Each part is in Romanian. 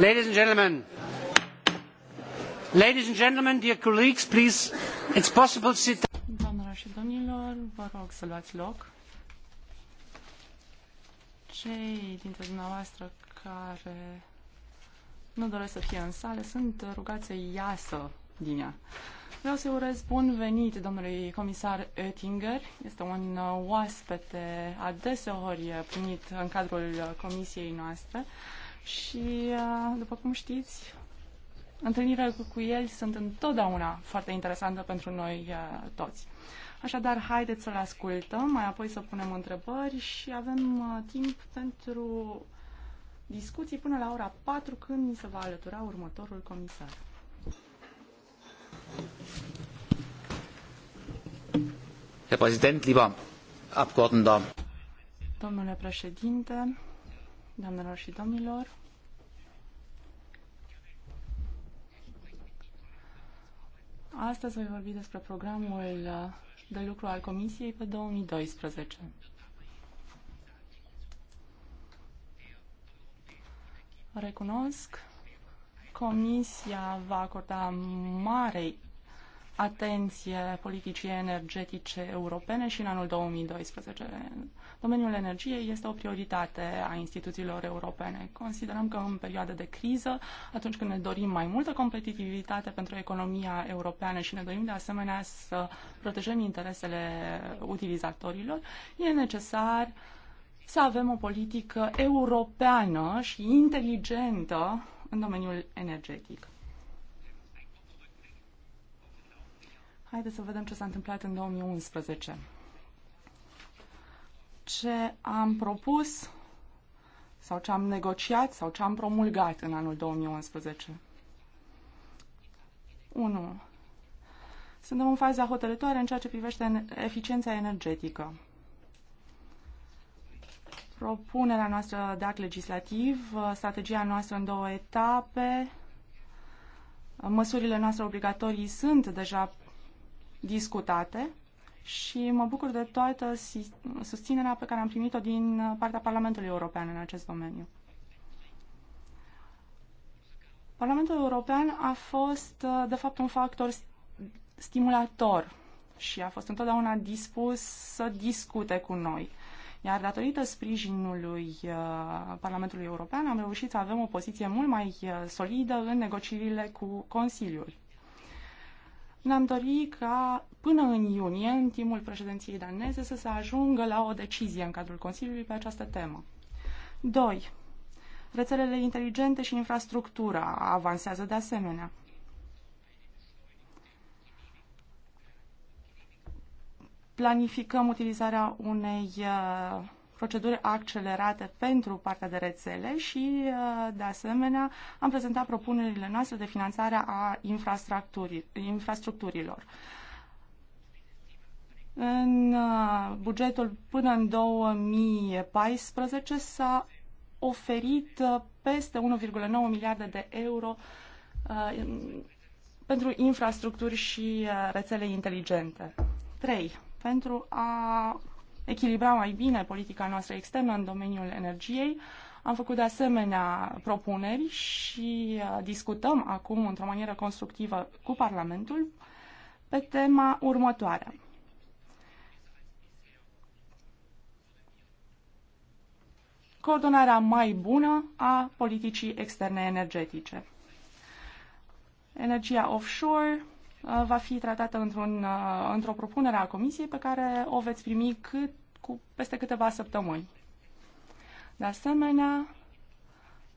Ladies and gentlemen, ladies and gentlemen, dear colleagues, please, it's possible sit. Doamnelor și domnilor, vă rog să luați loc. Cei dintre dumneavoastră care nu doresc să fie în sală sunt rugați să iasă din ea. Vreau să-i urez bun venit domnului comisar Oettinger. Este un oaspete adeseori primit în cadrul comisiei noastre. Uh, și, uh, după cum știți, întâlnirile cu el sunt întotdeauna foarte interesante pentru noi uh, toți. Așadar, haideți să-l ascultăm, mai apoi să punem întrebări și avem uh, timp pentru discuții până la ora 4 când ni se va alătura următorul comisar. Herr Präsident, lieber Abgeordneter. Domnule președinte, doamnelor și domnilor. Astăzi voi vorbi despre programul de lucru al Comisiei pe 2012. Recunosc, Comisia va acorda mare atenție politicii energetice europene și în anul 2012. Domeniul energiei este o prioritate a instituțiilor europene. Considerăm că în perioada de criză, atunci când ne dorim mai multă competitivitate pentru economia europeană și ne dorim de asemenea să protejăm interesele utilizatorilor, e necesar să avem o politică europeană și inteligentă în domeniul energetic. Haideți să vedem ce s-a întâmplat în 2011. Ce am propus sau ce am negociat sau ce am promulgat în anul 2011? 1. Suntem în faza hotărătoare în ceea ce privește eficiența energetică. Propunerea noastră de act legislativ, uh, strategia noastră în două etape, uh, măsurile noastre obligatorii sunt deja discutate și mă bucur de toată susținerea pe care am primit-o din partea Parlamentului European în acest domeniu. Parlamentul European a fost, de fapt, un factor stimulator și a fost întotdeauna dispus să discute cu noi. Iar datorită sprijinului uh, Parlamentului European am reușit să avem o poziție mult mai uh, solidă în negocierile cu Consiliul ne-am dorit ca până în iunie, în timpul președinției daneze, să se ajungă la o decizie în cadrul Consiliului pe această temă. 2. Rețelele inteligente și infrastructura avansează de asemenea. Planificăm utilizarea unei uh, proceduri accelerate pentru partea de rețele și, uh, de asemenea, am prezentat propunerile noastre de finanțare a infrastructurilor. În uh, bugetul până în 2014 s-a oferit uh, peste 1,9 miliarde de euro pentru infrastructuri și rețele inteligente. 3. Pentru a echilibra mai bine politica noastră externă în domeniul energiei. Am făcut de asemenea propuneri și uh, discutăm acum într-o manieră constructivă cu Parlamentul pe tema următoare. Coordonarea mai bună a politicii externe energetice. Energia offshore, Uh, va fi tratată într-un, uh, într-o propunere a Comisiei pe care o veți primi cât, cu, peste câteva săptămâni. De asemenea,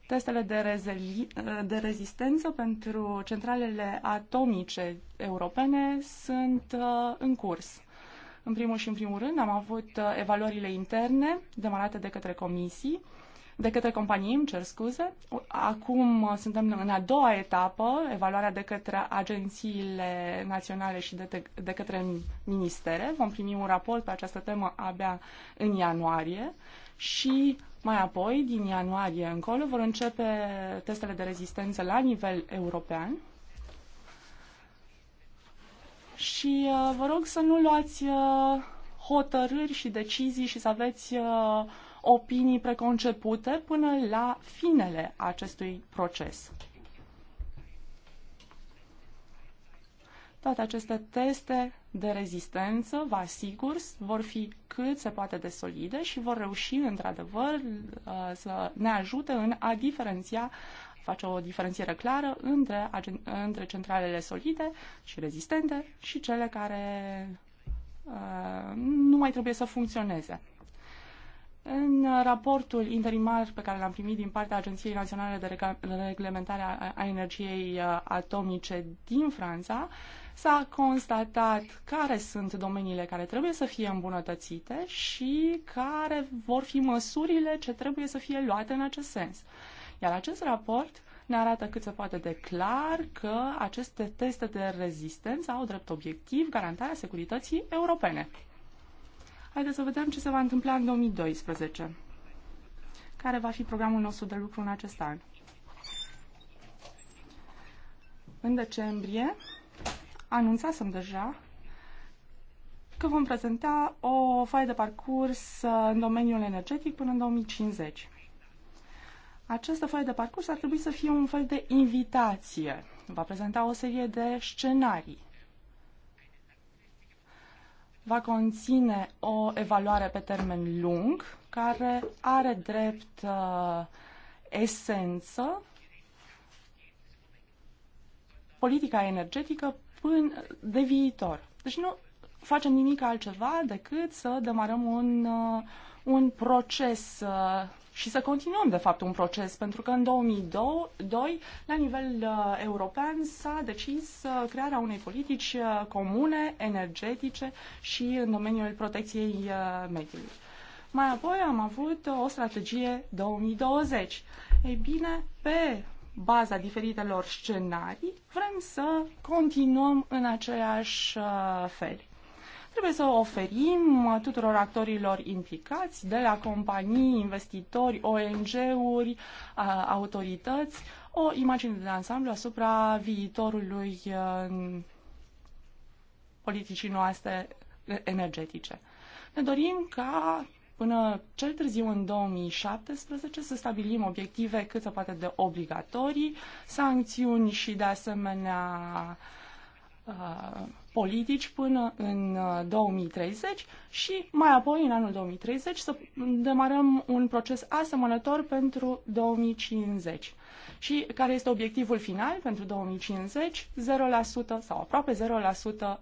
testele de, uh, de rezistență pentru centralele atomice europene sunt în curs. În primul și în primul rând am avut evaluările interne demarate de către comisii, de către companii, îmi cer scuze. Acum suntem în a doua etapă, evaluarea de către agențiile naționale și de, de către ministere. Vom primi un raport pe această temă abia în ianuarie și mai apoi, din ianuarie încolo, vor începe testele de rezistență la nivel european. Și uh, vă rog să nu luați uh, hotărâri și decizii și să aveți uh, opinii preconcepute până la finele acestui proces. Toate aceste teste de rezistență, vă asigur, vor fi cât se poate de solide și vor reuși, într-adevăr, uh, să ne ajute în a diferenția, face o diferențiere clară între, între centralele solide și rezistente și cele care uh, nu mai trebuie să funcționeze. În raportul interimar pe care l-am primit din partea Agenției Naționale de Reglementare a Energiei uh, Atomice din Franța, s-a constatat care sunt domeniile care trebuie să fie îmbunătățite și care vor fi măsurile ce trebuie să fie luate în acest sens. Iar acest raport ne arată cât se poate de clar că aceste teste de rezistență au drept obiectiv garantarea securității europene. Haideți să vedem ce se va întâmpla în 2012. Care va fi programul nostru de lucru în acest an? În decembrie anunțasem deja că vom prezenta o foaie de parcurs în domeniul energetic până în 2050. Această foaie de parcurs ar trebui să fie un fel de invitație. Va prezenta o serie de scenarii va conține o evaluare pe termen lung, care are drept uh, esență politica energetică până de viitor. Deci nu facem nimic altceva decât să demarăm un, uh, un proces uh, și să continuăm, de fapt, un proces, pentru că în 2002, la nivel uh, european, s-a decis uh, crearea unei politici uh, comune, energetice și în domeniul protecției uh, mediului. Mai apoi am avut uh, o strategie 2020. Ei bine, pe baza diferitelor scenarii, vrem să continuăm în aceeași uh, fel. Trebuie să oferim tuturor actorilor implicați, de la companii, investitori, ONG-uri, autorități, o imagine de ansamblu asupra viitorului politicii noastre energetice. Ne dorim ca până cel târziu în 2017 să stabilim obiective cât se poate de obligatorii, sancțiuni și de asemenea uh, politici până în 2030 uh, și mai apoi, în anul 2030, să demarăm un proces asemănător pentru 2050. Și care este obiectivul final pentru 2050? 0% sau aproape 0% uh,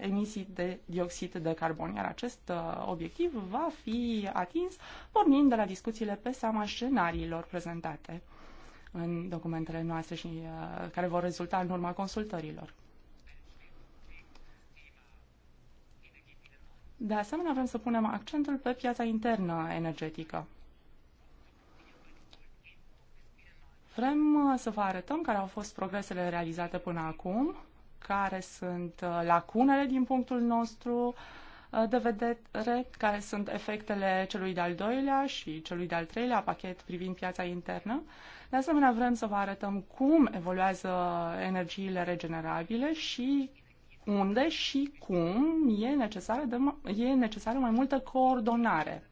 emisii de dioxid de carbon, iar acest uh, obiectiv va fi atins pornind de la discuțiile pe seama scenariilor prezentate în documentele noastre și care vor rezulta în urma consultărilor. De asemenea, vrem să punem accentul pe piața internă energetică. Vrem uh, să vă arătăm care au fost progresele realizate până acum, care sunt uh, lacunele din punctul nostru uh, de vedere, care sunt efectele celui de-al doilea și celui de-al treilea pachet privind piața internă. De asemenea, vrem să vă arătăm cum evoluează energiile regenerabile și unde și cum e necesară, de, e necesară mai multă coordonare.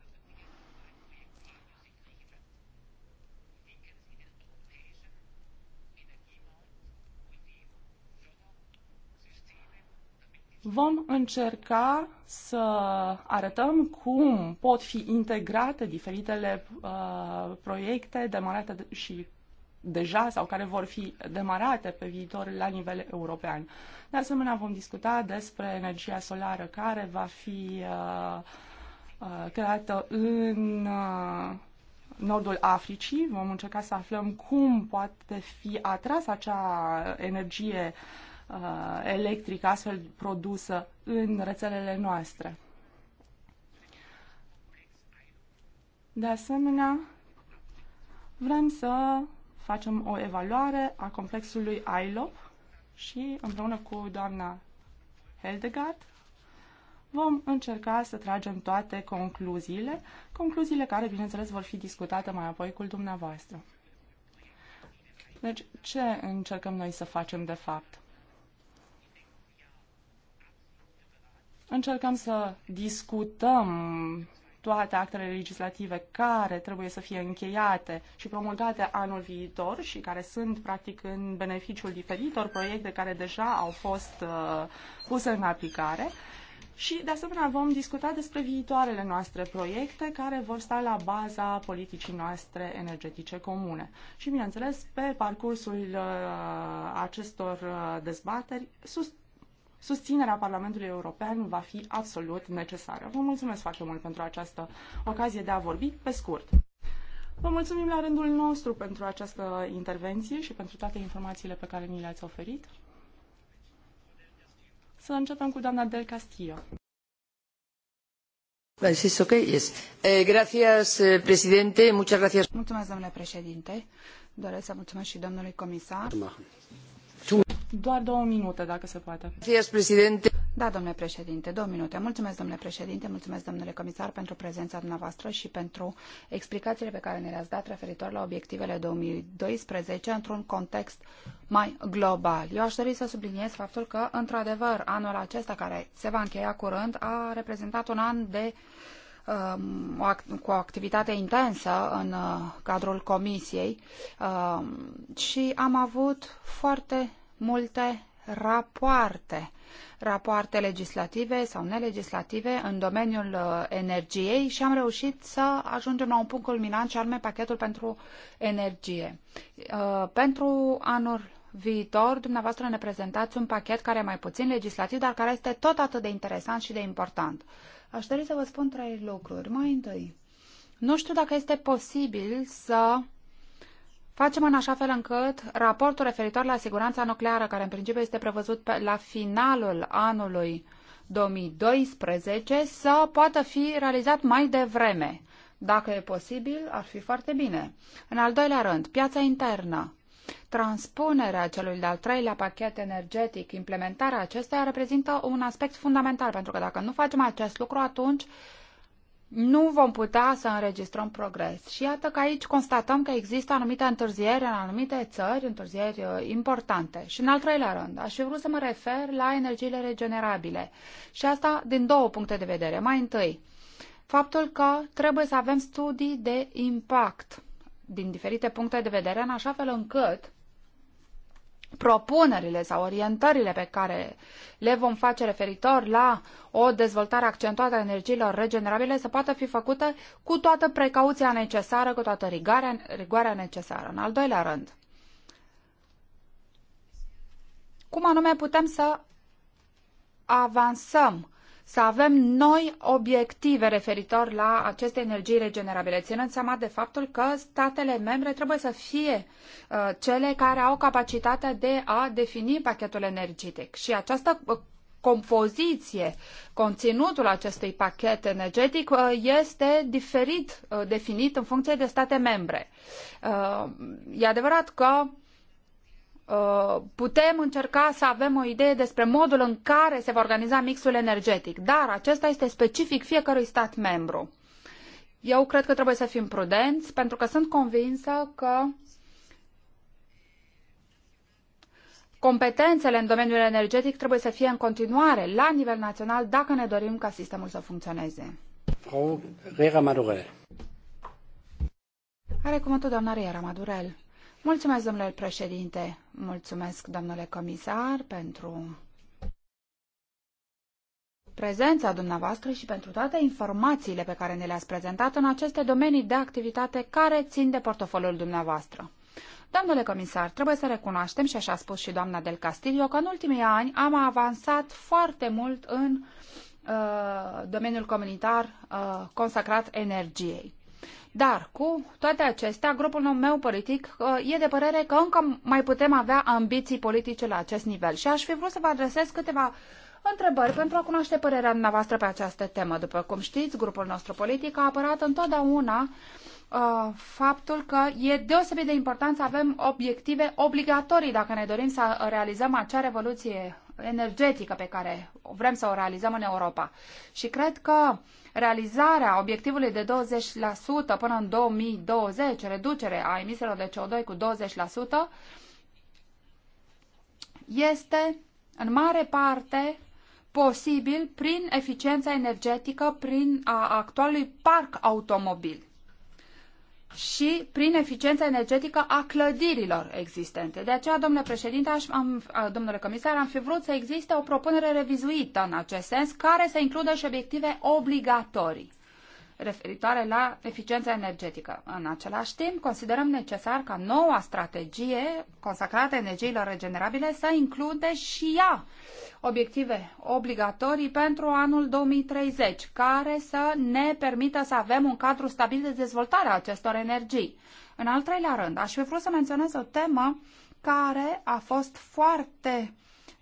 vom încerca să arătăm cum pot fi integrate diferitele uh, proiecte demarate și deja sau care vor fi demarate pe viitor la nivel european. De asemenea, vom discuta despre energia solară care va fi uh, uh, creată în uh, nordul Africii. Vom încerca să aflăm cum poate fi atras acea energie uh, electrică astfel produsă în rețelele noastre. De asemenea, vrem să facem o evaluare a complexului ILOP și împreună cu doamna Heldegard, vom încerca să tragem toate concluziile, concluziile care, bineînțeles, vor fi discutate mai apoi cu dumneavoastră. Deci, ce încercăm noi să facem de fapt? Încercăm să discutăm toate actele legislative care trebuie să fie încheiate și promulgate anul viitor și care sunt practic în beneficiul diferitor proiecte care deja au fost uh, puse în aplicare. Și, de asemenea, vom discuta despre viitoarele noastre proiecte care vor sta la baza politicii noastre energetice comune. Și, bineînțeles, pe parcursul uh, acestor uh, dezbateri sus, susținerea Parlamentului European va fi absolut necesară. Vă mulțumesc foarte mult pentru această ocazie de a vorbi pe scurt. Vă mulțumim la rândul nostru pentru această intervenție și pentru toate informațiile pe care ni le-ați oferit. Să începem cu doamna Del Castillo. Eh, eh, mulțumesc, domnule președinte. Doresc să mulțumesc și domnului comisar. Doar două minute, dacă se poate. președinte. Da, domnule președinte, două minute. Mulțumesc, domnule președinte, mulțumesc, domnule comisar, pentru prezența dumneavoastră și pentru explicațiile pe care ne le-ați dat referitor la obiectivele 2012 într-un context mai global. Eu aș dori să subliniez faptul că, într-adevăr, anul acesta, care se va încheia curând, a reprezentat un an de um, cu o activitate intensă în uh, cadrul comisiei um, și am avut foarte multe rapoarte, rapoarte legislative sau nelegislative în domeniul uh, energiei și am reușit să ajungem la un punct culminant și anume pachetul pentru energie. Uh, pentru anul viitor, dumneavoastră ne prezentați un pachet care e mai puțin legislativ, dar care este tot atât de interesant și de important. Aș dori să vă spun trei lucruri. Mai întâi, nu știu dacă este posibil să Facem în așa fel încât raportul referitor la siguranța nucleară, care în principiu este prevăzut pe, la finalul anului 2012, să poată fi realizat mai devreme. Dacă e posibil, ar fi foarte bine. În al doilea rând, piața internă. Transpunerea celui de-al treilea pachet energetic, implementarea acestuia reprezintă un aspect fundamental, pentru că dacă nu facem acest lucru, atunci nu vom putea să înregistrăm progres. Și iată că aici constatăm că există anumite întârzieri în anumite țări, întârzieri uh, importante. Și în al treilea rând, aș fi vrut să mă refer la energiile regenerabile. Și asta din două puncte de vedere. Mai întâi, faptul că trebuie să avem studii de impact din diferite puncte de vedere, în așa fel încât propunerile sau orientările pe care le vom face referitor la o dezvoltare accentuată a energiilor regenerabile să poată fi făcută cu toată precauția necesară, cu toată rigoarea, rigoarea necesară. În al doilea rând, cum anume putem să avansăm să avem noi obiective referitor la aceste energii regenerabile, ținând seama de faptul că statele membre trebuie să fie uh, cele care au capacitatea de a defini pachetul energetic. Și această uh, compoziție, conținutul acestui pachet energetic uh, este diferit uh, definit în funcție de state membre. E adevărat că Uh, putem încerca să avem o idee despre modul în care se va organiza mixul energetic, dar acesta este specific fiecărui stat membru. Eu cred că trebuie să fim prudenți, pentru că sunt convinsă că competențele în domeniul energetic trebuie să fie în continuare la nivel național dacă ne dorim ca sistemul să funcționeze. Are cuvântul doamna Riera Madurel. Mulțumesc, domnule președinte, mulțumesc, domnule comisar, pentru prezența dumneavoastră și pentru toate informațiile pe care ne le-ați prezentat în aceste domenii de activitate care țin de portofoliul dumneavoastră. Domnule comisar, trebuie să recunoaștem, și așa a spus și doamna Del Castillo, că în ultimii ani am avansat foarte mult în uh, domeniul comunitar uh, consacrat energiei. Dar cu toate acestea, grupul meu politic uh, e de părere că încă mai putem avea ambiții politice la acest nivel și aș fi vrut să vă adresez câteva întrebări pentru a cunoaște părerea dumneavoastră pe această temă. După cum știți, grupul nostru politic a apărat întotdeauna uh, faptul că e deosebit de important să avem obiective obligatorii dacă ne dorim să realizăm acea revoluție energetică pe care vrem să o realizăm în Europa. Și cred că realizarea obiectivului de 20% până în 2020, reducere a emisiilor de CO2 cu 20%, este în mare parte posibil prin eficiența energetică, prin a actualului parc automobil și prin eficiența energetică a clădirilor existente. De aceea, domnule președinte, aș, am, domnule comisar, am fi vrut să existe o propunere revizuită în acest sens, care să includă și obiective obligatorii referitoare la eficiența energetică. În același timp, considerăm necesar ca noua strategie consacrată energiilor regenerabile să include și ea obiective obligatorii pentru anul 2030, care să ne permită să avem un cadru stabil de dezvoltare a acestor energii. În al treilea rând, aș fi vrut să menționez o temă care a fost foarte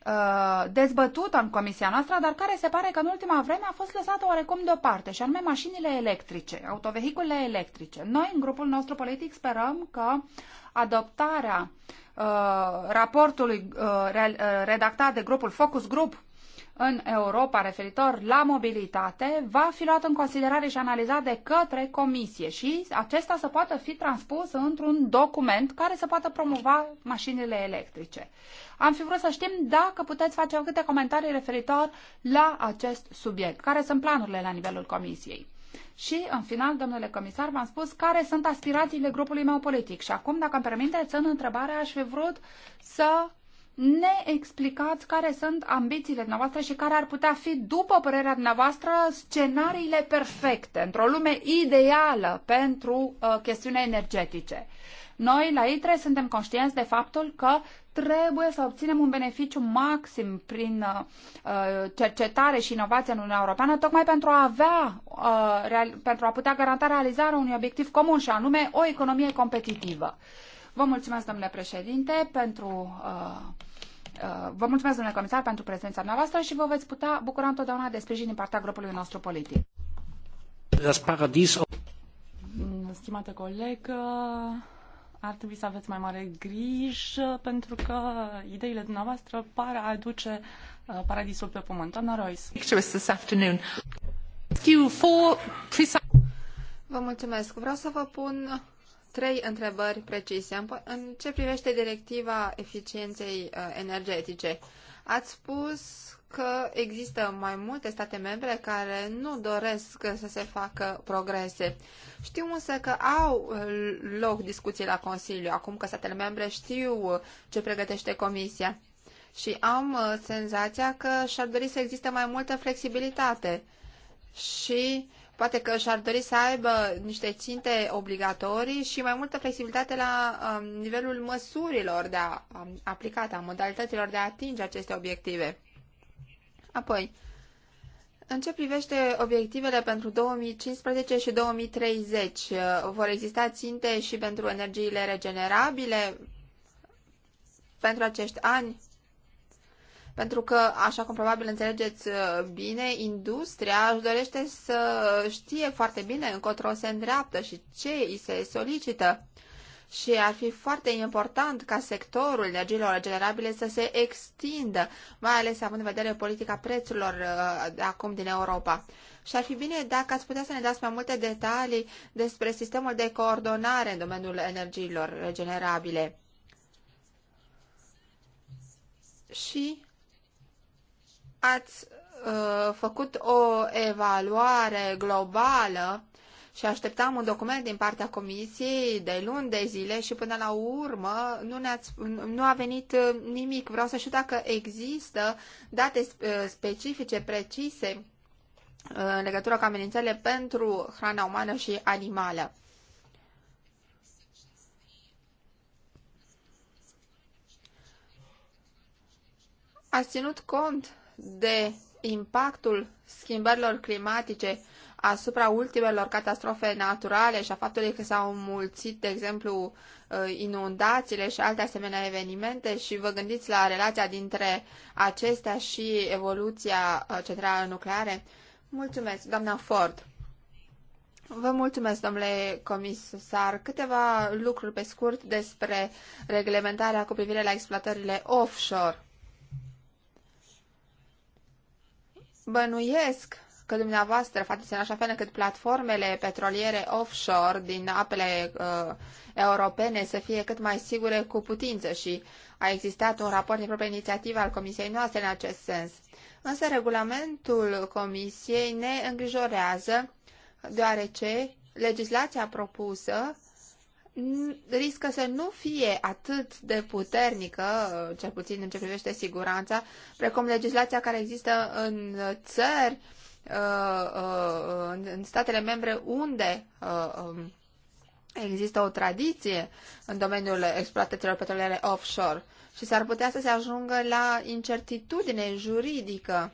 uh, dezbătută în comisia noastră, dar care se pare că în ultima vreme a fost lăsată oarecum deoparte, și anume mașinile electrice, autovehiculele electrice. Noi, în grupul nostru politic, sperăm că adoptarea uh, raportului uh, uh, redactat de grupul Focus Group în Europa referitor la mobilitate va fi luat în considerare și analizat de către comisie și acesta să poată fi transpus într-un document care să poată promova mașinile electrice am fi vrut să știm dacă puteți face câte comentarii referitor la acest subiect, care sunt planurile la nivelul Comisiei. Și, în final, domnule comisar, v-am spus care sunt aspirațiile grupului meu politic. Și acum, dacă îmi permiteți, în întrebare aș fi vrut să ne explicați care sunt ambițiile noastre și care ar putea fi, după părerea dumneavoastră, scenariile perfecte, într-o lume ideală pentru uh, chestiune energetice. Noi la ITRE suntem conștienți de faptul că trebuie să obținem un beneficiu maxim prin uh, uh, cercetare și inovație în Uniunea Europeană, tocmai pentru a avea, uh, real, pentru a putea garanta realizarea unui obiectiv comun și anume o economie competitivă. Vă mulțumesc, domnule președinte, pentru uh, uh Vă mulțumesc, domnule comisar, pentru prezența noastră și vă veți putea bucura întotdeauna de sprijin din partea grupului nostru politic. Stimată colegă, ar trebui să aveți mai mare grijă pentru că ideile dumneavoastră par a aduce uh, paradisul pe pământ. Ana Royce. Vă mulțumesc. Vreau să vă pun trei întrebări precise. În ce privește directiva eficienței uh, energetice, ați spus că există mai multe state membre care nu doresc să se facă progrese. Știu însă că au uh, loc discuții la Consiliu, acum că statele membre știu ce pregătește Comisia. Și am uh, senzația că și-ar dori să existe mai multă flexibilitate și poate că și-ar dori să aibă niște ținte obligatorii și mai multă flexibilitate la um, nivelul măsurilor de a, um, aplicate, a modalităților de a atinge aceste obiective. Apoi, în ce privește obiectivele pentru 2015 și 2030, uh, vor exista ținte și pentru energiile regenerabile pentru acești ani? Pentru că, așa cum probabil înțelegeți uh, bine, industria își dorește să știe foarte bine încotro se îndreaptă și ce îi se solicită și ar fi foarte important ca sectorul energiilor regenerabile să se extindă, mai ales având în vedere politica prețurilor uh, acum din Europa. Și ar fi bine dacă ați putea să ne dați mai multe detalii despre sistemul de coordonare în domeniul energiilor regenerabile. Și ați uh, făcut o evaluare globală și așteptam un document din partea comisiei de luni de zile și până la urmă nu, ne-ați, nu a venit uh, nimic. Vreau să știu dacă există date uh, specifice, precise, uh, în legătură cu amenințele pentru hrana umană și animală. Ați ținut cont de impactul schimbărilor climatice asupra ultimelor catastrofe naturale și a faptului că s-au mulțit, de exemplu, uh, inundațiile și alte asemenea evenimente și vă gândiți la relația dintre acestea și evoluția uh, centrală nucleare? Mulțumesc, doamna Ford. Vă mulțumesc, domnule comisar. Câteva lucruri pe scurt despre reglementarea cu privire la exploatările offshore. Bănuiesc că dumneavoastră faceți în așa fel încât platformele petroliere offshore din apele uh, europene să fie cât mai sigure cu putință și a existat un raport din propria inițiativă al Comisiei noastre în acest sens. Însă regulamentul Comisiei ne îngrijorează deoarece legislația propusă riscă să nu fie atât de puternică, uh, cel puțin în ce privește siguranța, precum legislația care există în țări Uh, uh, în statele membre unde uh, um, există o tradiție în domeniul exploatațiilor petroliere offshore și s-ar putea să se ajungă la incertitudine juridică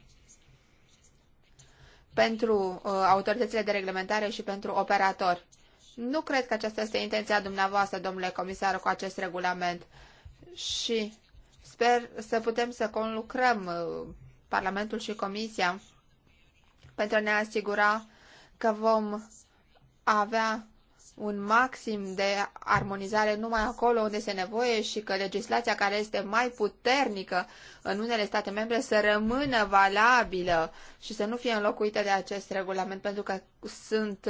pentru autoritățile de reglementare și pentru operatori. Nu cred că aceasta este intenția dumneavoastră, domnule comisar, cu acest regulament și sper să putem să conlucrăm Parlamentul și Comisia pentru a ne asigura că vom avea un maxim de armonizare numai acolo unde este nevoie și că legislația care este mai puternică în unele state membre să rămână valabilă și să nu fie înlocuită de acest regulament, pentru că sunt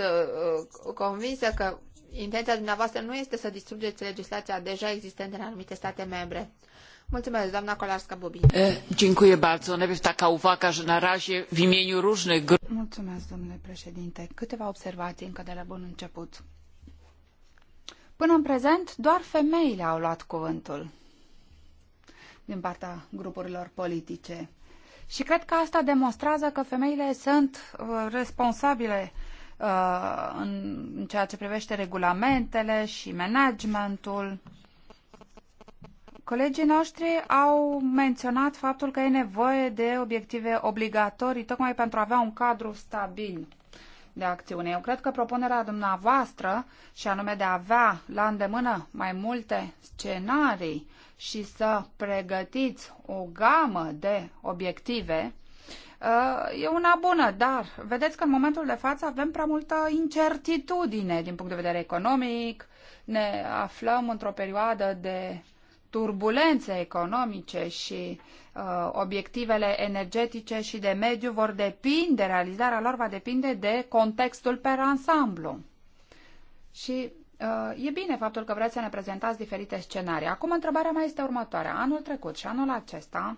uh, convinsă că intenția dumneavoastră nu este să distrugeți legislația deja existentă în anumite state membre. Dziękuję bardzo. Najpierw taka uwaga, że na razie w imieniu różnych grup... Mulțumesc, domnule președinte. Câteva observații încă de la bun început. Până în prezent, doar femeile au luat cuvântul din partea grupurilor politice. Și cred că asta demonstrează că femeile sunt uh, responsabile uh, în, ceea ce privește regulamentele și managementul Colegii noștri au menționat faptul că e nevoie de obiective obligatorii tocmai pentru a avea un cadru stabil de acțiune. Eu cred că propunerea dumneavoastră, și anume de a avea la îndemână mai multe scenarii și să pregătiți o gamă de obiective, uh, e una bună, dar vedeți că în momentul de față avem prea multă incertitudine din punct de vedere economic, ne aflăm într-o perioadă de turbulențe economice și uh, obiectivele energetice și de mediu vor depinde, realizarea lor va depinde de contextul per ansamblu. Și uh, e bine faptul că vreți să ne prezentați diferite scenarii. Acum întrebarea mea este următoarea. Anul trecut și anul acesta,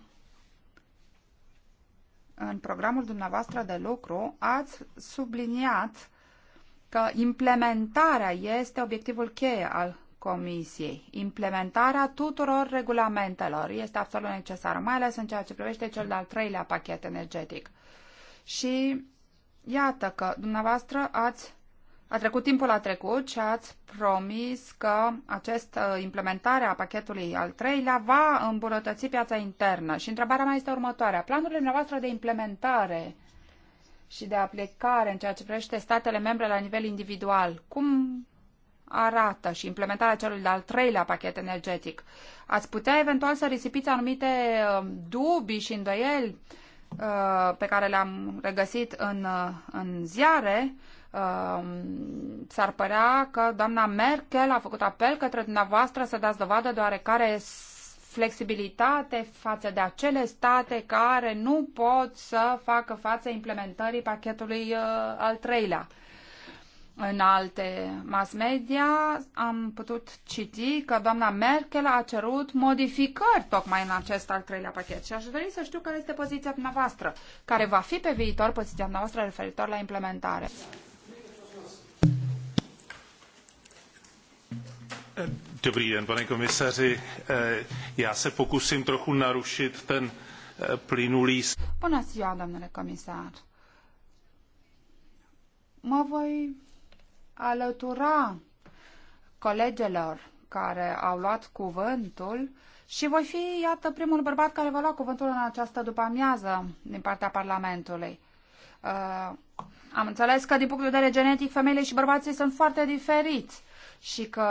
în programul dumneavoastră de lucru, ați subliniat că implementarea este obiectivul cheie al Comisiei. Implementarea tuturor regulamentelor este absolut necesară, mai ales în ceea ce privește cel de-al treilea pachet energetic. Și iată că dumneavoastră ați a trecut timpul a trecut și ați promis că această uh, implementare a pachetului al treilea va îmbunătăți piața internă. Și întrebarea mea este următoarea. Planurile dumneavoastră de implementare și de aplicare în ceea ce privește statele membre la nivel individual, cum arată și implementarea celui de-al treilea pachet energetic. Ați putea eventual să risipiți anumite uh, dubii și îndoieli uh, pe care le-am regăsit în, uh, în ziare, s-ar părea că doamna Merkel a făcut apel către dumneavoastră să dați dovadă de oarecare flexibilitate față de acele state care nu pot să facă față implementării pachetului al treilea în alte mass media am putut citi că doamna Merkel a cerut modificări tocmai în acest al treilea pachet și aș dori să știu care este poziția dumneavoastră, care va fi pe viitor poziția noastră referitor la implementare. Dobrý den, pane komisaři. Eh, já se pokusím trochu narušit ten eh, plynulý... Bună ziua, domnule comisar. Mă voi alătura colegelor care au luat cuvântul și voi fi, iată, primul bărbat care va lua cuvântul în această după-amiază din partea Parlamentului. Uh, am înțeles că, din punct de vedere genetic, femeile și bărbații sunt foarte diferiți și că...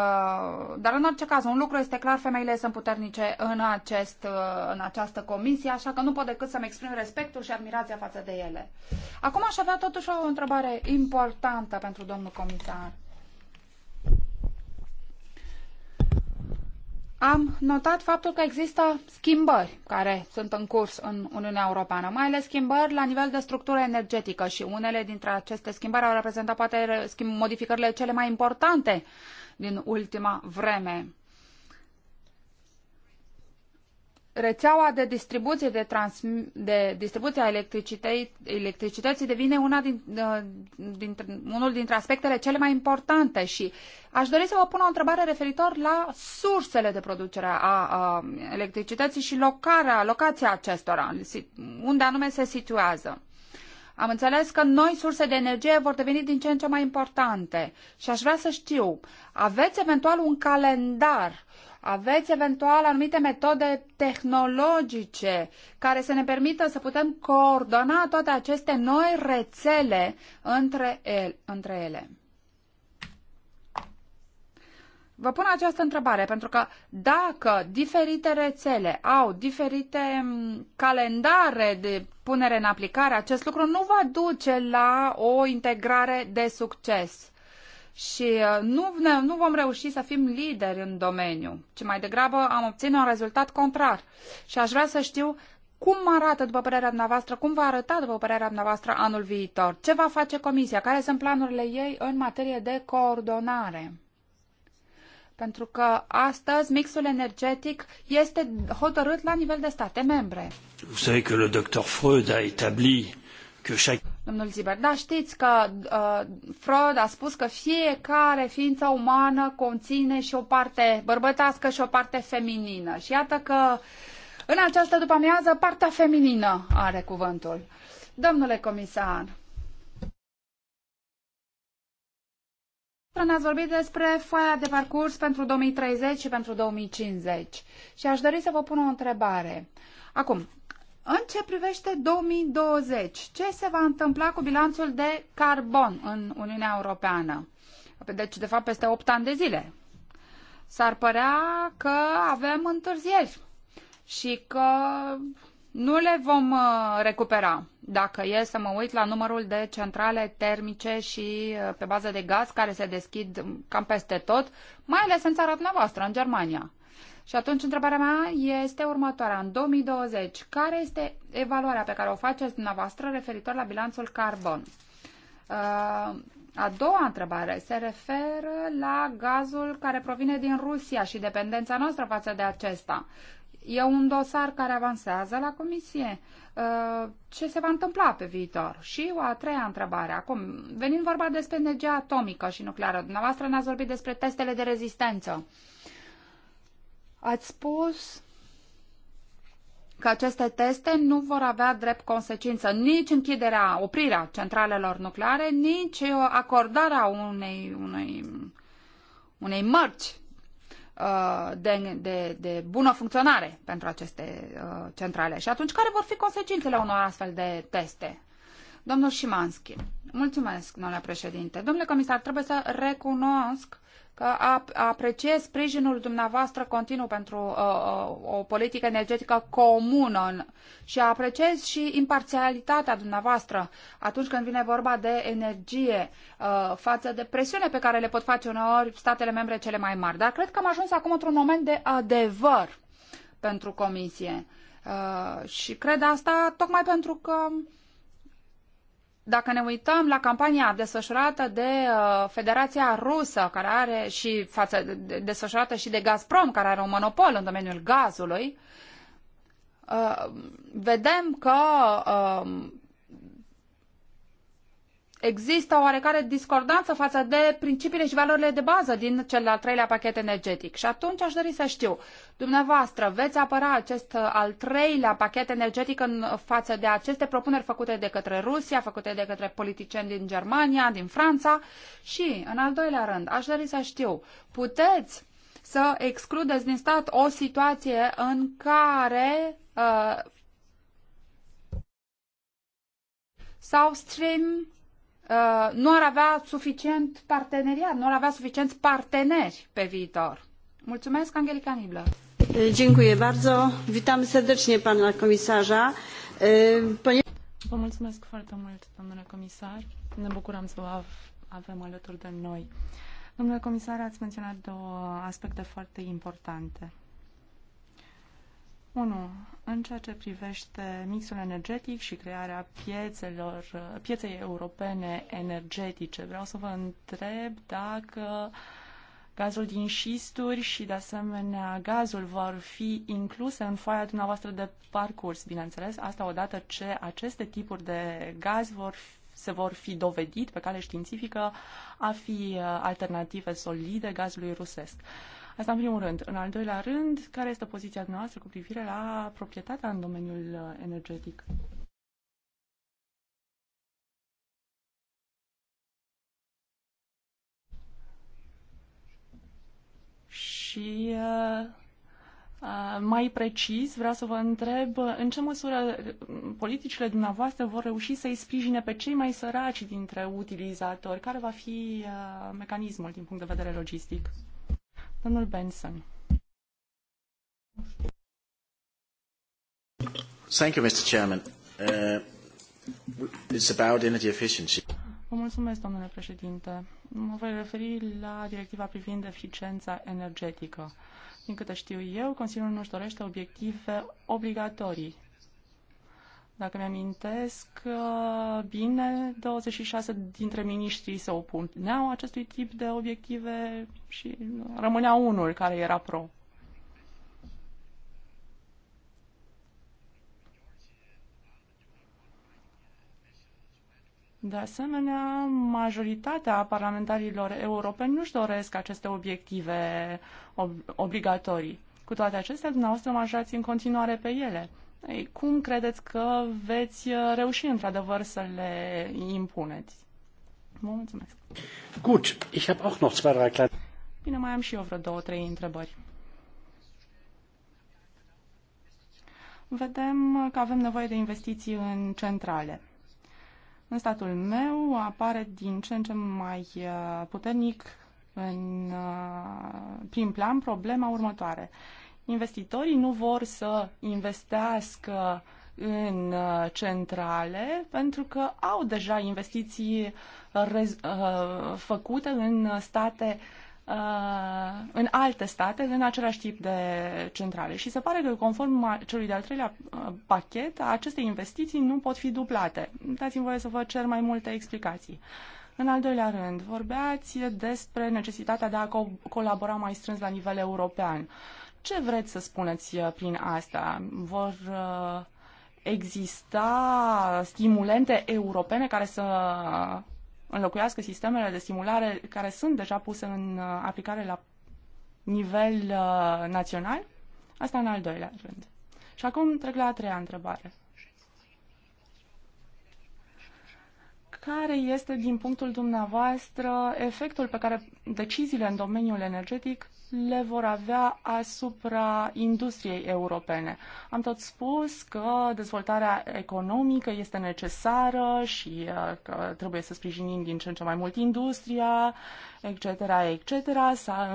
Dar în orice caz, un lucru este clar, femeile sunt puternice în, acest, în această comisie, așa că nu pot decât să-mi exprim respectul și admirația față de ele. Acum aș avea totuși o întrebare importantă pentru domnul comisar. am notat faptul că există schimbări care sunt în curs în Uniunea Europeană, mai ales schimbări la nivel de structură energetică și unele dintre aceste schimbări au reprezentat poate modificările cele mai importante din ultima vreme. rețeaua de distribuție, de, trans, de distribuție a electricității, electricității devine una din, uh, din, unul dintre aspectele cele mai importante și aș dori să vă pun o întrebare referitor la sursele de producere a, a electricității și locarea, locația acestora, unde anume se situează. Am înțeles că noi surse de energie vor deveni din ce în ce mai importante și aș vrea să știu, aveți eventual un calendar aveți eventual anumite metode tehnologice care să ne permită să putem coordona toate aceste noi rețele între, el, între ele? Vă pun această întrebare pentru că dacă diferite rețele au diferite mm, calendare de punere în aplicare, acest lucru nu va duce la o integrare de succes și uh, nu, ne, nu vom reuși să fim lideri în domeniu, ci mai degrabă am obține un rezultat contrar. Și aș vrea să știu cum arată, după părerea dumneavoastră, cum va arăta, după părerea dumneavoastră, anul viitor? Ce va face Comisia? Care sunt planurile ei în materie de coordonare? Pentru că astăzi mixul energetic este hotărât la nivel de state membre. Vous savez că le Freud a établi că chaque... Domnul Ziber, da, știți că uh, Freud a spus că fiecare ființă umană conține și o parte bărbătească și o parte feminină. Și iată că în această după-amiază partea feminină are cuvântul. Domnule comisar, Ne-ați vorbit despre foaia de parcurs pentru 2030 și pentru 2050 și aș dori să vă pun o întrebare. Acum, în ce privește 2020, ce se va întâmpla cu bilanțul de carbon în Uniunea Europeană? Deci, de fapt, peste 8 ani de zile. S-ar părea că avem întârzieri și că nu le vom uh, recupera. Dacă e să mă uit la numărul de centrale termice și uh, pe bază de gaz care se deschid um, cam peste tot, mai ales în țara dumneavoastră, în Germania. Și atunci întrebarea mea este următoarea. În 2020, care este evaluarea pe care o faceți dumneavoastră referitor la bilanțul carbon? Uh, a doua întrebare se referă la gazul care provine din Rusia și dependența noastră față de acesta. E un dosar care avansează la comisie. Uh, ce se va întâmpla pe viitor? Și o a treia întrebare. Acum, venind vorba despre energia atomică și nucleară, dumneavoastră ne-ați vorbit despre testele de rezistență. Uh, Ați spus că aceste teste nu vor avea drept consecință nici închiderea, oprirea centralelor nucleare, nici uh, acordarea unei, unei, unei mărci uh, de, de, de bună funcționare pentru aceste uh, centrale. Și atunci, care vor fi consecințele unor astfel de teste? Domnul Șimanski. Mulțumesc, domnule președinte. Domnule comisar, trebuie să recunosc că apreciez sprijinul dumneavoastră continuu pentru uh, uh o politică energetică comună și apreciez și imparțialitatea dumneavoastră atunci când vine vorba de energie uh, față de presiune pe care le pot face uneori statele membre cele mai mari. Dar cred că am ajuns acum într-un moment de adevăr pentru Comisie. Uh, și cred asta tocmai pentru că dacă ne uităm la campania desfășurată de uh, Federația Rusă care are și față, desfășurată și de Gazprom, care are un monopol în domeniul gazului, uh, vedem că uh, există o oarecare discordanță față de principiile și valorile de bază din cel al treilea pachet energetic. Și atunci aș dori să știu, dumneavoastră, veți apăra acest uh, al treilea pachet energetic în față de aceste propuneri făcute de către Rusia, făcute de către politicieni din Germania, din Franța? Și, în al doilea rând, aș dori să știu, puteți să excludeți din stat o situație în care uh, South Stream Uh, nu ar avea suficient parteneriat, nu ar avea suficient parteneri pe viitor. Mulțumesc, Angelica Nibler. Dziękuję bardzo. Witam serdecznie pana komisarza. Vă mulțumesc foarte mult, domnule comisar. Ne bucurăm să vă avem alături de noi. Domnule comisar, ați menționat două aspecte foarte importante. 1. În ceea ce privește mixul energetic și crearea piețelor, pieței europene energetice, vreau să vă întreb dacă gazul din șisturi și, de asemenea, gazul vor fi incluse în foaia dumneavoastră de parcurs, bineînțeles, asta odată ce aceste tipuri de gaz vor fi se vor fi dovedit pe cale științifică a fi uh, alternative solide gazului rusesc. Uh, Asta în primul rând. În al doilea rând, care este poziția noastră cu privire la proprietatea în domeniul uh, energetic? Și uh, uh, mai precis, vreau să vă întreb în ce măsură politicile dumneavoastră vor reuși să-i sprijine pe cei mai săraci dintre utilizatori? Care va fi mecanismul din punct de vedere logistic? Domnul Benson. Thank you, Mr. Chairman. Uh, it's about energy efficiency. Vă mulțumesc, domnule președinte. Mă voi referi la directiva privind eficiența energetică. Din câte știu eu, Consiliul nu-și dorește obiective obligatorii dacă mi-amintesc uh, bine, 26 dintre miniștrii se opuneau acestui tip de obiective și rămânea unul care era pro. De asemenea, majoritatea parlamentarilor europeni nu-și doresc aceste obiective ob- obligatorii. Cu toate acestea, dumneavoastră marșați în continuare pe ele. Ei, cum credeți că veți uh, reuși într-adevăr să le impuneți? Vă mulțumesc. Gut, ich habe auch noch zwei, drei kleine... Bine, mai am și eu vreo două, trei întrebări. Vedem că avem nevoie de investiții în centrale. În statul meu apare din ce în ce mai uh, puternic în uh, prim plan problema următoare. Investitorii nu vor să investească în uh, centrale pentru că au deja investiții uh, uh, făcute în state în alte state, în același tip de centrale. Și se pare că, conform celui de-al treilea pachet, aceste investiții nu pot fi duplate. Dați-mi voie să vă cer mai multe explicații. În al doilea rând, vorbeați despre necesitatea de a co- colabora mai strâns la nivel european. Uh, ce vreți să spuneți uh, prin asta? Vor uh, exista stimulente europene care să uh, înlocuiască sistemele de stimulare care sunt deja puse în aplicare la nivel național? Asta în al doilea rând. Și acum trec la a treia întrebare. care este, din punctul dumneavoastră, efectul pe care deciziile în domeniul energetic le vor avea asupra industriei europene. Am tot spus că dezvoltarea economică este necesară și uh, că trebuie să sprijinim din ce în ce mai mult industria, etc., etc.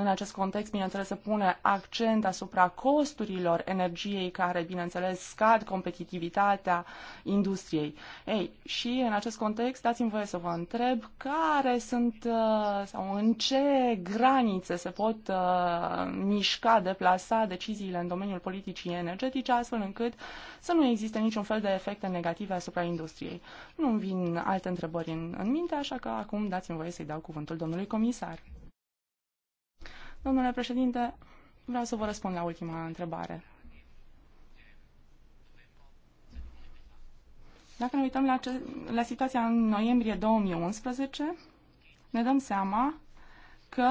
În acest context, bineînțeles, se pune accent asupra costurilor energiei care, bineînțeles, scad competitivitatea industriei. Ei, și în acest context, dați-mi voie să vă întreb care sunt uh, sau în ce granițe se pot uh, mișca, deplasa deciziile în domeniul politicii energetice, astfel încât să nu existe niciun fel de efecte negative asupra industriei. Nu-mi vin alte întrebări în, în minte, așa că acum dați-mi voie să-i dau cuvântul domnului comisar. Domnule președinte, vreau să vă răspund la ultima întrebare. Dacă ne uităm la, ce, la situația în noiembrie 2011, ne dăm seama că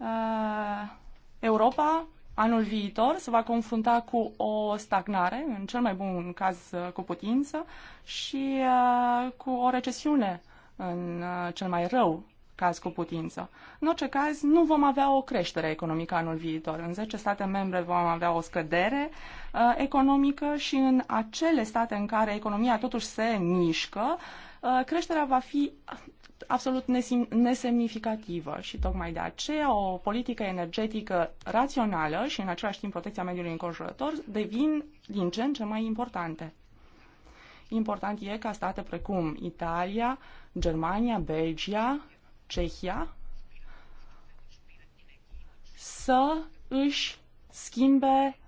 Uh, Europa anul viitor se va confrunta cu o stagnare, în cel mai bun caz uh, cu putință, și uh, cu o recesiune în cel mai rău caz cu putință. În orice caz, nu vom avea o creștere economică anul viitor. În 10 state membre vom avea o scădere uh, economică și în acele state în care economia totuși se mișcă, uh, creșterea va fi absolut nesemnificativă și tocmai de aceea o politică energetică rațională și în același timp protecția mediului înconjurător devin din ce în ce mai importante. Important e ca state precum Italia, Germania, Belgia, Cehia să își schimbe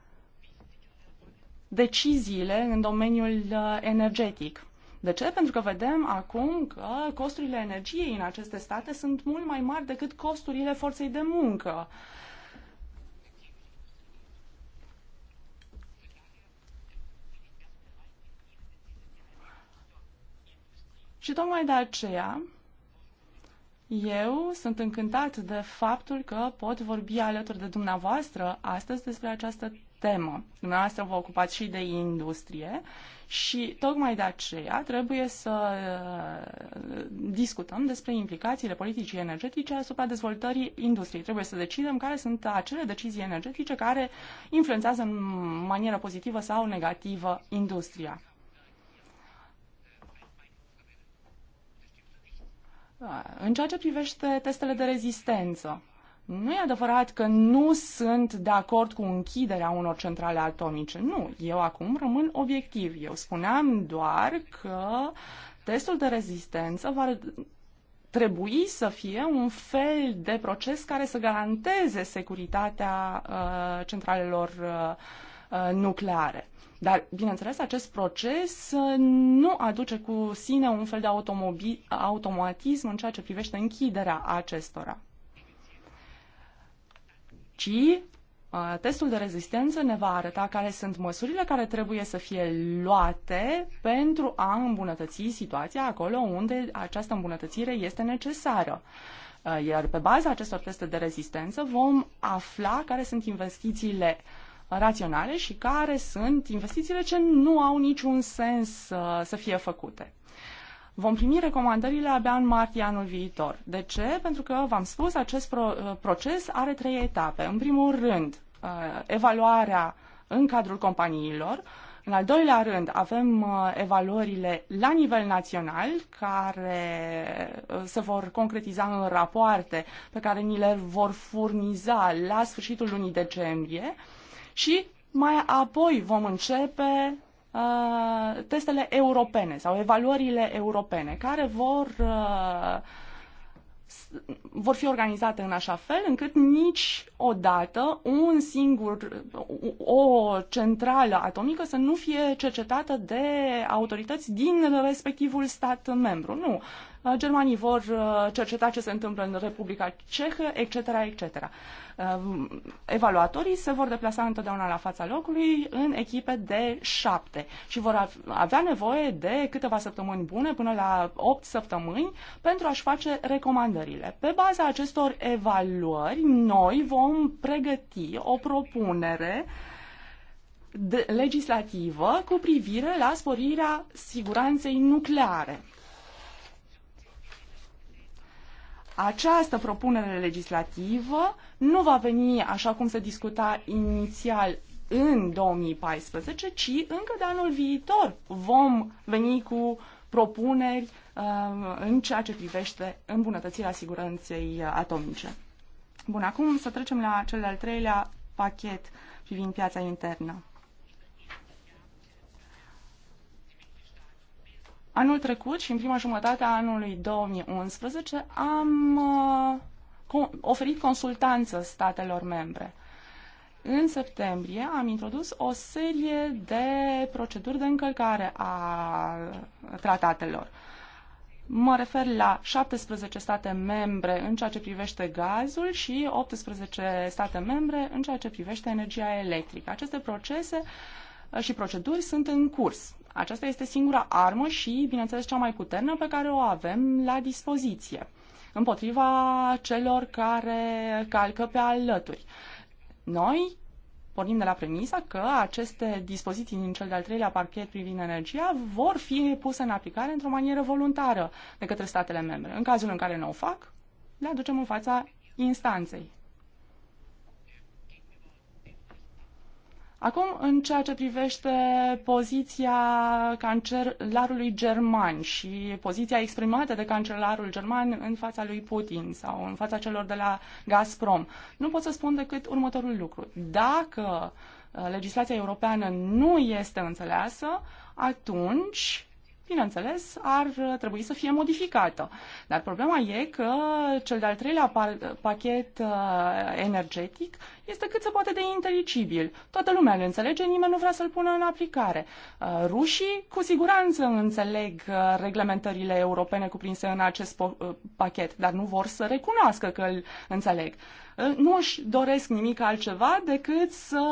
deciziile în domeniul uh, energetic. De ce? Pentru că vedem acum că costurile energiei în aceste state sunt mult mai mari decât costurile forței de muncă. Și tocmai de aceea eu sunt încântat de faptul că pot vorbi alături de dumneavoastră astăzi despre această temă. Dumneavoastră vă ocupați și de industrie și tocmai de aceea trebuie să uh, discutăm despre implicațiile politicii energetice asupra dezvoltării industriei. Trebuie să decidem care sunt acele decizii energetice care influențează în manieră pozitivă sau negativă industria. Uh, în ceea ce privește testele de rezistență, nu e adevărat că nu sunt de acord cu închiderea unor centrale atomice. Nu, eu acum rămân obiectiv. Eu spuneam doar că testul de rezistență va trebui să fie un fel de proces care să garanteze securitatea uh, centralelor uh, uh nucleare. Dar, bineînțeles, acest proces uh, nu aduce cu sine un fel de automobil, automatism în ceea ce privește închiderea acestora ci uh, testul de rezistență ne va arăta care sunt măsurile care trebuie să fie luate pentru a îmbunătăți situația acolo unde această îmbunătățire este necesară. Uh, iar pe baza acestor teste de rezistență vom afla care sunt investițiile raționale și care sunt investițiile ce nu au niciun sens uh, să fie făcute. Vom primi recomandările abia în martie anul viitor. De ce? Pentru că, v-am spus, acest pro- uh, proces are trei etape. În primul rând, uh, evaluarea în cadrul companiilor. În al doilea rând, avem uh, evaluările la nivel național, care se vor concretiza în rapoarte pe care ni le vor furniza la sfârșitul lunii decembrie și mai apoi vom începe uh, testele europene sau evaluările europene, care vor uh, vor fi organizate în așa fel încât nici odată un singur, o centrală atomică să nu fie cercetată de autorități din respectivul stat membru. Nu. Uh, germanii vor uh, cerceta ce se întâmplă în Republica Cehă, etc., etc. Uh, evaluatorii se vor deplasa întotdeauna la fața locului în echipe de șapte și vor avea nevoie de câteva săptămâni bune până la opt săptămâni pentru a-și face recomandările. Pe baza acestor evaluări, noi vom pregăti o propunere legislativă cu privire la sporirea siguranței nucleare. această propunere legislativă nu va veni așa cum se discuta inițial în 2014, ci încă de anul viitor vom veni cu propuneri uh, în ceea ce privește îmbunătățirea siguranței atomice. Bun, acum să trecem la cel de-al treilea pachet privind piața internă. Anul trecut și în prima jumătate a anului 2011 am uh, oferit consultanță statelor membre. În septembrie am introdus o serie de proceduri de încălcare a tratatelor. Mă refer la 17 state membre în ceea ce privește gazul și 18 state membre în ceea ce privește energia electrică. Aceste procese uh, și proceduri sunt în curs. Aceasta este singura armă și, bineînțeles, cea mai puternică pe care o avem la dispoziție împotriva celor care calcă pe alături. Noi pornim de la premisa că aceste dispoziții din cel de-al treilea parchet privind energia vor fi puse în aplicare într-o manieră voluntară de către statele membre. În cazul în care nu o fac, le aducem în fața instanței. Acum, în ceea ce privește poziția cancelarului german și poziția exprimată de cancelarul german în fața lui Putin sau în fața celor de la Gazprom, nu pot să spun decât următorul lucru. Dacă uh, legislația europeană nu este înțeleasă, atunci bineînțeles, ar trebui să fie modificată. Dar problema e că cel de-al treilea pachet uh, energetic este cât se poate de inteligibil. Toată lumea îl înțelege, nimeni nu vrea să-l pună în aplicare. Uh, rușii cu siguranță înțeleg uh, reglementările europene cuprinse în acest pachet, dar nu vor să recunoască că îl înțeleg. Nu își doresc nimic altceva decât să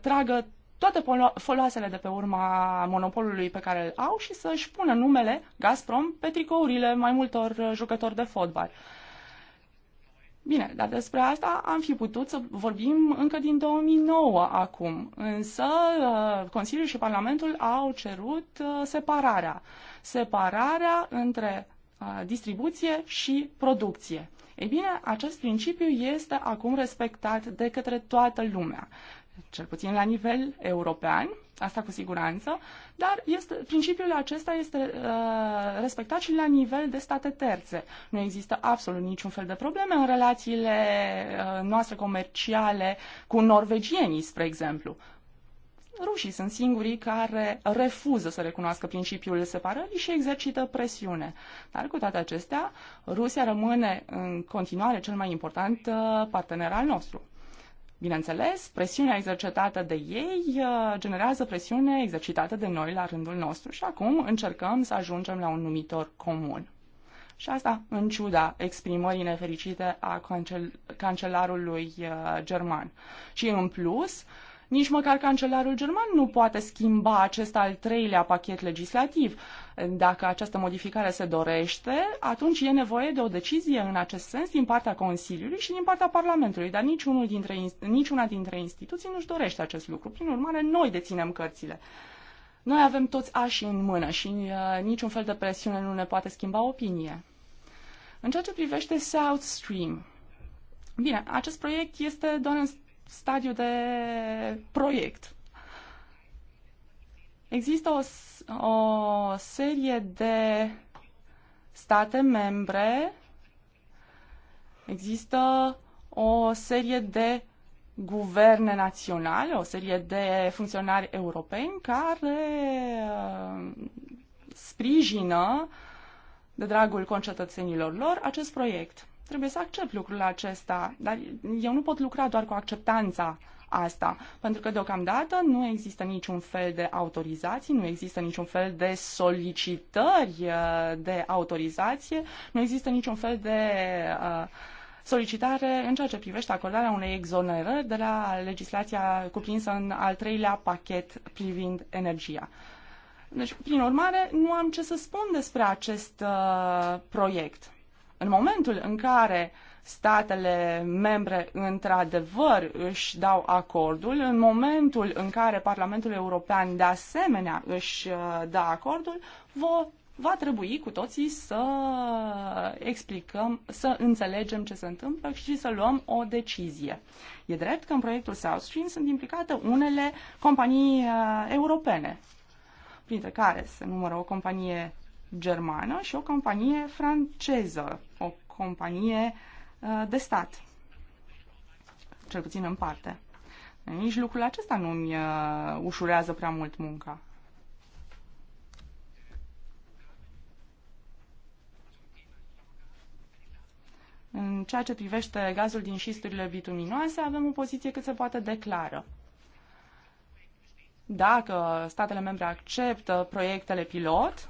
tragă toate foloasele de pe urma monopolului pe care îl au și să-și pună numele Gazprom pe tricourile mai multor uh, jucători de fotbal. Bine, dar despre asta am fi putut să vorbim încă din 2009 acum, însă uh, Consiliul și Parlamentul au cerut uh, separarea. Separarea între distribuție și producție. Ei bine, acest principiu este acum respectat de către toată lumea cel puțin la nivel european, asta cu siguranță, dar este, principiul acesta este uh, respectat și la nivel de state terțe. Nu există absolut niciun fel de probleme în relațiile uh, noastre comerciale cu norvegienii, spre exemplu. Rușii sunt singurii care refuză să recunoască principiul separării și exercită presiune. Dar cu toate acestea, Rusia rămâne în continuare cel mai important uh, partener al nostru. Bineînțeles, presiunea exercitată de ei uh, generează presiune exercitată de noi la rândul nostru și acum încercăm să ajungem la un numitor comun. Și asta în ciuda exprimării nefericite a cancel- cancelarului uh, german. Și în plus, uh, nici măcar cancelarul german nu poate schimba acest al treilea pachet legislativ. Dacă această modificare se dorește, atunci e nevoie de o decizie în acest sens din partea Consiliului și din partea Parlamentului, dar niciunul dintre, niciuna dintre instituții nu-și dorește acest lucru. Prin urmare, noi deținem cărțile. Noi avem toți ași în mână și uh, niciun fel de presiune nu ne poate schimba opinie. În ceea ce privește South Stream, bine, acest proiect este doar în stadiu de proiect. Există o, o serie de state membre, există o serie de guverne naționale, o serie de funcționari europeni care uh, sprijină, de dragul concetățenilor lor, acest proiect. Trebuie să accept lucrul acesta, dar eu nu pot lucra doar cu acceptanța asta, pentru că deocamdată nu există niciun fel de autorizații, nu există niciun fel de solicitări uh, de autorizație, nu există niciun fel de uh, solicitare în ceea ce privește acordarea unei exonerări de la legislația cuprinsă în al treilea pachet privind energia. Deci, prin urmare, nu am ce să spun despre acest uh, proiect. În momentul în care statele membre într-adevăr își dau acordul, în momentul în care Parlamentul European de asemenea își uh, dă acordul, vă va trebui cu toții să explicăm, să înțelegem ce se întâmplă și să luăm o decizie. E drept că în proiectul South Stream sunt implicate unele companii uh, europene, printre care se numără o companie germană și o companie franceză, o companie uh, de stat, cel puțin în parte. Nici lucrul acesta nu mi uh, ușurează prea mult munca. În ceea ce privește gazul din șisturile bituminoase, avem o poziție cât se poate declară. Dacă statele membre acceptă proiectele pilot,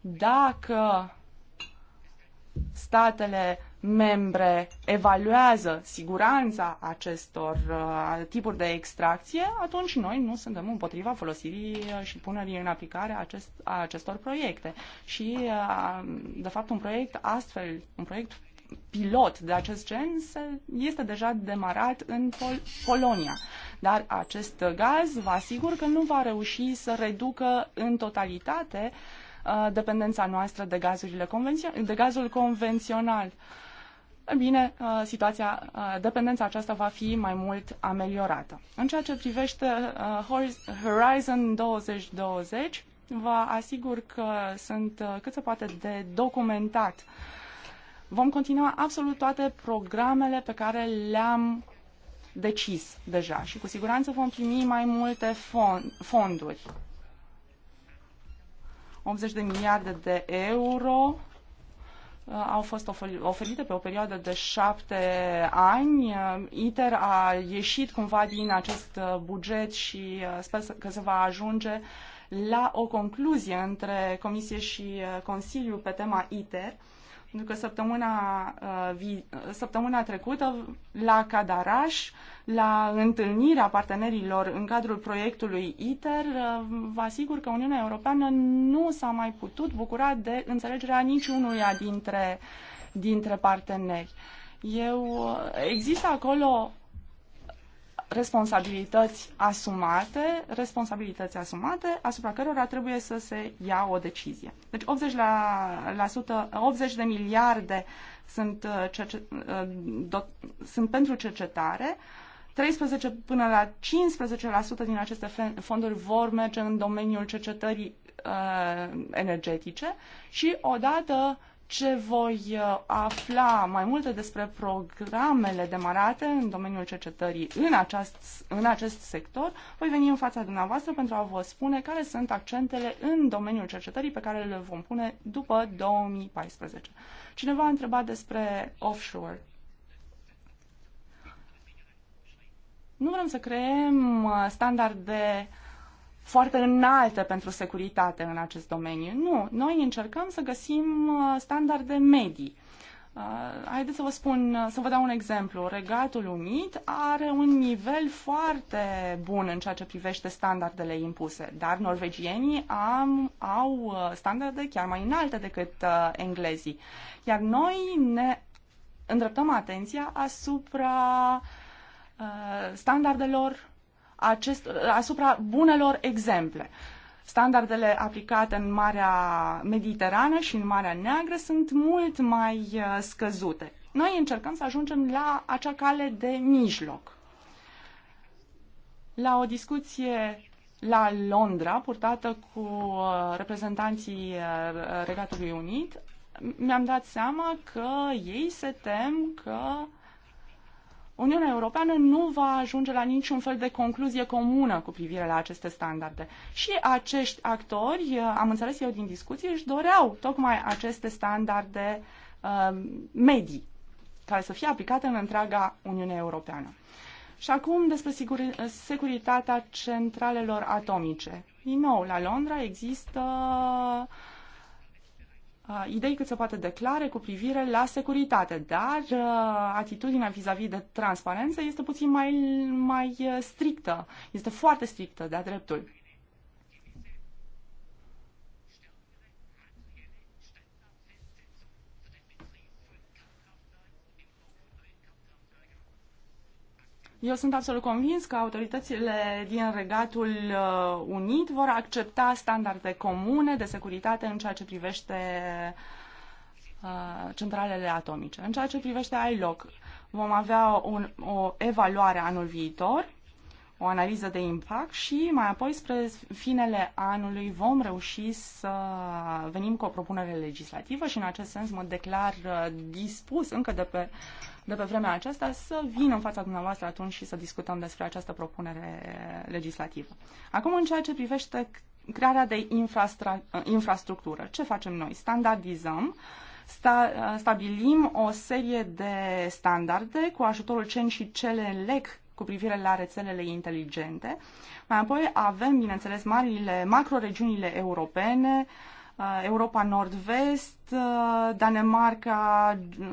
Dacă statele membre evaluează siguranța acestor uh, tipuri de extracție, atunci noi nu suntem împotriva folosirii uh, și punerii în aplicare acest, a acestor proiecte. Și, uh, de fapt, un proiect astfel, un proiect pilot de acest gen se, este deja demarat în Pol- Polonia. Dar acest gaz, vă asigur că nu va reuși să reducă în totalitate uh, Uh, dependența noastră de, gazurile convențio- de gazul convențional. Bine, uh, situația, uh, dependența aceasta va fi mai mult ameliorată. În ceea ce privește Horizon 2020, vă asigur că sunt cât se poate de documentat. Vom continua absolut toate programele pe care le-am decis deja și cu siguranță vom primi mai multe fonduri. 80 de miliarde de euro uh, au fost oferite pe o perioadă de șapte ani. Uh, ITER a ieșit cumva din acest uh, buget și sper că se va ajunge la o concluzie între Comisie și Consiliu pe tema ITER. Pentru că săptămâna, uh, vi, uh, săptămâna trecută, la Cadaraș, la întâlnirea partenerilor în cadrul proiectului ITER, uh, vă asigur că Uniunea Europeană nu s-a mai putut bucura de înțelegerea niciunuia dintre, dintre parteneri. Eu, există acolo responsabilități asumate, responsabilități asumate asupra cărora trebuie să se ia o decizie. Deci 80, la, la 100, 80 de miliarde sunt, uh, cerce, uh, do, sunt pentru cercetare, 13 până la 15% din aceste fonduri vor merge în domeniul cercetării uh, energetice și odată uh, ce voi uh, afla mai multe despre programele demarate în domeniul cercetării în acest, în acest sector, voi veni în fața dumneavoastră pentru a vă spune care sunt accentele în domeniul cercetării pe care le vom pune după 2014. Cineva a întrebat despre offshore. Nu vrem să creăm uh, standarde foarte înalte pentru securitate în acest domeniu. Nu, noi încercăm să găsim uh, standarde medii. Uh, haideți să vă spun, uh, să vă dau un exemplu. Regatul Unit are un nivel foarte bun în ceea ce privește standardele impuse, dar norvegienii am, au standarde chiar mai înalte decât uh, englezii. Iar noi ne îndreptăm atenția asupra uh, standardelor acest, asupra bunelor exemple. Standardele aplicate în Marea Mediterană și în Marea Neagră sunt mult mai uh, scăzute. Noi încercăm să ajungem la acea cale de mijloc. La o discuție la Londra, purtată cu uh, reprezentanții uh, Regatului Unit, mi-am dat seama că ei se tem că Uniunea Europeană nu va ajunge la niciun fel de concluzie comună cu privire la aceste standarde. Și acești actori, am înțeles eu din discuție, își doreau tocmai aceste standarde uh, medii care să fie aplicate în întreaga Uniune Europeană. Și acum despre securitatea centralelor atomice. Din nou, la Londra există uh, idei cât se poate declare cu privire la securitate, dar atitudinea vis-a-vis -vis de transparență este puțin mai, mai strictă, este foarte strictă de-a dreptul. Eu sunt absolut convins că autoritățile din Regatul uh, Unit vor accepta standarde comune de securitate în ceea ce privește uh, centralele atomice. În ceea ce privește ILOC, vom avea un, o evaluare anul viitor, o analiză de impact și mai apoi spre finele anului vom reuși să venim cu o propunere legislativă și în acest sens mă declar uh, dispus încă de pe uh, de pe vremea aceasta să vină în fața dumneavoastră atunci și să discutăm despre această propunere legislativă. Acum, în ceea ce privește crearea de infrastructură, ce facem noi? Standardizăm sta, stabilim o serie de standarde cu ajutorul CEN și CELELEC cu privire la rețelele inteligente. Mai apoi avem, bineînțeles, marile macroregiunile europene, uh, Uh, Europa Nord-Vest, uh, Danemarca, uh,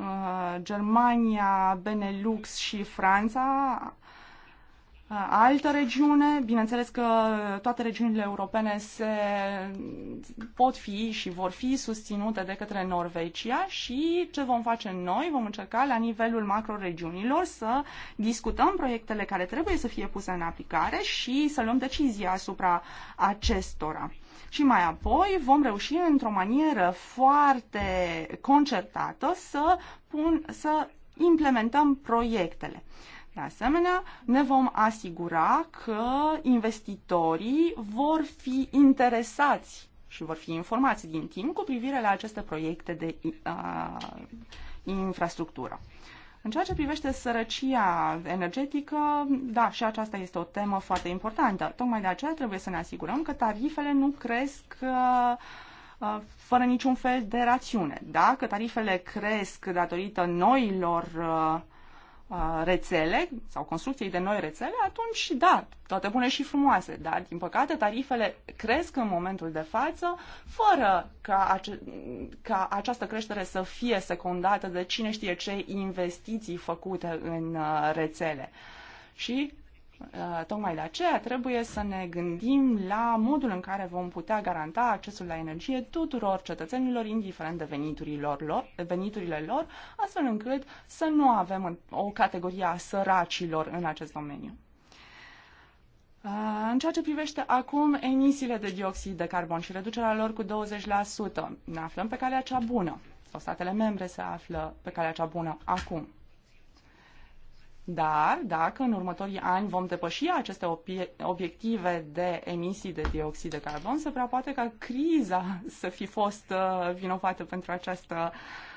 Germania, Benelux și Franța, altă regiune. Bineînțeles că toate regiunile europene se pot fi și vor fi susținute de către Norvegia și ce vom face noi? Vom încerca la nivelul macroregiunilor să discutăm proiectele care trebuie să fie puse în aplicare și să luăm decizia asupra acestora. Și mai apoi vom reuși într-o manieră foarte concertată să, pun, să implementăm proiectele. De asemenea, ne vom asigura că investitorii vor fi interesați și vor fi informați din timp cu privire la aceste proiecte de uh, infrastructură. În ceea ce privește sărăcia energetică, da, și aceasta este o temă foarte importantă. Tocmai de aceea trebuie să ne asigurăm că tarifele nu cresc uh, uh, fără niciun fel de rațiune. Dacă tarifele cresc datorită noilor uh, Uh, rețele sau construcției de noi rețele, atunci da, toate bune și frumoase, dar din păcate tarifele cresc în momentul de față fără ca, ace- ca această creștere să fie secundată de cine știe ce investiții făcute în uh, rețele. Și Uh, tocmai de aceea trebuie să ne gândim la modul în care vom putea garanta accesul la energie tuturor cetățenilor, indiferent de veniturilor lor, veniturile lor, astfel încât să nu avem o categorie a săracilor în acest domeniu. Uh, în ceea ce privește acum emisiile de dioxid de carbon și reducerea lor cu 20%, ne aflăm pe calea cea bună, sau statele membre se află pe calea cea bună acum. Dar dacă în următorii ani vom depăși aceste obiective de emisii de dioxid de carbon, se prea poate ca criza să fi fost uh, vinovată pentru această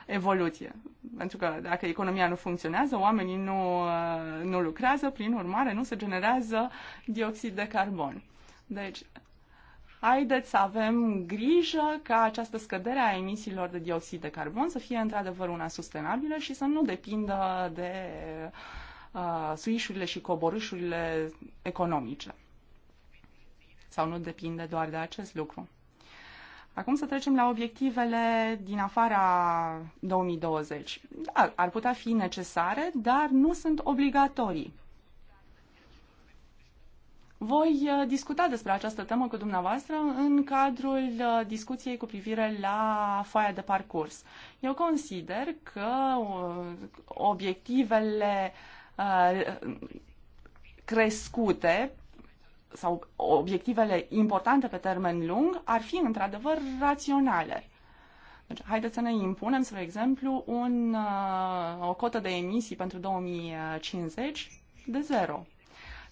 evoluție. Pentru că dacă economia nu funcționează, oamenii nu, uh, nu lucrează, prin urmare nu se generează dioxid de carbon. Deci, haideți să avem grijă ca această scădere a emisiilor de dioxid de carbon să fie într-adevăr una sustenabilă și să nu depindă de uh, uh, suișurile și coborâșurile economice. Sau nu depinde doar de acest lucru. Acum să trecem la obiectivele din afara 2020. Da, ar putea fi necesare, dar nu sunt obligatorii. Voi uh, discuta despre această temă cu dumneavoastră în cadrul uh, discuției cu privire la foaia de parcurs. Eu consider că uh, obiectivele uh, Uh, crescute sau obiectivele importante pe termen lung ar fi într-adevăr raționale. Deci, haideți să ne impunem, spre exemplu, un, uh, o cotă de emisii pentru 2050 de zero.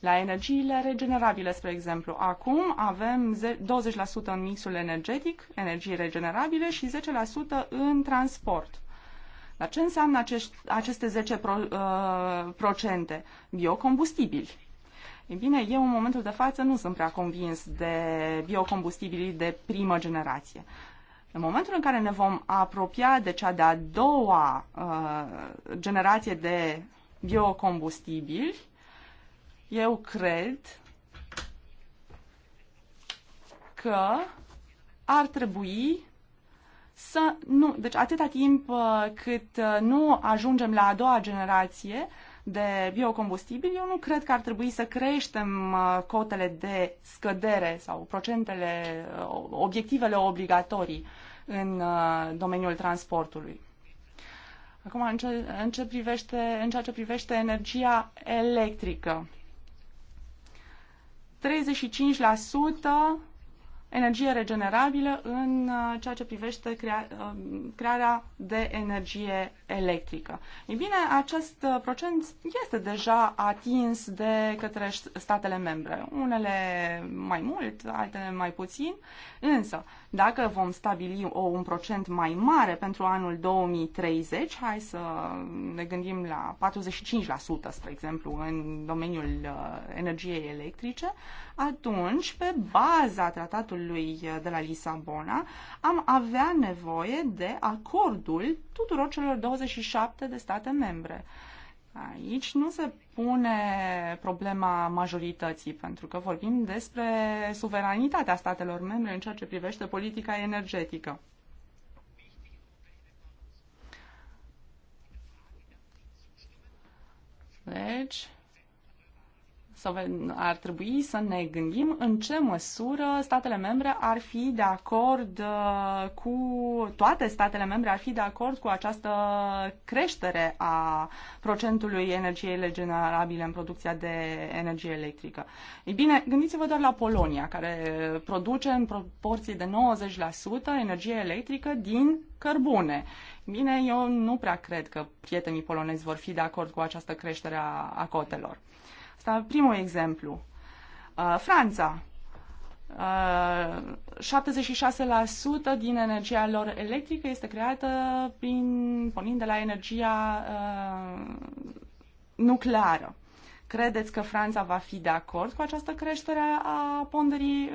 La energiile regenerabile, spre exemplu, acum avem 20% în mixul energetic, energii regenerabile și 10% în transport. Dar ce înseamnă acești, aceste 10 pro, uh, procente? Biocombustibili. Ei bine, eu în momentul de față nu sunt prea convins de biocombustibilii de primă generație. În momentul în care ne vom apropia de cea de-a doua uh, generație de biocombustibili, eu cred că ar trebui să nu, deci atâta timp uh, cât uh, nu ajungem la a doua generație de biocombustibil, eu nu cred că ar trebui să creștem uh, cotele de scădere sau procentele, obiectivele obligatorii în domeniul transportului. Acum, în, ce, în, ce privește, în ceea ce privește energia electrică, 35% energie regenerabilă în uh, ceea ce privește crea, uh, crearea de energie electrică. Ei bine, acest uh, procent este deja atins de către statele membre, unele mai mult, altele mai puțin, însă dacă vom stabili o, un procent mai mare pentru anul 2030, hai să ne gândim la 45%, spre exemplu, în domeniul uh, energiei electrice, atunci, pe baza tratatului uh, de la Lisabona, am avea nevoie de acordul tuturor celor 20 27 de state membre. Aici nu se pune problema majorității, pentru că vorbim despre suveranitatea statelor membre în ceea ce privește politica energetică. Deci, sau ar trebui să ne gândim în ce măsură statele membre ar fi de acord uh, cu toate statele membre ar fi de acord cu această creștere a procentului energiei regenerabile în producția de energie electrică. Ei bine, gândiți-vă doar la Polonia, care produce în proporție de 90% energie electrică din cărbune. Bine, eu nu prea cred că prietenii polonezi vor fi de acord cu această creștere a, a cotelor. Asta primul exemplu. Uh, Franța. 76% uh, din energia lor electrică este creată prin, pornind de la energia uh, nucleară. Credeți că Franța va fi de acord cu această creștere a ponderii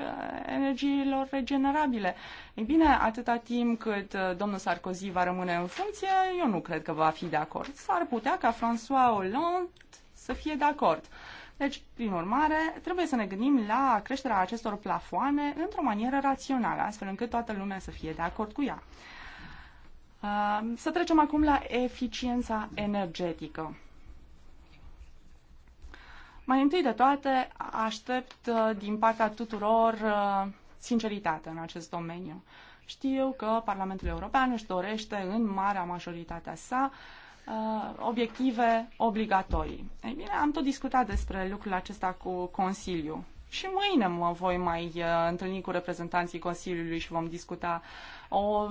energiilor regenerabile? Ei bine, atâta timp cât domnul Sarkozy va rămâne în funcție, eu nu cred că va fi de acord. S-ar putea ca François Hollande să fie de acord. Uh, deci, prin urmare, trebuie să ne gândim la creșterea acestor plafoane într-o manieră rațională, astfel încât toată lumea să fie de acord cu ea. Uh, să trecem acum la eficiența energetică. Mai întâi de toate, aștept uh, din partea tuturor uh, sinceritate în acest domeniu. Știu că Parlamentul European își dorește în marea majoritatea sa Uh, obiective obligatorii. Ei bine, am tot discutat despre lucrul acesta cu Consiliu. Și mâine mă voi mai uh, întâlni cu reprezentanții Consiliului și vom discuta o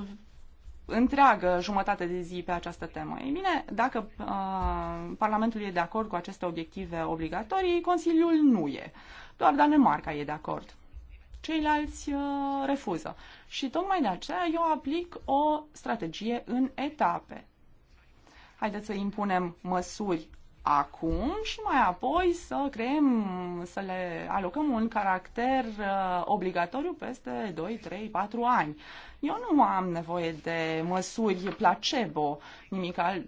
întreagă jumătate de zi pe această temă. Ei bine, dacă uh, Parlamentul e de acord cu aceste obiective obligatorii, Consiliul nu e. Doar Danemarca e de acord. Ceilalți uh, refuză. Și tocmai de aceea eu aplic o strategie în etape. Haideți să impunem măsuri acum și mai apoi să creăm, să le alocăm un caracter uh, obligatoriu peste 2, 3, 4 ani. Eu nu am nevoie de măsuri placebo, nimic al...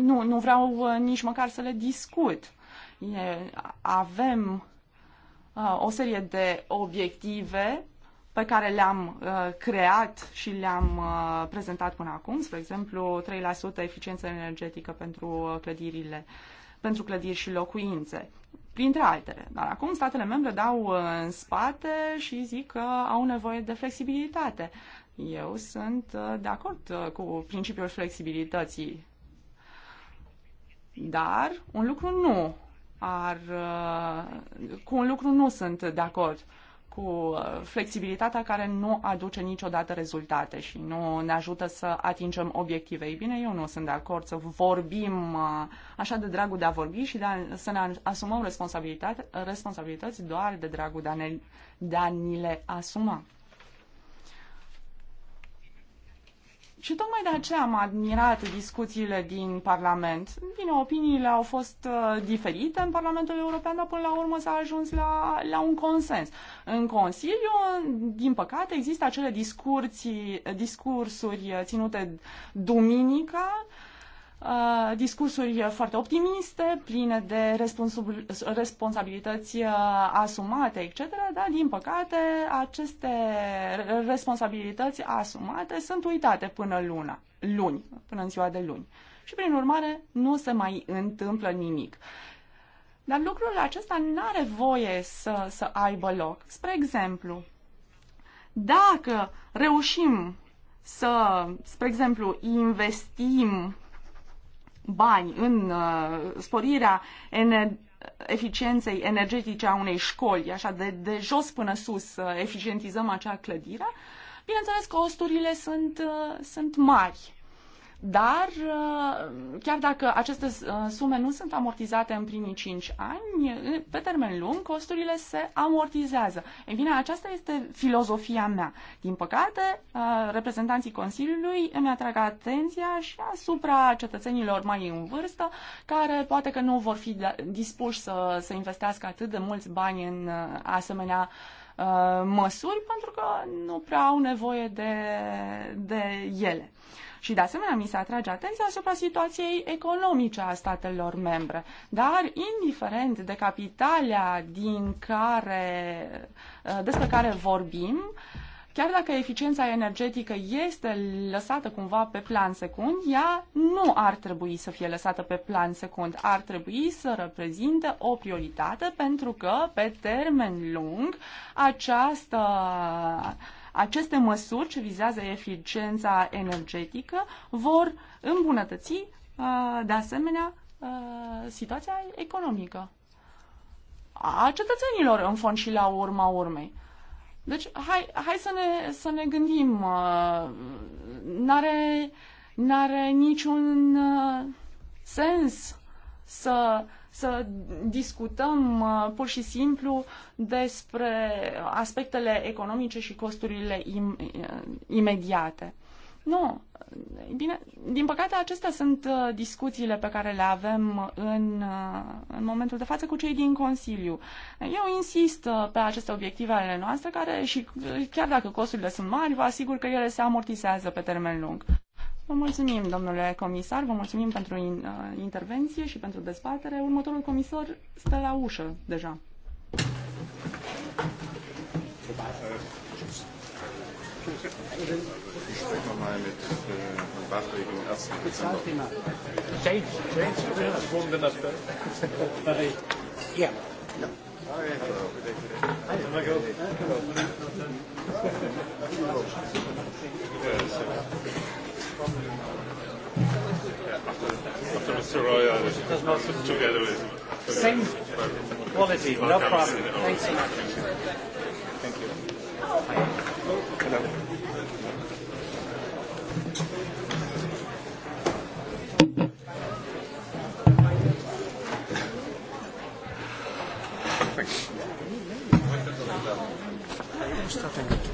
nu, nu vreau uh, nici măcar să le discut. E, avem uh, o serie de obiective pe care le-am uh, creat și le-am uh, prezentat până acum, spre exemplu 3% eficiență energetică pentru uh, clădirile pentru clădiri și locuințe, printre altele. Dar acum statele membre dau uh, în spate și zic că au nevoie de flexibilitate. Eu sunt uh, de acord cu principiul flexibilității, dar un lucru nu ar, cu un lucru nu sunt de acord cu uh, flexibilitatea care nu aduce niciodată rezultate și nu ne ajută să atingem obiective. Ei bine, eu nu sunt de acord să vorbim uh, așa de dragul de a vorbi și de a, să ne asumăm responsabilitate, responsabilități doar de dragul de a, ne, de a ni le asuma. Și tocmai de aceea am admirat discuțiile din Parlament. Bine, opiniile au fost uh, diferite în Parlamentul European, dar până la urmă s-a ajuns la, la un consens. În Consiliu, din păcate, există acele discurții, discursuri uh, ținute duminica, Uh, discursuri foarte optimiste, pline de responsabilități uh, asumate, etc., dar, din păcate, aceste responsabilități asumate sunt uitate până luna, luni, până în ziua de luni. Și, prin urmare, nu se mai întâmplă nimic. Dar lucrul acesta nu are voie să, să aibă loc. Spre exemplu, dacă reușim să, spre exemplu, investim bani în uh, sporirea ener- eficienței energetice a unei școli, așa de, de jos până sus uh, eficientizăm acea clădire, bineînțeles costurile sunt, uh, sunt mari. Dar uh, chiar dacă aceste uh, sume nu sunt amortizate în primii 5 ani, pe termen lung costurile se amortizează. Ei bine, aceasta este filozofia mea. Din păcate, uh, reprezentanții Consiliului îmi atrag atenția și asupra cetățenilor mai în vârstă, care poate că nu vor fi da, dispuși să, să investească atât de mulți bani în asemenea măsuri pentru că nu prea au nevoie de, de ele. Uh, și de asemenea mi se atrage atenția asupra situației economice a statelor membre. Dar indiferent de capitalea din care, eh, despre care vorbim, chiar dacă eficiența energetică este lăsată cumva pe plan secund, ea nu ar trebui să fie lăsată pe plan secund. Ar trebui să reprezinte o prioritate pentru că, pe termen lung, această aceste măsuri ce vizează eficiența energetică vor îmbunătăți uh, de asemenea uh, situația economică a cetățenilor în fond și la urma urmei. Deci, hai, hai să, ne, să ne gândim. Uh, n-are, n-are niciun sens să să discutăm uh, pur și simplu despre aspectele economice și costurile im uh, imediate. Nu. Bine, din păcate acestea sunt uh, discuțiile pe care le avem în, în momentul de față cu cei din Consiliu. Eu insist pe aceste obiective ale noastre care și chiar dacă costurile sunt mari, vă asigur că ele se amortisează pe termen lung. Vă mulțumim, domnule comisar, vă mulțumim pentru in, uh, intervenție și pentru dezbatere. Următorul comisar stă la ușă deja. Change, change, yeah. After Mr. Roy, together with Same quality, no problem. Thanks so much. Thank you. Hello. Thanks. Starting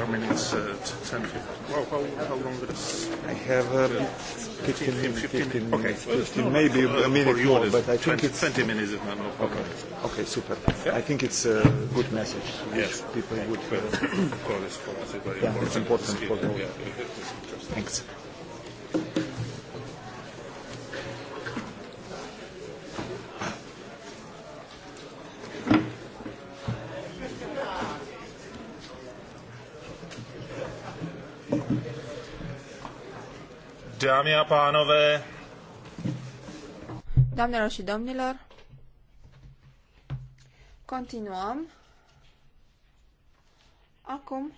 our minutes? Uh, 10, 15. Well, how, how long is it? I have a bit 15, 15, 15, 15 okay. 15, maybe uh, a minute more, but I think 20, it's... 20 minutes is not no Okay, okay super. Yeah. I think it's a good message. Yes. People would... Uh, of course, for us it's very yeah, important. it's important for the... Yeah. Thanks. Dámy a pánové. Doamnelor și domnilor, continuăm. Acum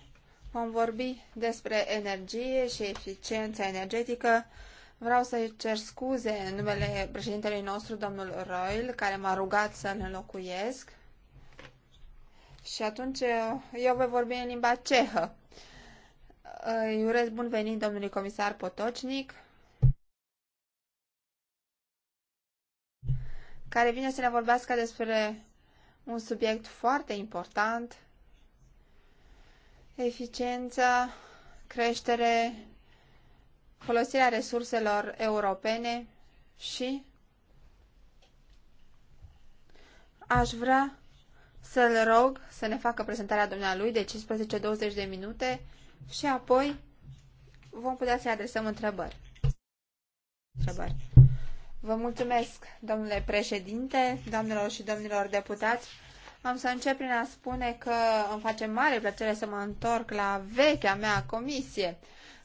vom vorbi despre energie și eficiența energetică. Vreau să-i cer scuze în numele președintelui nostru, domnul Royal, care m-a rugat să-l înlocuiesc. Și atunci eu voi vorbi în limba cehă îi urez bun venit domnului comisar Potocnic, care vine să ne vorbească despre un subiect foarte important, eficiență, creștere, folosirea resurselor europene și aș vrea să-l rog să ne facă prezentarea dumnealui de 15-20 de minute și apoi vom putea să adresăm întrebări. întrebări. Vă mulțumesc, domnule președinte, doamnelor și domnilor deputați. Am să încep prin a spune că îmi face mare plăcere să mă întorc la vechea mea comisie,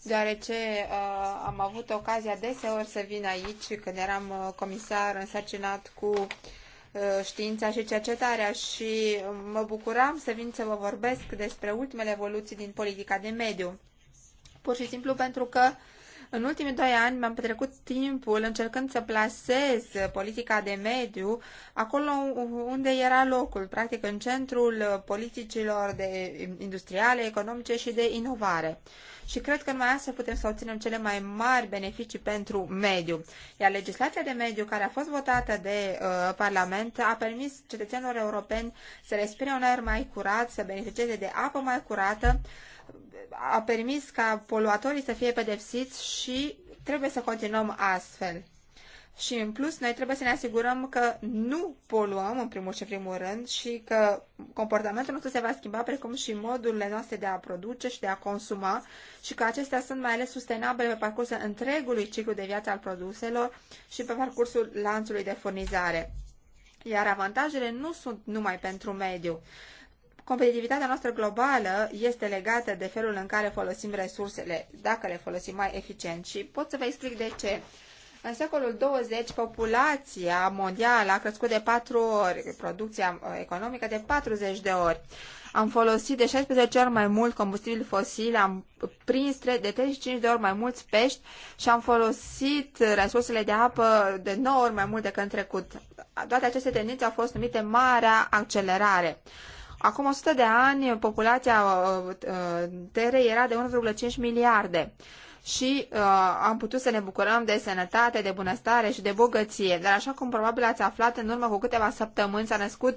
deoarece uh, am avut ocazia deseori să vin aici când eram uh, comisar însărcinat cu uh, Uh, știința și cercetarea și mă bucuram să vin să vă vorbesc despre ultimele evoluții din politica de mediu. Pur și simplu pentru că uh, în ultimii doi ani mi-am petrecut timpul încercând să plasez politica de mediu acolo unde era locul, practic în centrul politicilor de industriale, economice și de inovare. Și cred că numai astfel putem să obținem cele mai mari beneficii pentru mediu. Iar legislația de mediu care a fost votată de uh, Parlament a permis cetățenilor europeni să respire un aer mai curat, să beneficieze de apă mai curată, uh, a permis ca poluatorii să fie pedepsiți și trebuie să continuăm astfel. Și în plus, noi trebuie să ne asigurăm că nu poluăm în primul și primul rând și că comportamentul nostru se va schimba precum și modurile noastre de a produce și de a consuma și că acestea sunt mai ales sustenabile pe parcursul întregului ciclu de viață al produselor și pe parcursul lanțului de furnizare. Iar avantajele nu sunt numai pentru mediu, Competitivitatea noastră globală este legată de felul în care folosim resursele, dacă le folosim mai eficient. Și pot să vă explic de ce. În secolul 20, populația mondială a crescut de 4 ori, producția uh, economică de 40 de ori. Am folosit de 16 ori mai mult combustibil fosil, am prins de 35 de ori mai mulți pești și am folosit resursele de apă de 9 ori mai mult decât în trecut. Toate aceste tendințe au fost numite Marea Accelerare. Acum 100 de ani, populația uh, uh, Terei era de 1,5 miliarde și uh, am putut să ne bucurăm de sănătate, de bunăstare și de bogăție. Dar așa cum probabil ați aflat, în urmă cu câteva săptămâni s-a născut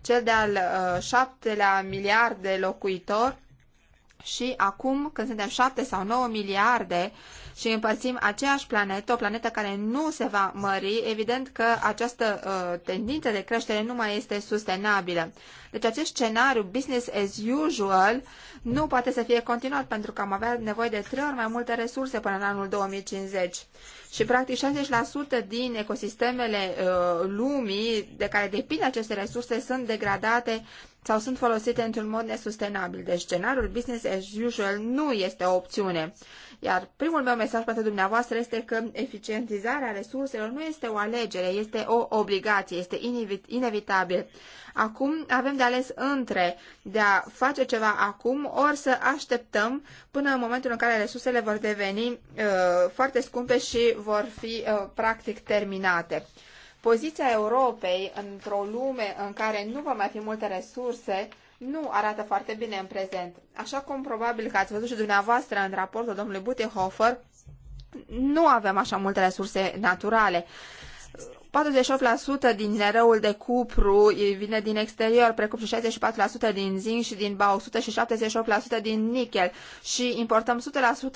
cel de-al uh, șaptelea miliard de locuitor și acum când suntem 7 sau 9 miliarde și împărțim aceeași planetă, o planetă care nu se va mări, evident că această uh, tendință de creștere nu mai este sustenabilă. Deci acest scenariu business as usual nu poate să fie continuat pentru că am avea nevoie de trei ori mai multe resurse până în anul 2050. Și practic 60% din ecosistemele uh, lumii de care depind aceste resurse sunt degradate sau sunt folosite într-un mod nesustenabil. Deci scenariul business as usual nu este o opțiune. Iar primul meu mesaj pentru dumneavoastră este că eficientizarea resurselor nu este o alegere, este o obligație, este inevitabil. Acum avem de ales între de a face ceva acum, ori să așteptăm până în momentul în care resursele vor deveni uh, foarte scumpe și vor fi uh, practic terminate. Poziția Europei într-o lume în care nu va mai fi multe resurse nu arată foarte bine în prezent. Așa cum probabil că ați văzut și dumneavoastră în raportul domnului Butehofer, nu avem așa multe resurse naturale. 48% din nereul de cupru vine din exterior, precum și 64% din zinc și din bauxite și 78% din nichel și importăm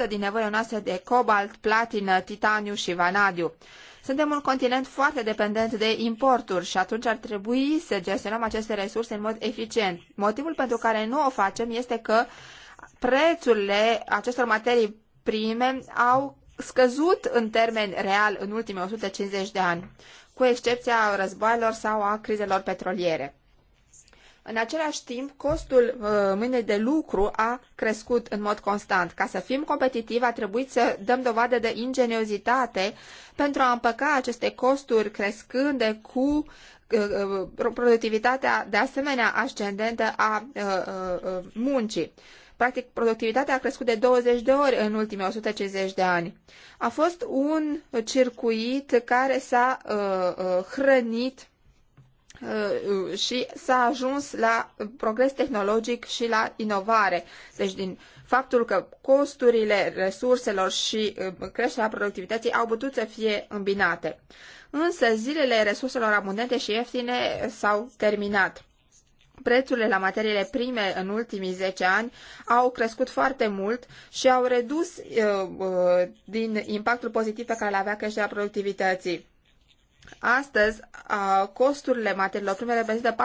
100% din nevoile noastre de cobalt, platină, titaniu și vanadiu. Suntem un continent foarte dependent de importuri și atunci ar trebui să gestionăm aceste resurse în mod eficient. Motivul pentru care nu o facem este că prețurile acestor materii prime au scăzut în termen real în ultimii 150 de ani, cu excepția războaielor sau a crizelor petroliere. În același timp, costul uh, mâinii de lucru a crescut în mod constant. Ca să fim competitivi, a trebuit să dăm dovadă de ingeniozitate pentru a împăca aceste costuri crescânde cu uh, uh productivitatea de asemenea ascendentă a uh, uh, uh, muncii. Practic, productivitatea a crescut de 20 de ori în ultimii 150 de ani. A fost un circuit care s-a hrănit Uh, și s-a ajuns la progres tehnologic și la inovare. Deci din faptul că costurile resurselor și uh, creșterea productivității au putut să fie îmbinate. Însă zilele resurselor abundente și ieftine s-au terminat. Prețurile la materiile prime în ultimii 10 ani au crescut foarte mult și au redus uh, uh din impactul pozitiv pe care l avea creșterea productivității. Astăzi, costurile materiilor prime reprezintă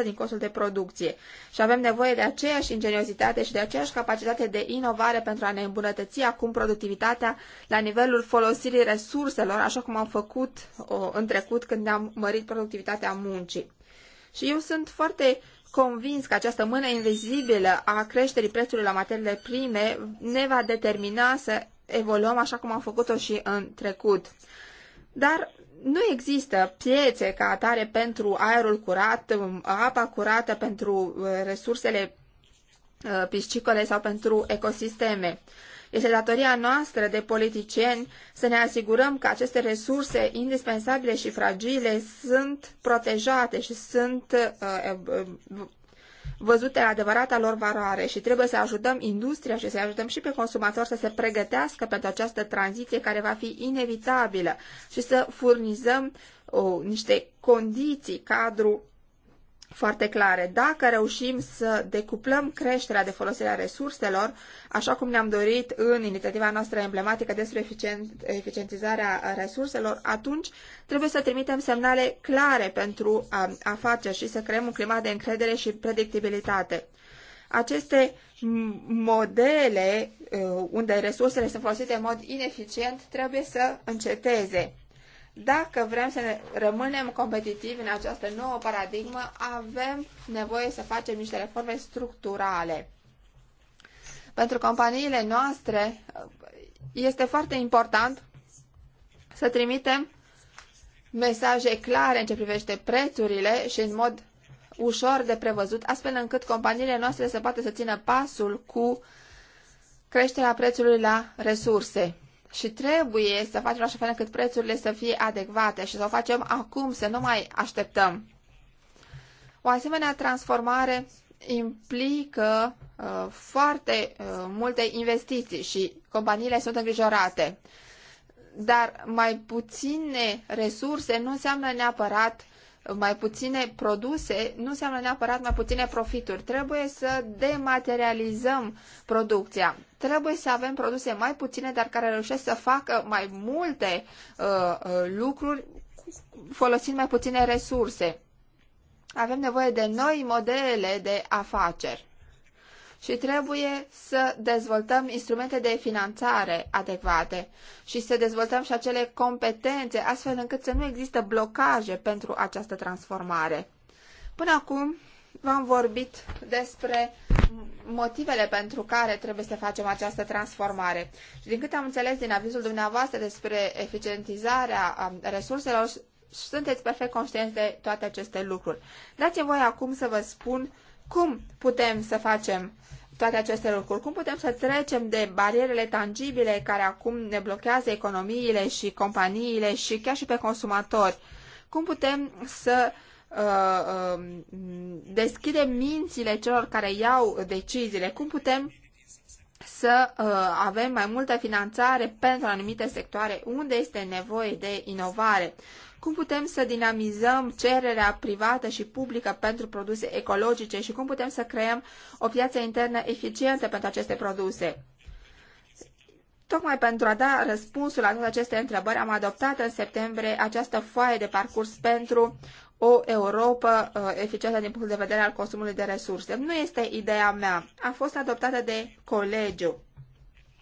40% din costul de producție și avem nevoie de aceeași ingeniozitate și de aceeași capacitate de inovare pentru a ne îmbunătăți acum productivitatea la nivelul folosirii resurselor, așa cum am făcut în trecut când ne-am mărit productivitatea muncii. Și eu sunt foarte convins că această mână invizibilă a creșterii prețului la materiile prime ne va determina să evoluăm așa cum am făcut-o și în trecut. Dar nu există piețe ca atare pentru aerul curat, um, apa curată, pentru uh, resursele uh, piscicole sau pentru ecosisteme. Este datoria noastră de politicieni să ne asigurăm că aceste resurse indispensabile și fragile sunt protejate și sunt uh, văzute la adevărata lor valoare și trebuie să ajutăm industria și să ajutăm și pe consumatori să se pregătească pentru această tranziție care va fi inevitabilă și să furnizăm o, niște condiții cadru foarte clare. Dacă reușim să decuplăm creșterea de folosire a resurselor, așa cum ne-am dorit în inițiativa noastră emblematică despre eficient, eficientizarea resurselor, atunci trebuie să trimitem semnale clare pentru a, a face și să creăm un climat de încredere și predictibilitate. Aceste modele uh, unde resursele sunt folosite în mod ineficient trebuie să înceteze. Dacă vrem să ne rămânem competitivi în această nouă paradigmă, avem nevoie să facem niște reforme structurale. Pentru companiile noastre este foarte important să trimitem mesaje clare în ce privește prețurile și în mod ușor de prevăzut, astfel încât companiile noastre să poată să țină pasul cu creșterea prețului la resurse și trebuie să facem așa fel încât prețurile să fie adecvate și să o facem acum, să nu mai așteptăm. O asemenea transformare implică uh, foarte uh, multe investiții și companiile sunt îngrijorate. Dar mai puține resurse nu înseamnă neapărat mai puține produse nu înseamnă neapărat mai puține profituri. Trebuie să dematerializăm producția. Trebuie să avem produse mai puține, dar care reușesc să facă mai multe uh, uh lucruri folosind mai puține resurse. Avem nevoie de noi modele de afaceri și trebuie să dezvoltăm instrumente de finanțare adecvate și să dezvoltăm și acele competențe astfel încât să nu există blocaje pentru această transformare. Până acum v-am vorbit despre motivele pentru care trebuie să facem această transformare. Și din câte am înțeles din avizul dumneavoastră despre eficientizarea um, resurselor, sunteți perfect conștienți de toate aceste lucruri. Dați-mi voi acum să vă spun cum putem să facem toate aceste lucruri? Cum putem să trecem de barierele tangibile care acum ne blochează economiile și companiile și chiar și pe consumatori? Cum putem să uh, uh, deschidem mințile celor care iau deciziile? Cum putem să uh, avem mai multă finanțare pentru anumite sectoare unde este nevoie de inovare? Cum putem să dinamizăm cererea privată și publică pentru produse ecologice și cum putem să creăm o piață internă eficientă pentru aceste produse? Tocmai pentru a da răspunsul la toate aceste întrebări, am adoptat în septembrie această foaie de parcurs pentru o Europa uh, eficientă din punct de vedere al consumului de resurse. Nu este ideea mea. A fost adoptată de colegiu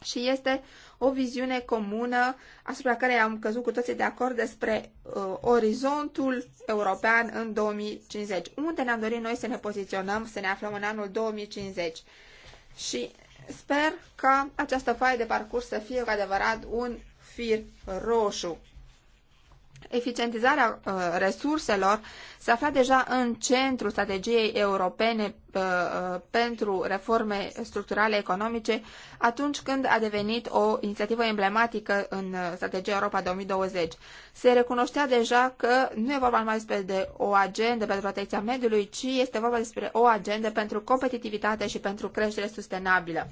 și este o viziune comună asupra care am căzut cu toții de acord despre uh, orizontul european în 2050. Unde ne-am dorit noi să ne poziționăm, să ne aflăm în anul 2050. Și sper că această faie de parcurs să fie cu adevărat un fir roșu Eficientizarea uh, resurselor se afla deja în centrul strategiei europene uh, uh, pentru reforme structurale economice atunci când a devenit o inițiativă emblematică în uh, strategia Europa 2020. Se recunoștea deja că nu e vorba numai despre de o agendă pentru protecția mediului, ci este vorba despre o agendă pentru competitivitate și pentru creștere sustenabilă.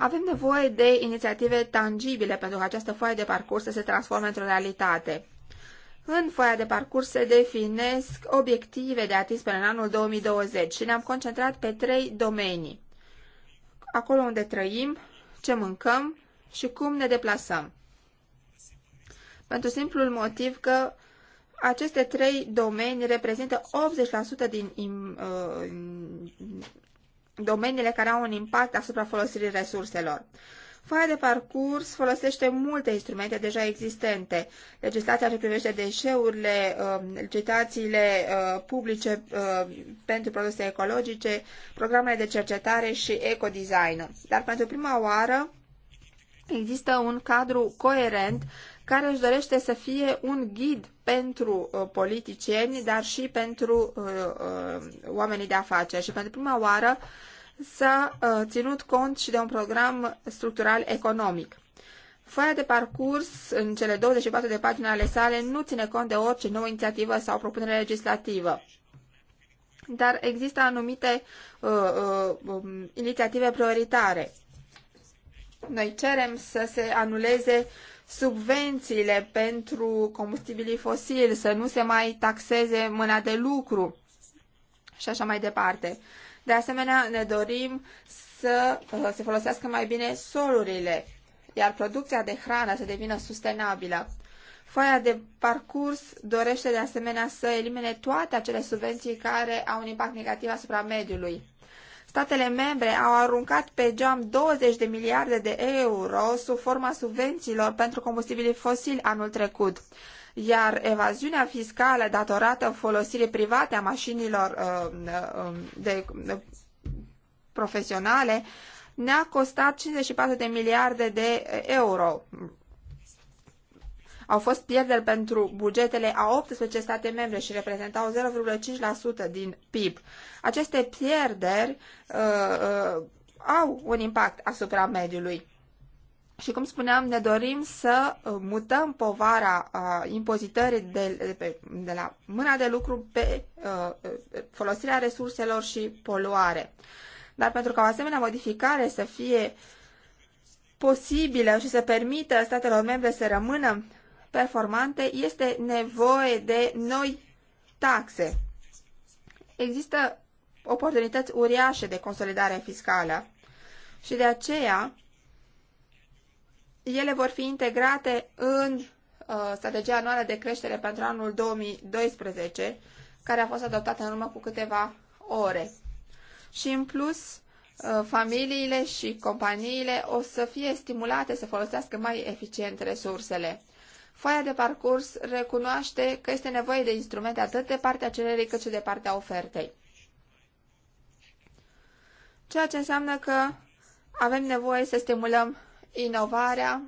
Avem nevoie de inițiative tangibile pentru că această foaie de parcurs să se transforme într-o realitate. În foaia de parcurs se definesc obiective de atins până în anul 2020 și ne-am concentrat pe trei domenii. Acolo unde trăim, ce mâncăm și cum ne deplasăm. Pentru simplul motiv că aceste trei domenii reprezintă 80% din uh, domeniile care au un impact asupra folosirii resurselor. Foaia de parcurs folosește multe instrumente deja existente. Legislația ce privește deșeurile, um, licitațiile uh, publice uh, pentru produse ecologice, programele de cercetare și ecodesign. Dar pentru prima oară există un cadru coerent care își dorește să fie un ghid pentru uh, politicieni, dar și pentru uh, uh, oamenii de afaceri. Și pentru prima oară s-a uh, ținut cont și de un program structural economic. Foaia de parcurs, în cele 24 de pagini ale sale, nu ține cont de orice nouă inițiativă sau propunere legislativă. Dar există anumite uh, uh, um, inițiative prioritare. Noi cerem să se anuleze uh, subvențiile pentru combustibilii fosili, să nu se mai taxeze mâna de lucru și așa mai departe. De asemenea, ne dorim să uh, se folosească mai bine solurile, iar producția de hrană să devină sustenabilă. Foaia de parcurs dorește de asemenea să elimine toate acele subvenții care au un impact negativ asupra mediului. Statele membre au aruncat pe geam 20 de miliarde de euro sub forma subvențiilor pentru combustibilii fosili anul trecut, iar evaziunea fiscală datorată folosirii private a mașinilor uh, de, uh, de, profesionale ne-a costat 54 de miliarde de euro au fost pierderi pentru bugetele a 18 state membre și reprezentau 0,5% din PIB. Aceste pierderi uh, uh, au un impact asupra mediului. Și cum spuneam, ne dorim să uh, mutăm povara uh, impozitării de, de, pe, de la mâna de lucru pe uh, uh, folosirea resurselor și poluare. Dar pentru ca o asemenea modificare să fie posibilă și să permită statelor membre să rămână performante, este nevoie de noi taxe. Există oportunități uriașe de consolidare fiscală și de aceea ele vor fi integrate în uh, strategia anuală de creștere pentru anul 2012, care a fost adoptată în urmă cu câteva ore. Și în plus, uh, familiile și companiile o să fie stimulate să folosească mai eficient resursele. Foaia de parcurs recunoaște că este nevoie de instrumente atât de partea cererii cât și de partea ofertei. Ceea ce înseamnă că avem nevoie să stimulăm inovarea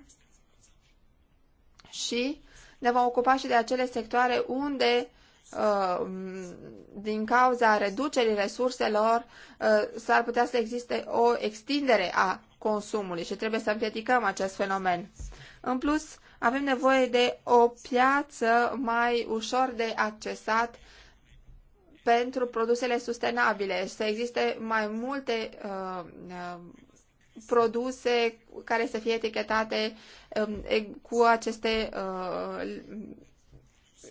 și ne vom ocupa și de acele sectoare unde uh, din cauza reducerii resurselor uh, s-ar putea să existe o extindere a consumului și trebuie să împiedicăm acest fenomen. În plus, avem nevoie de o piață mai ușor de accesat pentru produsele sustenabile, să existe mai multe uh, uh produse care să fie etichetate uh, cu aceste uh,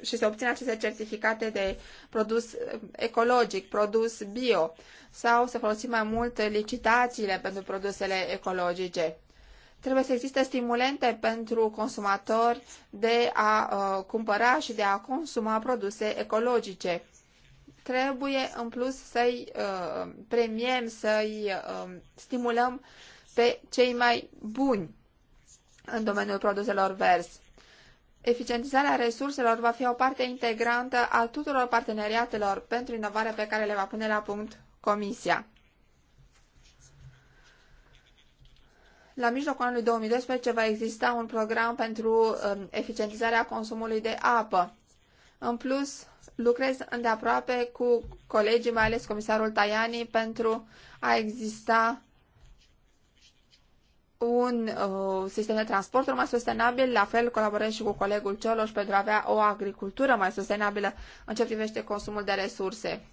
și să obțină aceste certificate de produs ecologic, produs bio, sau să folosim mai mult licitațiile pentru produsele ecologice. Trebuie să existe stimulente pentru consumatori de a uh, cumpăra și de a consuma produse ecologice. Trebuie, în plus, să-i uh, premiem, să-i uh, stimulăm pe cei mai buni în domeniul produselor verzi. Eficientizarea resurselor va fi o parte integrantă a tuturor parteneriatelor pentru inovare pe care le va pune la punct Comisia. La mijlocul anului 2012 va exista un program pentru um, eficientizarea consumului de apă. În plus, lucrez îndeaproape cu colegii, mai ales comisarul Tajani, pentru a exista un uh, sistem de transport mai sustenabil, la fel colaborez și cu colegul Cioloș pentru a avea o agricultură mai sustenabilă în ce privește consumul de resurse.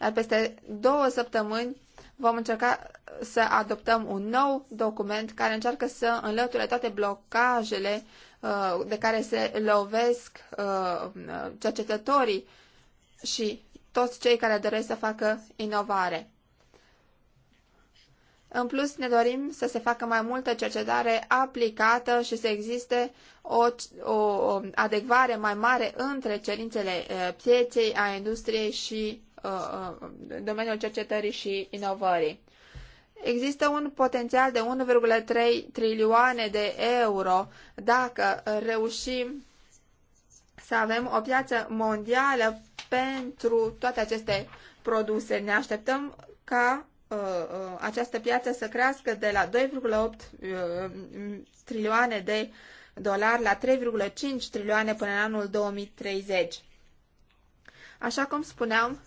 Iar peste două săptămâni vom încerca să adoptăm un nou document care încearcă să înlăture toate blocajele uh, de care se lovesc uh, cercetătorii și toți cei care doresc să facă inovare. În plus, ne dorim să se facă mai multă cercetare aplicată și să existe o, o adecvare mai mare între cerințele uh, pieței, a industriei și Uh, uh, domeniul cercetării și inovării. Există un potențial de 1,3 trilioane de euro dacă reușim să avem o piață mondială pentru toate aceste produse. Ne așteptăm ca uh, această piață să crească de la 2,8 trilioane de dolari la 3,5 trilioane până în anul 2030. Așa cum spuneam,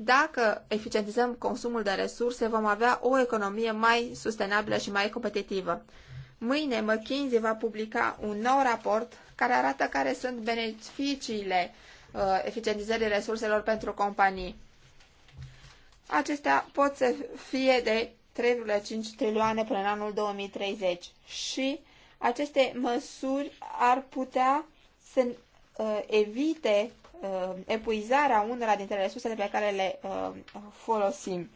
dacă eficientizăm consumul de resurse, vom avea o economie mai sustenabilă și mai competitivă. Mâine McKinsey va publica un nou raport care arată care sunt beneficiile uh, eficientizării resurselor pentru companii. Acestea pot să fie de 3,5 trilioane până în anul 2030 și aceste măsuri ar putea să uh, evite uh, epuizarea unora dintre resursele pe care le uh, folosim.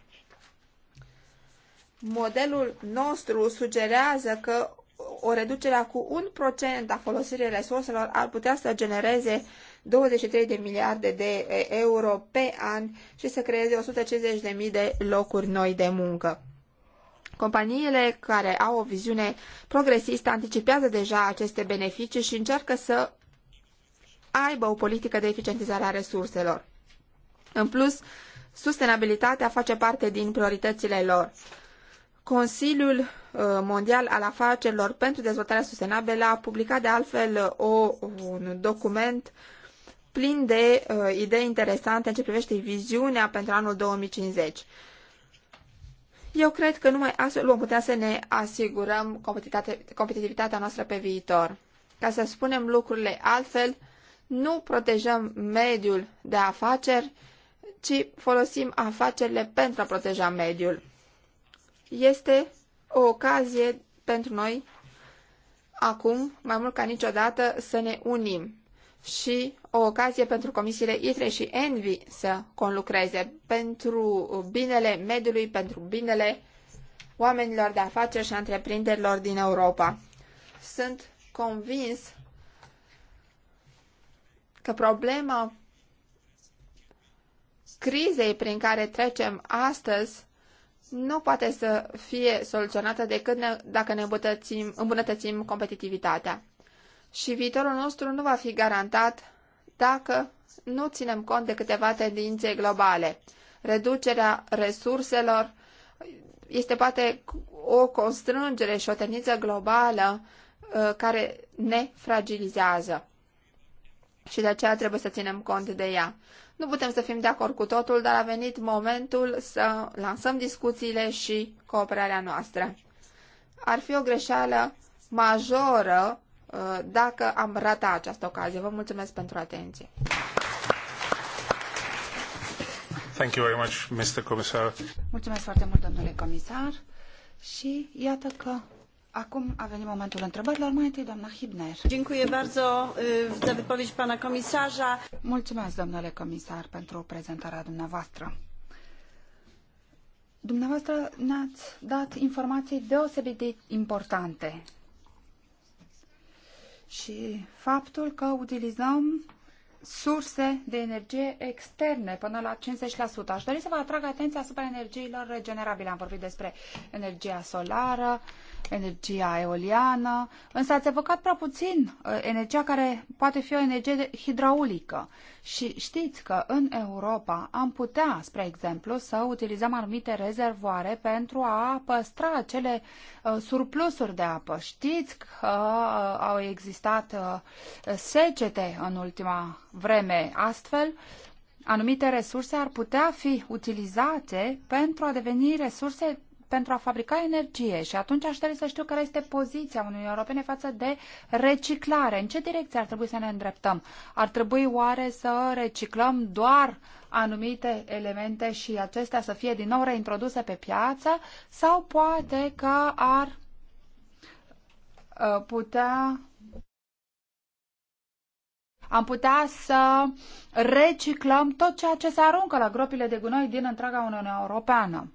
Modelul nostru sugerează că o reducere cu 1% a folosirii resurselor ar putea să genereze 23 de miliarde de euro pe an și să creeze 150.000 de locuri noi de muncă. Companiile care au o viziune progresistă anticipează deja aceste beneficii și încearcă să aibă o politică de eficientizare a resurselor. În plus, sustenabilitatea face parte din prioritățile lor. Consiliul uh, Mondial al Afacerilor pentru Dezvoltarea Sustenabilă a publicat de altfel o, un document plin de uh, idei interesante în ce privește viziunea pentru anul 2050. Eu cred că numai astfel vom putea să ne asigurăm competitivitatea noastră pe viitor. Ca să spunem lucrurile altfel, nu protejăm mediul de afaceri, ci folosim afacerile pentru a proteja mediul. Este o ocazie pentru noi acum, mai mult ca niciodată, să ne unim și o ocazie pentru comisiile ITRE și ENVI să conlucreze pentru binele mediului, pentru binele oamenilor de afaceri și antreprinderilor din Europa. Sunt convins că problema crizei prin care trecem astăzi nu poate să fie soluționată decât ne, dacă ne îmbunătățim, îmbunătățim competitivitatea. Și viitorul nostru nu va fi garantat dacă nu ținem cont de câteva tendințe globale. Reducerea resurselor este poate o constrângere și o tendință globală uh, care ne fragilizează și de aceea trebuie să ținem cont de ea. Nu putem să fim de acord cu totul, dar a venit momentul să lansăm discuțiile și cooperarea noastră. Ar fi o greșeală majoră uh, dacă am ratat această ocazie. Vă mulțumesc pentru atenție. Thank you very much, Mr. Comisar. Mulțumesc foarte mult, domnule comisar. Și iată că Acum a venit momentul întrebărilor. Mai întâi, doamna Hibner. Dziękuję bardzo za wypowiedź pana komisarza. Mulțumesc, domnule comisar, pentru prezentarea dumneavoastră. Dumneavoastră ne-ați dat informații deosebit de importante și faptul că utilizăm surse de energie externe până la 50%. Aș dori să vă atrag atenția asupra energiilor regenerabile. Am vorbit despre energia solară, uh, energia eoliană, însă ați evocat prea puțin uh, energia care poate fi o energie hidraulică. Și știți că în Europa am putea, spre exemplu, să utilizăm anumite rezervoare pentru a păstra acele uh, surplusuri de apă. Știți că uh, au existat secete în ultima vreme, astfel anumite resurse ar putea fi utilizate pentru a deveni resurse pentru a fabrica energie și atunci aș dori să știu care este poziția Uniunii Europene față de reciclare. În ce direcție ar trebui să ne îndreptăm? Ar trebui oare să reciclăm doar anumite elemente și acestea să fie din nou reintroduse pe piață sau poate că ar uh, putea am putea să reciclăm tot ceea ce se aruncă la gropile de gunoi din întreaga Uniunea Europeană.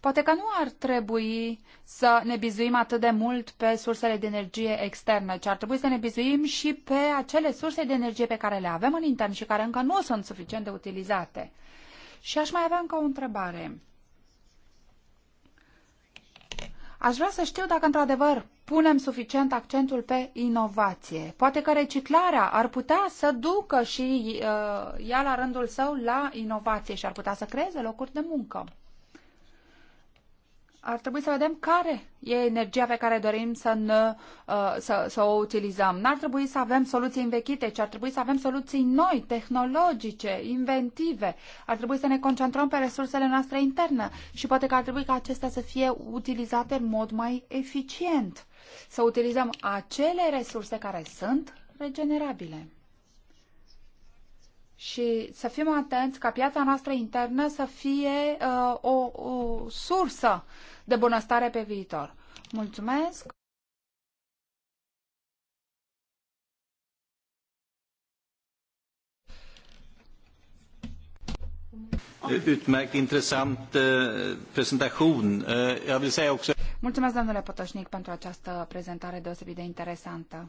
Poate că nu ar trebui să ne bizuim atât de mult pe sursele de energie externă, ci ar trebui să ne bizuim și pe acele surse de energie pe care le avem în intern și care încă nu sunt suficient de utilizate. Și aș mai avea încă o întrebare. Aș vrea să știu dacă, într-adevăr, punem suficient accentul pe inovație. Poate că reciclarea ar putea să ducă și uh, ea la rândul său la inovație și ar putea să creeze locuri de muncă ar trebui să vedem care e energia pe care dorim să, ne, uh, să, să o utilizăm. N-ar trebui să avem soluții învechite, ci ar trebui să avem soluții noi, tehnologice, inventive. Ar trebui să ne concentrăm pe resursele noastre interne și poate că ar trebui ca acestea să fie utilizate în mod mai eficient. Să utilizăm acele resurse care sunt regenerabile și să fim atenți ca piața noastră internă să fie uh, o, o sursă de bunăstare pe viitor. Mulțumesc! Utmärkt intressant eh, presentation. Eh, jag vill säga också... Mulțumesc, domnule Potoșnic, pentru această prezentare deosebit de interesantă.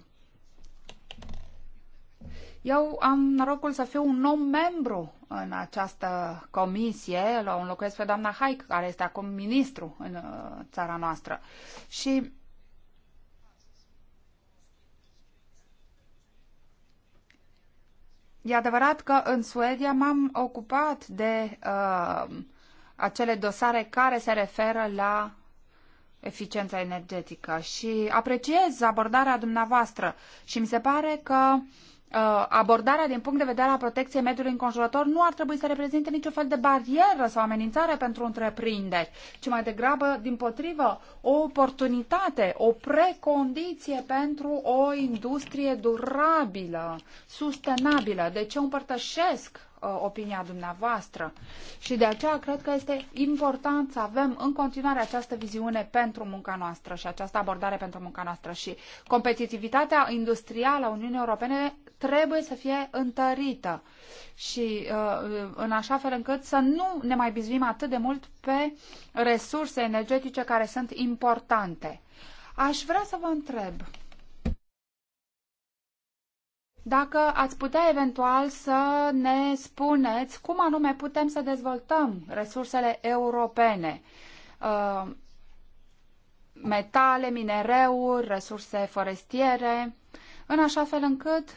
Eu am norocul să fiu un nou membru în această comisie, La un locuiesc pe doamna Haic, care este acum ministru în uh, țara noastră. Și E adevărat că în Suedia m-am ocupat de uh, acele dosare care se referă la eficiența energetică și apreciez abordarea dumneavoastră și mi se pare că Uh, abordarea din punct de vedere a protecției mediului înconjurător nu ar trebui să reprezinte niciun fel de barieră sau amenințare pentru întreprinderi, ci mai degrabă, din potrivă, o oportunitate, o precondiție pentru o industrie durabilă, sustenabilă. Deci ce împărtășesc uh, opinia dumneavoastră. Și de aceea cred că este important să avem în continuare această viziune pentru munca noastră și această abordare pentru munca noastră. Și competitivitatea industrială a Uniunii Europene trebuie să fie întărită și uh, în așa fel încât să nu ne mai bizuim atât de mult pe resurse energetice care sunt importante. Aș vrea să vă întreb dacă ați putea eventual să ne spuneți cum anume putem să dezvoltăm resursele europene, uh, metale, minereuri, resurse forestiere, în așa fel încât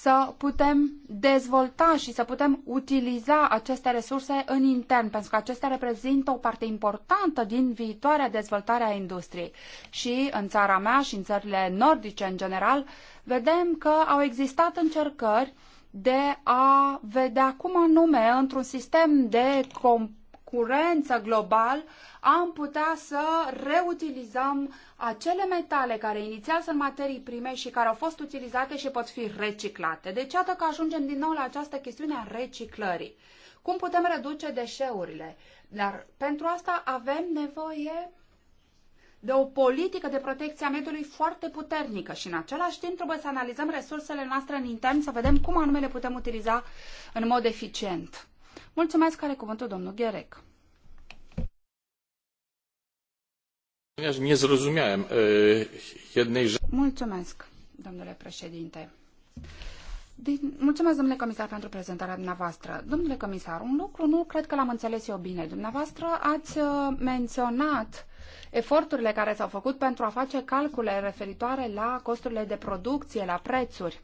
să putem dezvolta și să putem utiliza aceste resurse în intern, pentru că acestea reprezintă o parte importantă din viitoarea dezvoltare a industriei. Și în țara mea și în țările nordice în general, vedem că au existat încercări de a vedea cum anume într-un sistem de comp- curență global, am putea să reutilizăm acele metale care inițial sunt materii prime și care au fost utilizate și pot fi reciclate. Deci iată că ajungem din nou la această chestiune a reciclării. Cum putem reduce deșeurile? Dar pentru asta avem nevoie de o politică de protecție a mediului foarte puternică și în același timp trebuie să analizăm resursele noastre în intern, să vedem cum anume le putem utiliza în mod eficient. Mulțumesc, care cuvântul domnul Gherec. Mulțumesc, domnule președinte. Din... Mulțumesc, domnule comisar, pentru prezentarea dumneavoastră. Domnule comisar, un lucru nu cred că l-am înțeles eu bine. Dumneavoastră ați menționat eforturile care s-au făcut pentru a face calcule referitoare la costurile de producție, la prețuri.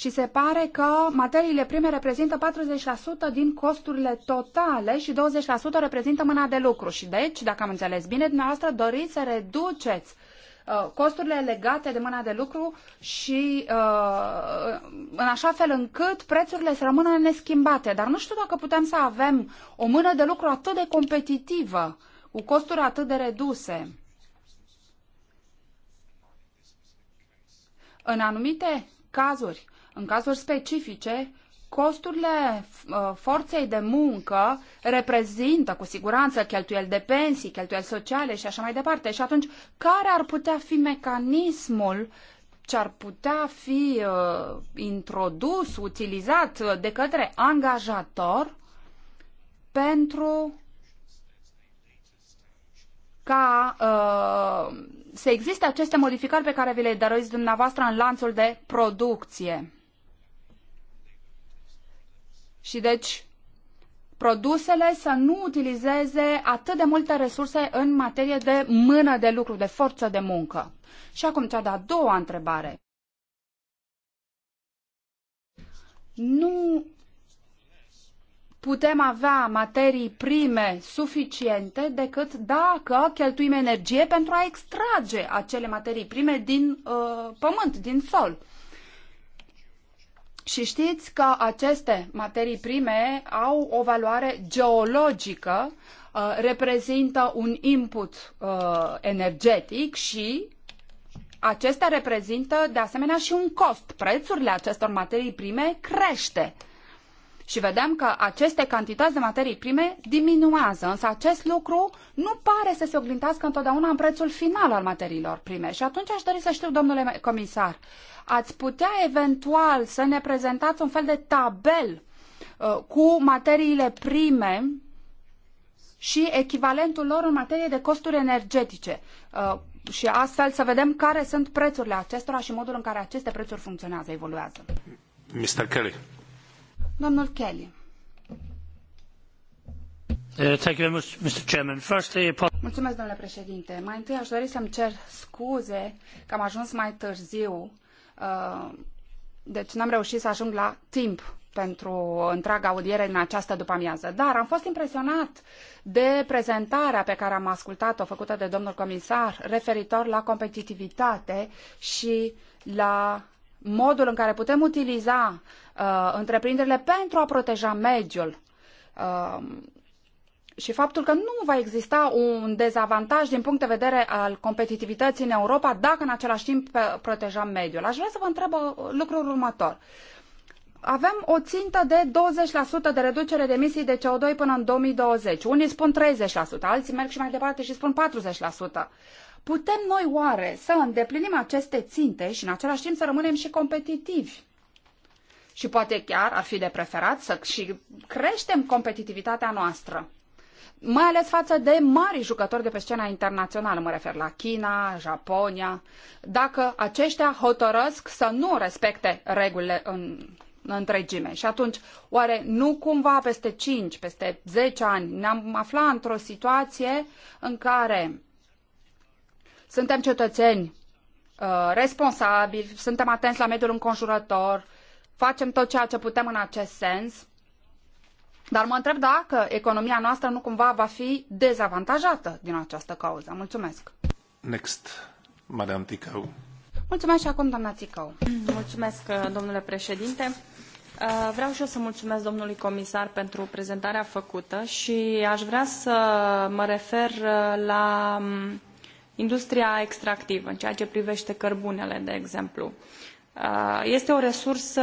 și se pare că materiile prime reprezintă 40% din costurile totale și 20% reprezintă mâna de lucru. Și deci, dacă am înțeles bine, dumneavoastră doriți să reduceți uh, costurile legate de mâna de lucru și uh, în așa fel încât prețurile să rămână neschimbate. Dar nu știu dacă putem să avem o mână de lucru atât de competitivă, cu costuri atât de reduse. În anumite cazuri, în cazuri specifice, costurile uh, forței de muncă reprezintă cu siguranță cheltuieli de pensii, cheltuieli sociale și așa mai departe. Și atunci, care ar putea fi mecanismul ce ar putea fi uh, introdus, utilizat de către angajator pentru ca uh, să existe aceste modificări pe care vi le dăruiți dumneavoastră în lanțul de producție. Și deci produsele să nu utilizeze atât de multe resurse în materie de mână de lucru, de forță de muncă. Și acum cea de-a doua întrebare. Nu putem avea materii prime suficiente decât dacă cheltuim energie pentru a extrage acele materii prime din uh, pământ, din sol. Uh, și știți că aceste materii prime au o valoare geologică, uh, reprezintă un input uh, energetic și acestea reprezintă de asemenea și un cost. Prețurile acestor materii prime crește. Uh, și vedem că aceste cantități de materii prime diminuează, însă acest lucru nu pare să se oglintească întotdeauna în prețul final al materiilor prime. Și atunci aș dori să știu, domnule comisar, ați putea eventual să ne prezentați un fel de tabel uh, cu materiile prime și echivalentul lor în materie de costuri energetice. Uh, și astfel să vedem care sunt prețurile acestora și modul în care aceste prețuri funcționează, evoluează. Mr. Kelly. Domnul Kelly. Uh, Mulțumesc, domnule președinte. Mai întâi aș dori să-mi cer scuze că am ajuns mai târziu. Uh, deci nu am reușit să ajung la timp pentru întreaga audiere în această după-amiază. Dar am fost impresionat de prezentarea pe care am ascultat-o făcută de domnul comisar referitor la competitivitate și la modul în care putem utiliza uh, întreprinderile pentru a proteja mediul uh, și faptul că nu va exista un dezavantaj din punct de vedere al competitivității în Europa dacă în același timp uh, protejăm mediul. Aș vrea să vă întreb uh, lucrul următor. Avem o țintă de 20% de reducere de emisii de CO2 până în 2020. Unii spun 30%, alții merg și mai departe și spun 40%. Putem noi oare să îndeplinim aceste ținte și în același timp să rămânem și competitivi? Și poate chiar ar fi de preferat să și creștem competitivitatea noastră mai ales față de mari jucători de pe scena internațională, mă refer la China, Japonia, dacă aceștia hotărăsc să nu respecte regulile în întregime. Și atunci, oare nu cumva peste 5, peste 10 ani ne-am aflat într-o situație în care suntem cetățeni uh, responsabili, suntem atenți la mediul înconjurător, facem tot ceea ce putem în acest sens. Dar mă întreb dacă economia noastră nu cumva va fi dezavantajată din această cauză. Mulțumesc. Next, Madame Ticău. Mulțumesc și acum, doamna Ticău. Mulțumesc, uh, domnule președinte. Uh, vreau și eu să mulțumesc domnului comisar pentru prezentarea făcută și aș vrea să mă refer la um, industria extractivă, în ceea ce privește cărbunele, de exemplu. Uh, este o resursă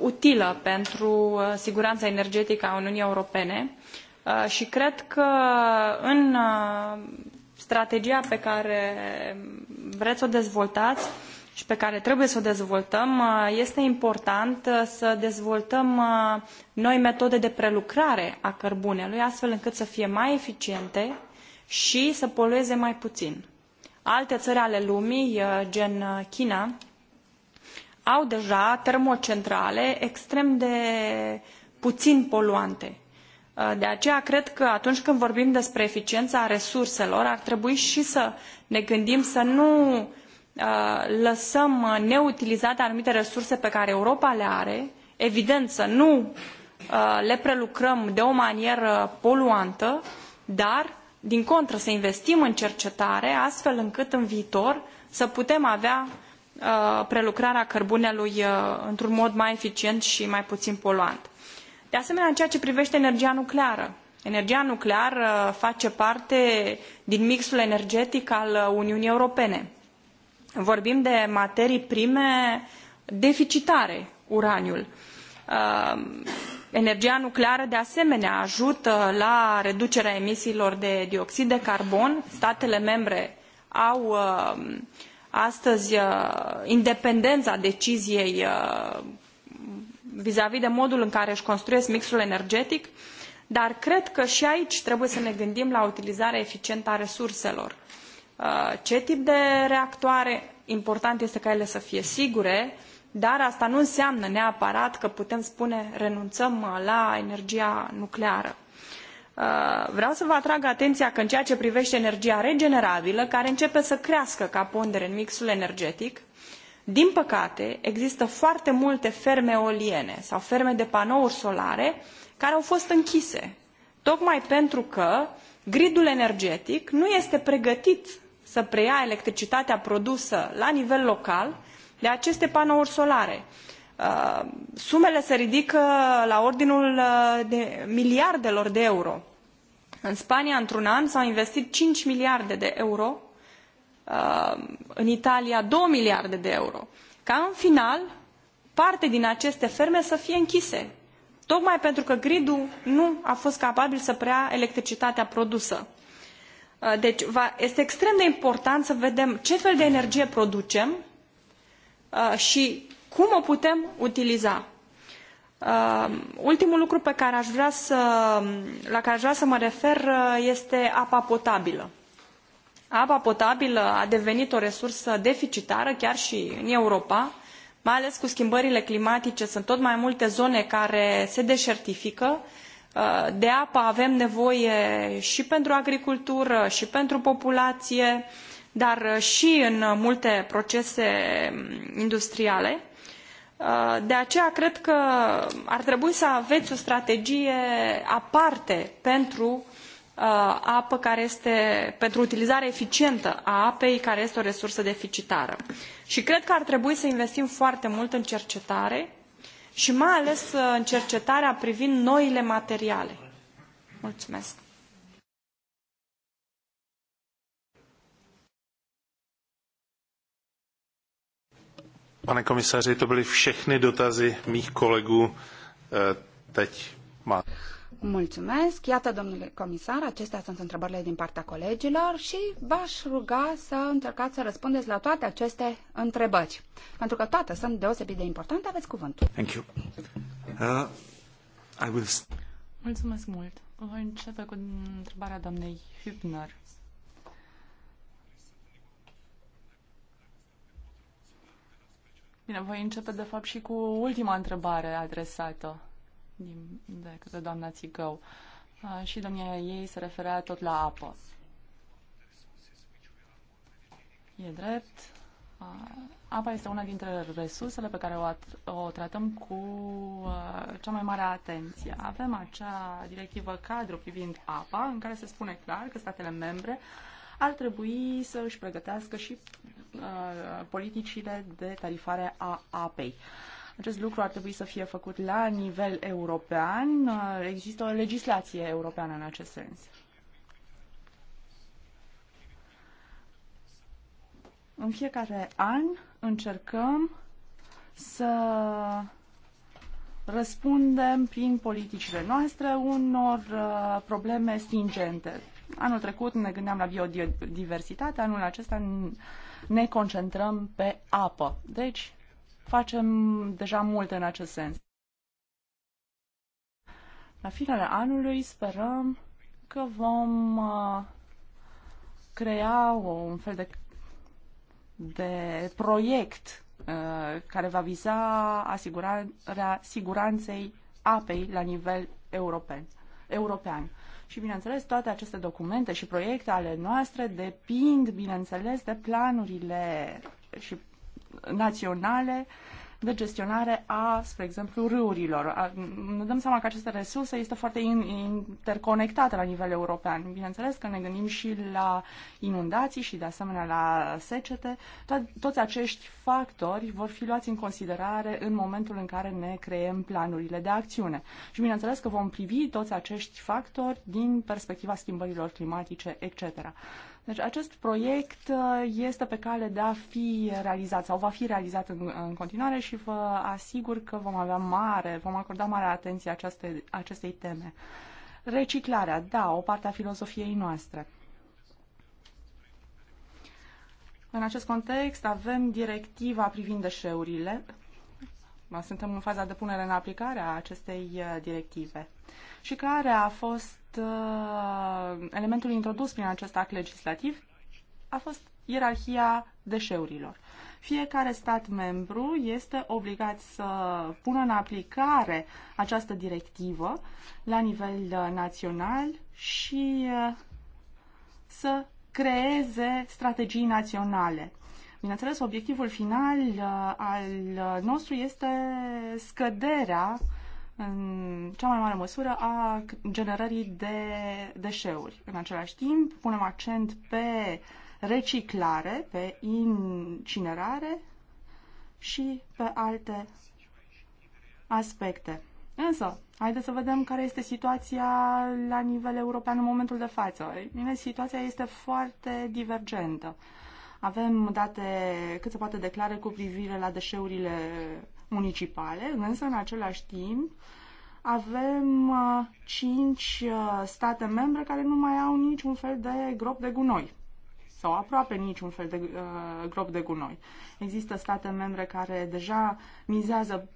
utilă pentru uh, siguranța energetică a Uniunii Europene uh, și cred că în strategia pe care vreți să o dezvoltați și pe care trebuie să o dezvoltăm, este important să dezvoltăm noi metode de prelucrare a cărbunelui, astfel încât să fie mai eficiente și să polueze mai puțin. Alte țări ale lumii, uh, gen uh, China, au deja termocentrale extrem de puțin poluante. Uh, de aceea cred că atunci când vorbim despre eficiența resurselor, ar trebui și să ne gândim să nu lăsăm neutilizate anumite resurse pe care Europa le are, evident să nu le prelucrăm de o manieră poluantă, dar din contră, să investim în cercetare, astfel încât în viitor să putem avea uh, prelucrarea cărbunelui uh, într-un mod mai eficient și mai puțin poluant. De asemenea, în ceea ce privește energia nucleară, energia nucleară uh, face parte din mixul energetic al uh, Uniunii Europene. Vorbim de materii prime deficitare, uraniul uh, energia nucleară de asemenea ajută la reducerea emisiilor de dioxid de carbon statele membre au uh, astăzi uh, independena deciziei uh, vizavi de modul în care îi construiesc mixul energetic dar cred că i aici trebuie să ne gândim la utilizarea eficientă a resurselor ce tip de reactoare important este ca ele să fie sigure i dar asta nu înseamnă neapărat că putem spune renunțăm la energia nucleară. Uh, vreau să vă atrag atenția că în ceea ce privește energia regenerabilă, care începe să crească ca pondere în mixul energetic, din păcate, există foarte multe ferme eoliene sau ferme de panouri solare care au fost închise, tocmai pentru că gridul energetic nu este pregătit să preia electricitatea produsă la nivel local de aceste panouri solare. Uh, sumele se ridică la ordinul uh, de miliardelor de euro. În Spania, într-un an, s-au investit 5 miliarde de euro, uh, în Italia 2 miliarde de euro. Ca în final, parte din aceste ferme să fie închise, tocmai pentru că gridul nu a fost capabil să preia electricitatea produsă. Deci este extrem de important să vedem ce fel de energie producem, Uh, și cum o putem utiliza. Uh, ultimul lucru pe care aș vrea să, la care aș vrea să mă refer uh, este apa potabilă. Apa potabilă a devenit o resursă deficitară chiar și în Europa, mai ales cu schimbările climatice sunt tot mai multe zone care se deșertifică. De apă avem nevoie și pentru agricultură, și pentru populație, uh, dar uh, și în uh, multe procese mm, industriale. Uh, de aceea cred că ar trebui să aveți o strategie aparte pentru apă care este pentru utilizarea eficientă a apei, care este o resursă deficitară. Și cred că ar trebui să investim foarte mult în cercetare și mai ales în cercetarea privind noile materiale. Mulțumesc! Pane komisaři, to byly všechny dotazy mých kolegů. Eh, teď má. Mulțumesc. Iată, domnule comisar, acestea sunt întrebările din partea colegilor și v-aș ruga să încercați să răspundeți la toate aceste întrebări. Pentru că toate sunt deosebit de importante, aveți cuvântul. Thank you. Uh, I will... Mulțumesc mult. Voi începe cu întrebarea doamnei Hübner. Bine, voi începe de fapt și cu ultima întrebare adresată de către doamna Țigău. Și domnia ei se referea tot la apă. E drept. Apa este una dintre resursele pe care o, o tratăm cu cea mai mare atenție. Avem acea directivă cadru privind apa, în care se spune clar că statele membre ar trebui să își pregătească și Uh, politicile de tarifare a apei. Acest lucru ar trebui să fie făcut la nivel european. Uh, există o legislație europeană în acest sens. În fiecare an încercăm să răspundem prin politicile noastre unor uh, probleme stingente. Anul trecut ne gândeam la biodiversitate, anul acesta ne concentrăm pe apă. Deci, facem deja multe în acest sens. La finele anului sperăm că vom uh, crea un fel de, de proiect uh, care va viza asigurarea siguranței apei la nivel european. european. Și, bineînțeles, toate aceste documente și proiecte ale noastre depind, bineînțeles, de planurile și naționale uh, de gestionare a, spre exemplu, râurilor. Ne dăm seama că aceste resurse este foarte interconectată la nivel european. Bineînțeles că ne gândim și la inundații și de asemenea la secete. To- toți acești factori vor fi luați în considerare în momentul în care ne creăm planurile de acțiune. Și bineînțeles că vom privi toți acești factori din perspectiva schimbărilor climatice, etc. Deci acest proiect uh, este pe cale de a fi realizat sau va fi realizat în, în continuare și vă asigur că vom avea mare, vom acorda mare atenție aceste, acestei teme. Reciclarea, da, o parte a filozofiei noastre. În acest context avem directiva privind deșeurile. Suntem în faza de punere în aplicare a acestei uh, directive și care a fost Uh, elementul introdus prin acest act legislativ a fost ierarhia deșeurilor. Fiecare stat membru este obligat să pună în aplicare această directivă la nivel uh, național și uh, să creeze strategii naționale. Bineînțeles, obiectivul final al nostru este scăderea uh, în cea mai mare măsură a generării de deșeuri. În același timp, punem accent pe reciclare, pe incinerare și pe alte aspecte. Însă, haideți să vedem care este situația la nivel european în momentul de față. Bine, situația este foarte divergentă. Avem date cât se poate declare cu privire la deșeurile municipale, însă în același timp avem uh, cinci uh, state membre care nu mai au niciun fel de grop de gunoi sau aproape niciun fel de uh, grop de gunoi. Există state membre care deja mizează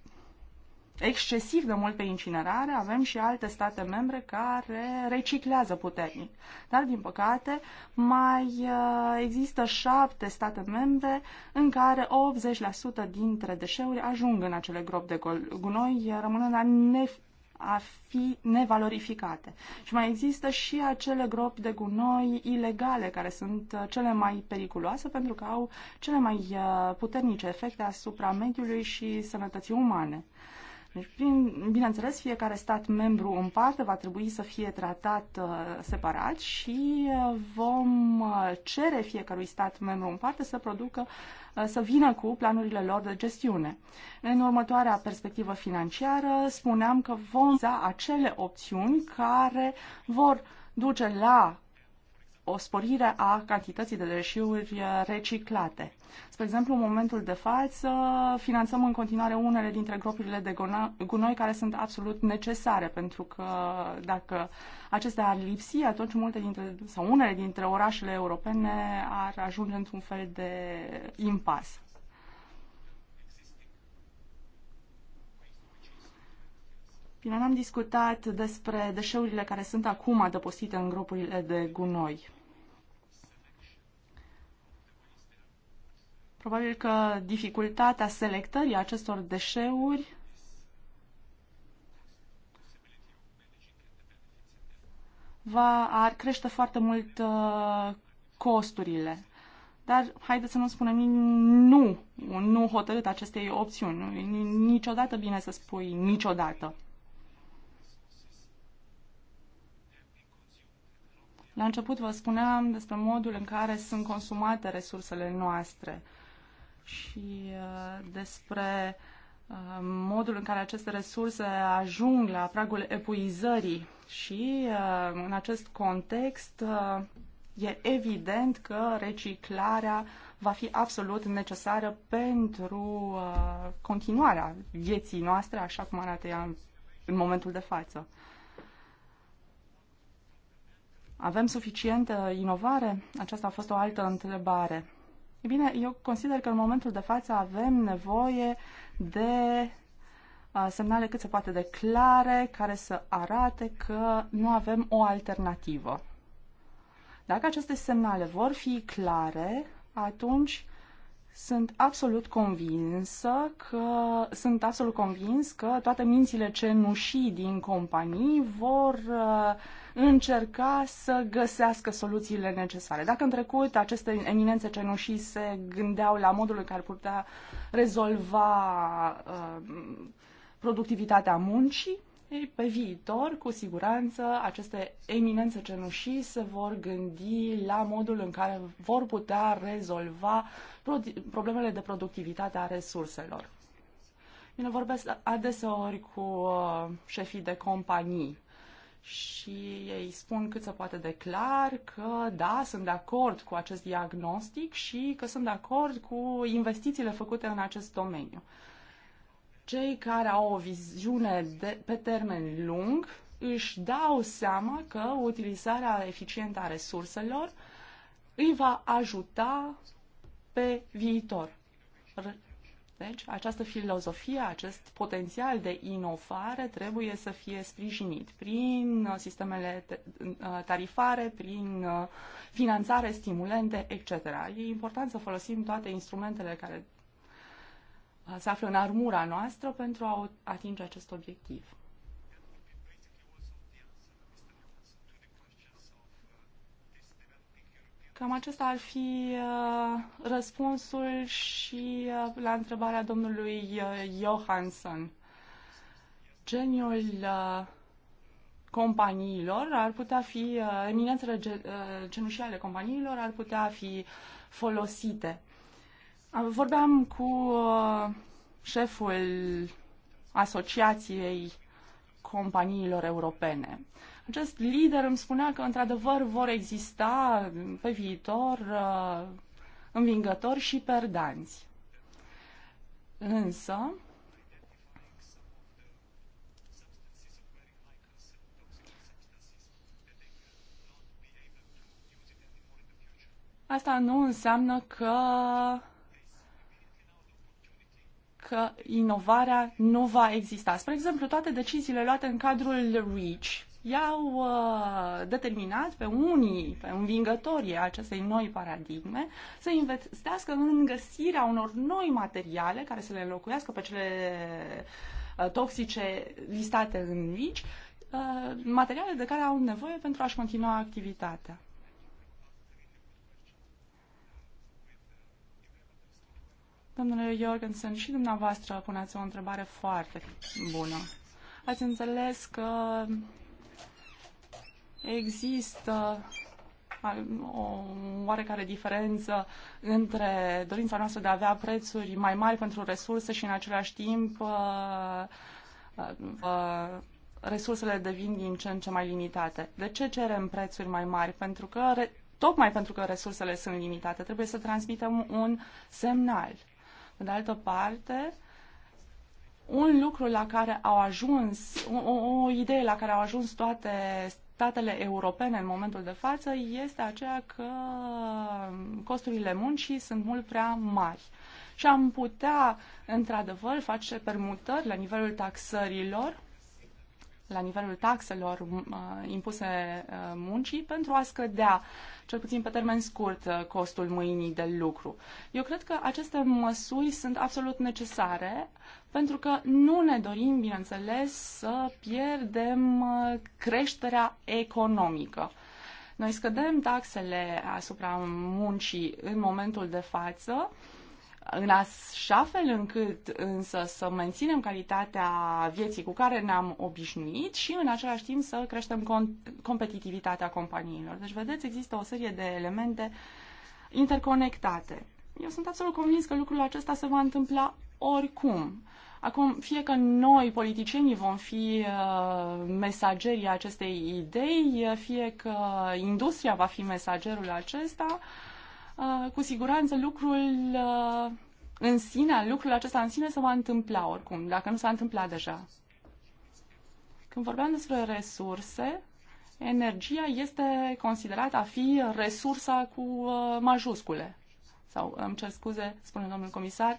excesiv de mult pe incinerare, avem și alte state membre care reciclează puternic. Dar, din păcate, mai uh, există șapte state membre în care 80% dintre deșeuri ajung în acele gropi de gunoi, uh, rămânând la nef- a fi nevalorificate. Și mai există și acele gropi de gunoi ilegale, care sunt uh, cele mai periculoase pentru că au cele mai puternice efecte asupra mediului și sănătății umane. Deci, prin, bineînțeles, fiecare stat membru în parte va trebui să fie tratat uh, separat și uh, vom uh, cere fiecărui stat membru în parte să producă, uh, să vină cu planurile lor de gestiune. În următoarea perspectivă financiară spuneam că vom da acele opțiuni care vor duce la o sporire a cantității de deșeuri uh, reciclate. Spre exemplu, în momentul de față, finanțăm în continuare unele dintre gropurile de gunoi care sunt absolut necesare, pentru că dacă acestea ar lipsi, atunci multe dintre, sau unele dintre orașele europene ar ajunge într-un fel de impas. Bine, am discutat despre deșeurile care sunt acum adăpostite în grupurile de gunoi. Probabil că dificultatea selectării acestor deșeuri va ar crește foarte mult uh, costurile. Dar haideți să nu spunem nu, nu hotărât acestei opțiuni. Niciodată bine să spui niciodată. La început vă spuneam despre modul în care sunt consumate resursele noastre. Uh, și uh, despre uh, modul în care aceste resurse ajung la pragul epuizării și uh, în acest context e evident că reciclarea va fi absolut necesară pentru continuarea vieții noastre așa cum arată ea în momentul de față. Avem suficientă inovare? Aceasta a fost o altă întrebare bine, eu consider că în momentul de față avem nevoie de semnale cât se poate de clare, care să arate că nu avem o alternativă. Dacă aceste semnale vor fi clare, atunci sunt absolut convinsă că sunt absolut convins că toate mințile cenușii din companii vor uh, încerca să găsească soluțiile necesare. Dacă în trecut aceste eminențe cenușii se gândeau la modul în care putea rezolva uh, productivitatea muncii, ei, pe viitor, cu siguranță, aceste eminențe cenușii se vor gândi la modul în care vor putea rezolva problemele de productivitate a resurselor. Eu vorbesc adeseori cu uh, șefii de companii și ei spun cât se poate de clar că da, sunt de acord cu acest diagnostic și că sunt de acord cu investițiile făcute în acest domeniu. Cei care au o viziune de, pe termen lung își dau seama că utilizarea eficientă a resurselor îi va ajuta pe viitor. Deci, această filozofie, acest potențial de inovare trebuie să fie sprijinit prin uh, sistemele uh, tarifare, prin uh, finanțare, stimulente, etc. E important să folosim toate instrumentele care se află în armura noastră pentru a atinge acest obiectiv. Cam acesta ar fi uh, răspunsul și uh, la întrebarea domnului uh, Johansson. Geniul companiilor ar putea fi, eminențele cenușii ale companiilor ar putea fi folosite. Vorbeam cu șeful Asociației Companiilor Europene. Acest lider îmi spunea că într-adevăr vor exista pe viitor uh, învingători și perdanți. Însă, Asta nu înseamnă că că inovarea nu va exista. Spre exemplu, toate deciziile luate în cadrul REACH i-au uh, determinat pe unii, pe învingătorii acestei noi paradigme, să investească în găsirea unor noi materiale care să le înlocuiască pe cele uh, toxice listate în mici, uh, materiale de care au nevoie pentru a-și continua activitatea. Domnule Jorgensen, și dumneavoastră puneți o întrebare foarte bună. Ați înțeles că există o oarecare diferență între dorința noastră de a avea prețuri mai mari pentru resurse și în același timp uh, uh, resursele devin din ce în ce mai limitate. De ce cerem prețuri mai mari? Pentru că, re, tocmai pentru că resursele sunt limitate, trebuie să transmitem un semnal. de altă parte, un lucru la care au ajuns, o, o idee la care au ajuns toate statele europene în momentul de față este aceea că costurile muncii sunt mult prea mari. Și am putea, într-adevăr, face permutări la nivelul taxărilor la nivelul taxelor uh, impuse uh, muncii pentru a scădea, cel puțin pe termen scurt, uh, costul mâinii de lucru. Eu cred că aceste măsuri sunt absolut necesare pentru că nu ne dorim, bineînțeles, să pierdem creșterea economică. Noi scădem taxele asupra muncii în momentul de față, în așa fel încât însă să menținem calitatea vieții cu care ne-am obișnuit și în același timp să creștem competitivitatea companiilor. Deci, vedeți, există o serie de elemente interconectate. Eu sunt absolut convins că lucrul acesta se va întâmpla oricum. Acum, fie că noi, politicienii, vom fi uh, mesagerii acestei idei, fie că industria va fi mesagerul acesta, uh, Uh, cu siguranță lucrul uh, în sine, lucrul acesta în sine se va întâmpla oricum, dacă nu s-a întâmplat deja. Când vorbeam despre resurse, energia este considerată a fi resursa cu uh, majuscule. Sau, îmi cer scuze, spune domnul comisar,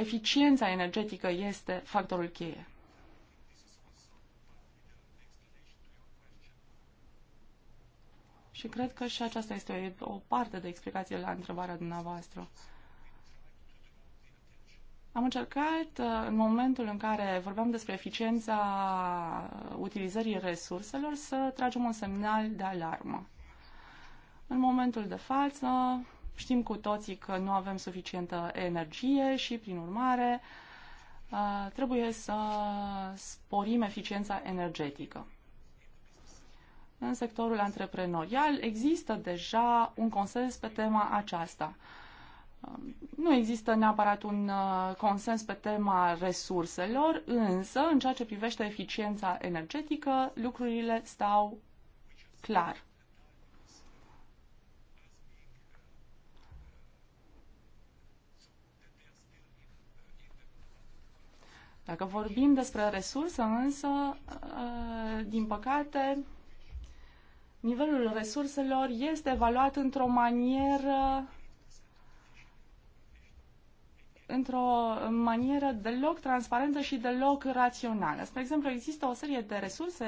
eficiența energetică este factorul cheie. Și cred că și aceasta este o parte de explicație la întrebarea dumneavoastră. Am încercat, uh, în momentul în care vorbeam despre eficiența utilizării resurselor, să tragem un semnal de alarmă. În momentul de față, știm cu toții că nu avem suficientă energie și, prin urmare, uh, trebuie să sporim eficiența energetică în sectorul antreprenorial există deja un consens pe tema aceasta. Um, nu există neapărat un uh, consens pe tema resurselor, însă, în ceea ce privește eficiența energetică, lucrurile stau clar. Dacă vorbim despre resurse, însă, uh, din păcate, nivelul resurselor este evaluat într-o manieră într-o manieră deloc transparentă și deloc rațională. Spre exemplu, există o serie de resurse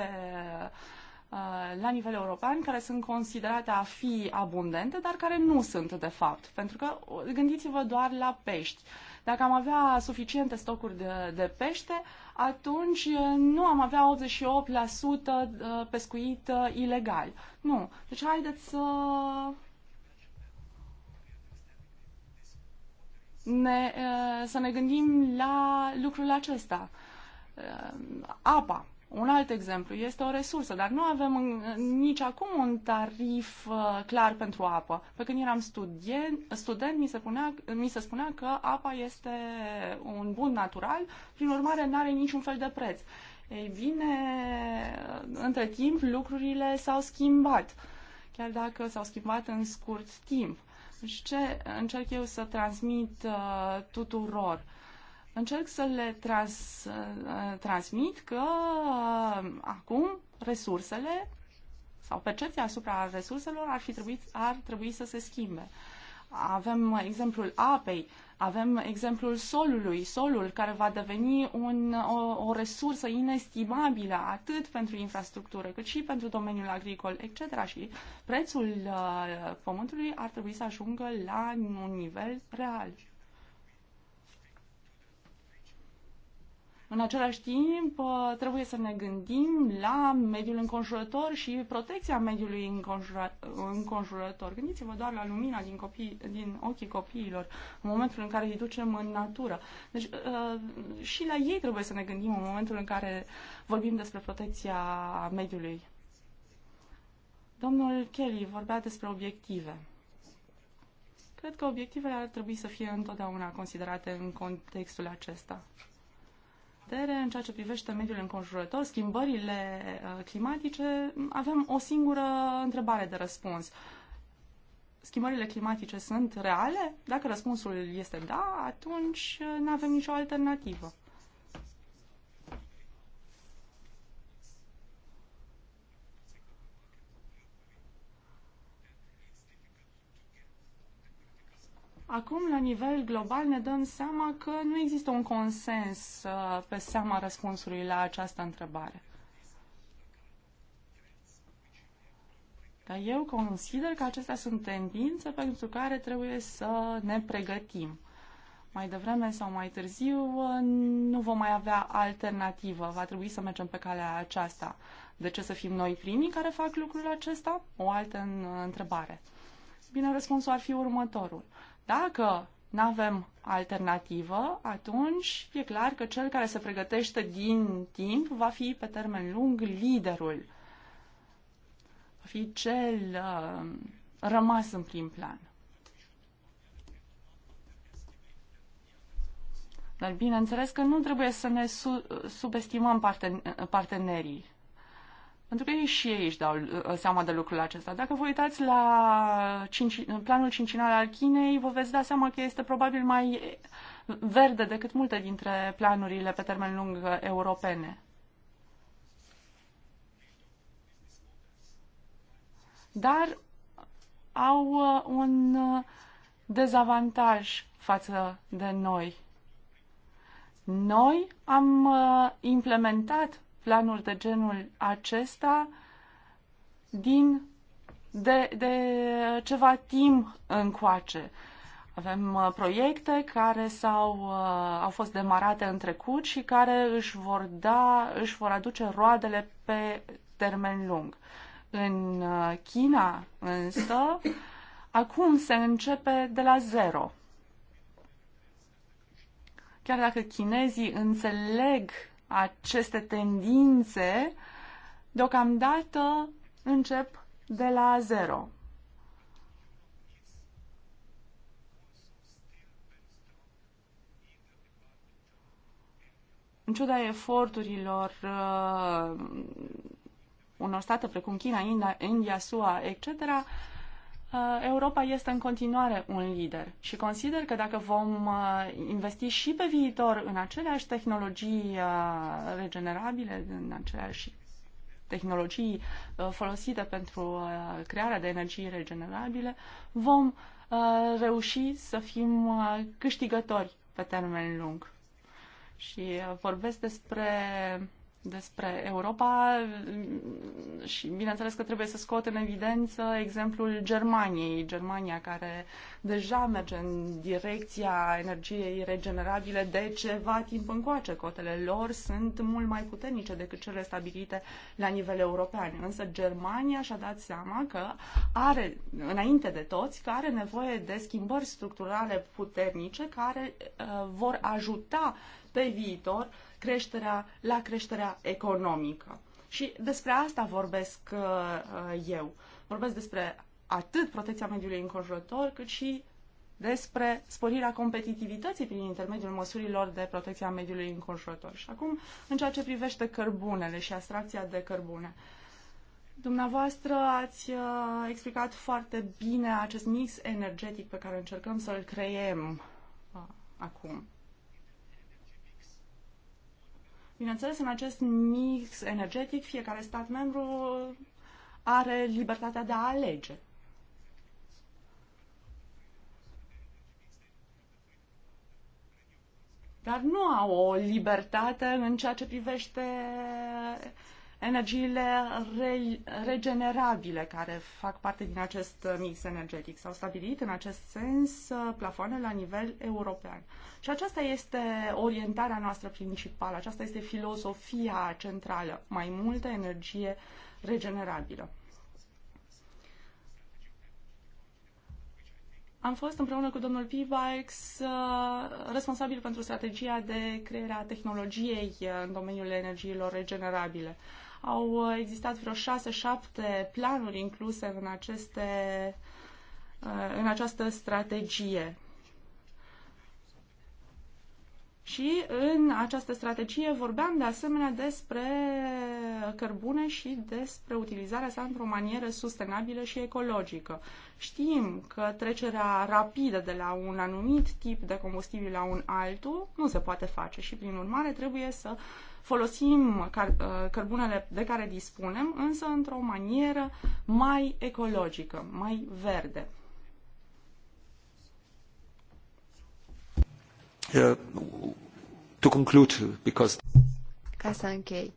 uh, la nivel european care sunt considerate a fi abundente, dar care nu sunt de fapt. Pentru că gândiți-vă doar la pești. Dacă am avea suficiente stocuri de, de pește, uh, atunci eh, nu am avea 88% eh, pescuit eh, ilegal. Nu. Deci haideți să ne, să ne gândim la lucrul acesta. Apa un alt exemplu este o resursă, dar nu avem în, nici acum un tarif uh, clar pentru apă. Pe când eram studien, student mi, se punea, mi se spunea că apa este un bun natural, prin urmare nu are niciun fel de preț. Ei bine, uh, între timp lucrurile s-au schimbat, chiar dacă s-au schimbat în scurt timp. Și ce încerc eu să transmit uh, tuturor? Uh, încerc să le trans, uh, transmit că uh, acum resursele sau percepția asupra resurselor ar, fi trebuit, ar trebui să se schimbe. Avem exemplul apei, avem exemplul solului, solul care va deveni un, o, o resursă inestimabilă atât pentru infrastructură cât și pentru domeniul agricol, etc. Și prețul uh, pământului ar trebui să ajungă la un nivel real. În același timp, uh, trebuie să ne gândim la mediul înconjurător și protecția mediului înconjurător. Gândiți-vă doar la lumina din, copii, din ochii copiilor în momentul în care îi ducem în natură. Deci uh, și la ei trebuie să ne gândim în momentul în care vorbim despre protecția mediului. Domnul Kelly vorbea despre obiective. Cred că obiectivele ar trebui să fie întotdeauna considerate în contextul acesta vedere, în ceea ce privește mediul înconjurător, schimbările uh, climatice, avem o singură întrebare de răspuns. Schimbările climatice sunt reale? Dacă răspunsul este da, atunci uh, nu avem nicio alternativă. Acum, la nivel global, ne dăm seama că nu există un consens uh, pe seama răspunsului la această întrebare. Dar eu consider că acestea sunt tendințe pentru care trebuie să ne pregătim. Mai devreme sau mai târziu uh, nu vom mai avea alternativă. Va trebui să mergem pe calea aceasta. De ce să fim noi primii care fac lucrul acesta? O altă uh, întrebare. Bine, răspunsul ar fi următorul. Dacă nu avem alternativă, atunci e clar că cel care se pregătește din timp va fi pe termen lung liderul. Va fi cel uh, rămas în prim plan. Dar bineînțeles că nu trebuie să ne su- subestimăm parten- partenerii. Pentru că ei și ei își dau uh, seama de lucrul acesta. Dacă vă uitați la cinci, planul cincinal al Chinei, vă veți da seama că este probabil mai verde decât multe dintre planurile pe termen lung uh, europene. Dar au uh, un dezavantaj față de noi. Noi am implementat planuri de genul acesta din de, de ceva timp încoace. Avem uh, proiecte care s-au, uh, au fost demarate în trecut și care își vor, da, își vor aduce roadele pe termen lung. În uh, China, însă, acum se începe de la zero. Chiar dacă chinezii înțeleg aceste tendințe, deocamdată încep de la zero. În ciuda eforturilor uh, unor state precum China, India, India SUA, etc., uh, Uh, Europa este în continuare un lider și consider că dacă vom uh, investi și pe viitor în aceleași tehnologii uh, regenerabile, în aceleași tehnologii folosite pentru crearea de energii regenerabile, vom reuși să fim câștigători pe termen lung. Și vorbesc despre despre Europa și bineînțeles că trebuie să scot în evidență exemplul Germaniei, Germania care deja merge în direcția energiei regenerabile de ceva timp încoace. Cotele lor sunt mult mai puternice decât cele stabilite la nivel european. Însă Germania și-a dat seama că are, înainte de toți, că are nevoie de schimbări structurale puternice care uh, vor ajuta pe viitor uh, creșterea, la creșterea economică. Și despre asta vorbesc uh, uh, eu. Vorbesc despre atât protecția mediului înconjurător, cât și despre sporirea competitivității prin intermediul măsurilor de protecție a mediului înconjurător. Și acum, în ceea ce privește cărbunele și abstracția de cărbune. Dumneavoastră ați uh, explicat foarte bine acest mix energetic pe care încercăm să-l creem uh, acum. Bineînțeles, în acest mix energetic, fiecare stat membru are libertatea de a alege. Dar nu au o libertate în ceea ce privește energiile re- regenerabile care fac parte din acest mix energetic. S-au stabilit în acest sens plafoane la nivel european. Și aceasta este orientarea noastră principală, aceasta este filosofia centrală, mai multă energie regenerabilă. Am fost împreună cu domnul Pivax uh, responsabil pentru strategia de creare a tehnologiei uh, în domeniul energiilor regenerabile. Au uh, existat vreo 6-7 planuri incluse în, aceste, uh, în această strategie. Și în această strategie vorbeam de asemenea despre cărbune și despre utilizarea sa într-o manieră sustenabilă și ecologică. Știm că trecerea rapidă de la un anumit tip de combustibil la un altul nu se poate face și, prin urmare, trebuie să uh, folosim car- uh, cărbunele de care dispunem, însă într-o manieră mai ecologică, mai verde. Uh, to conclude, because... Ca să închei.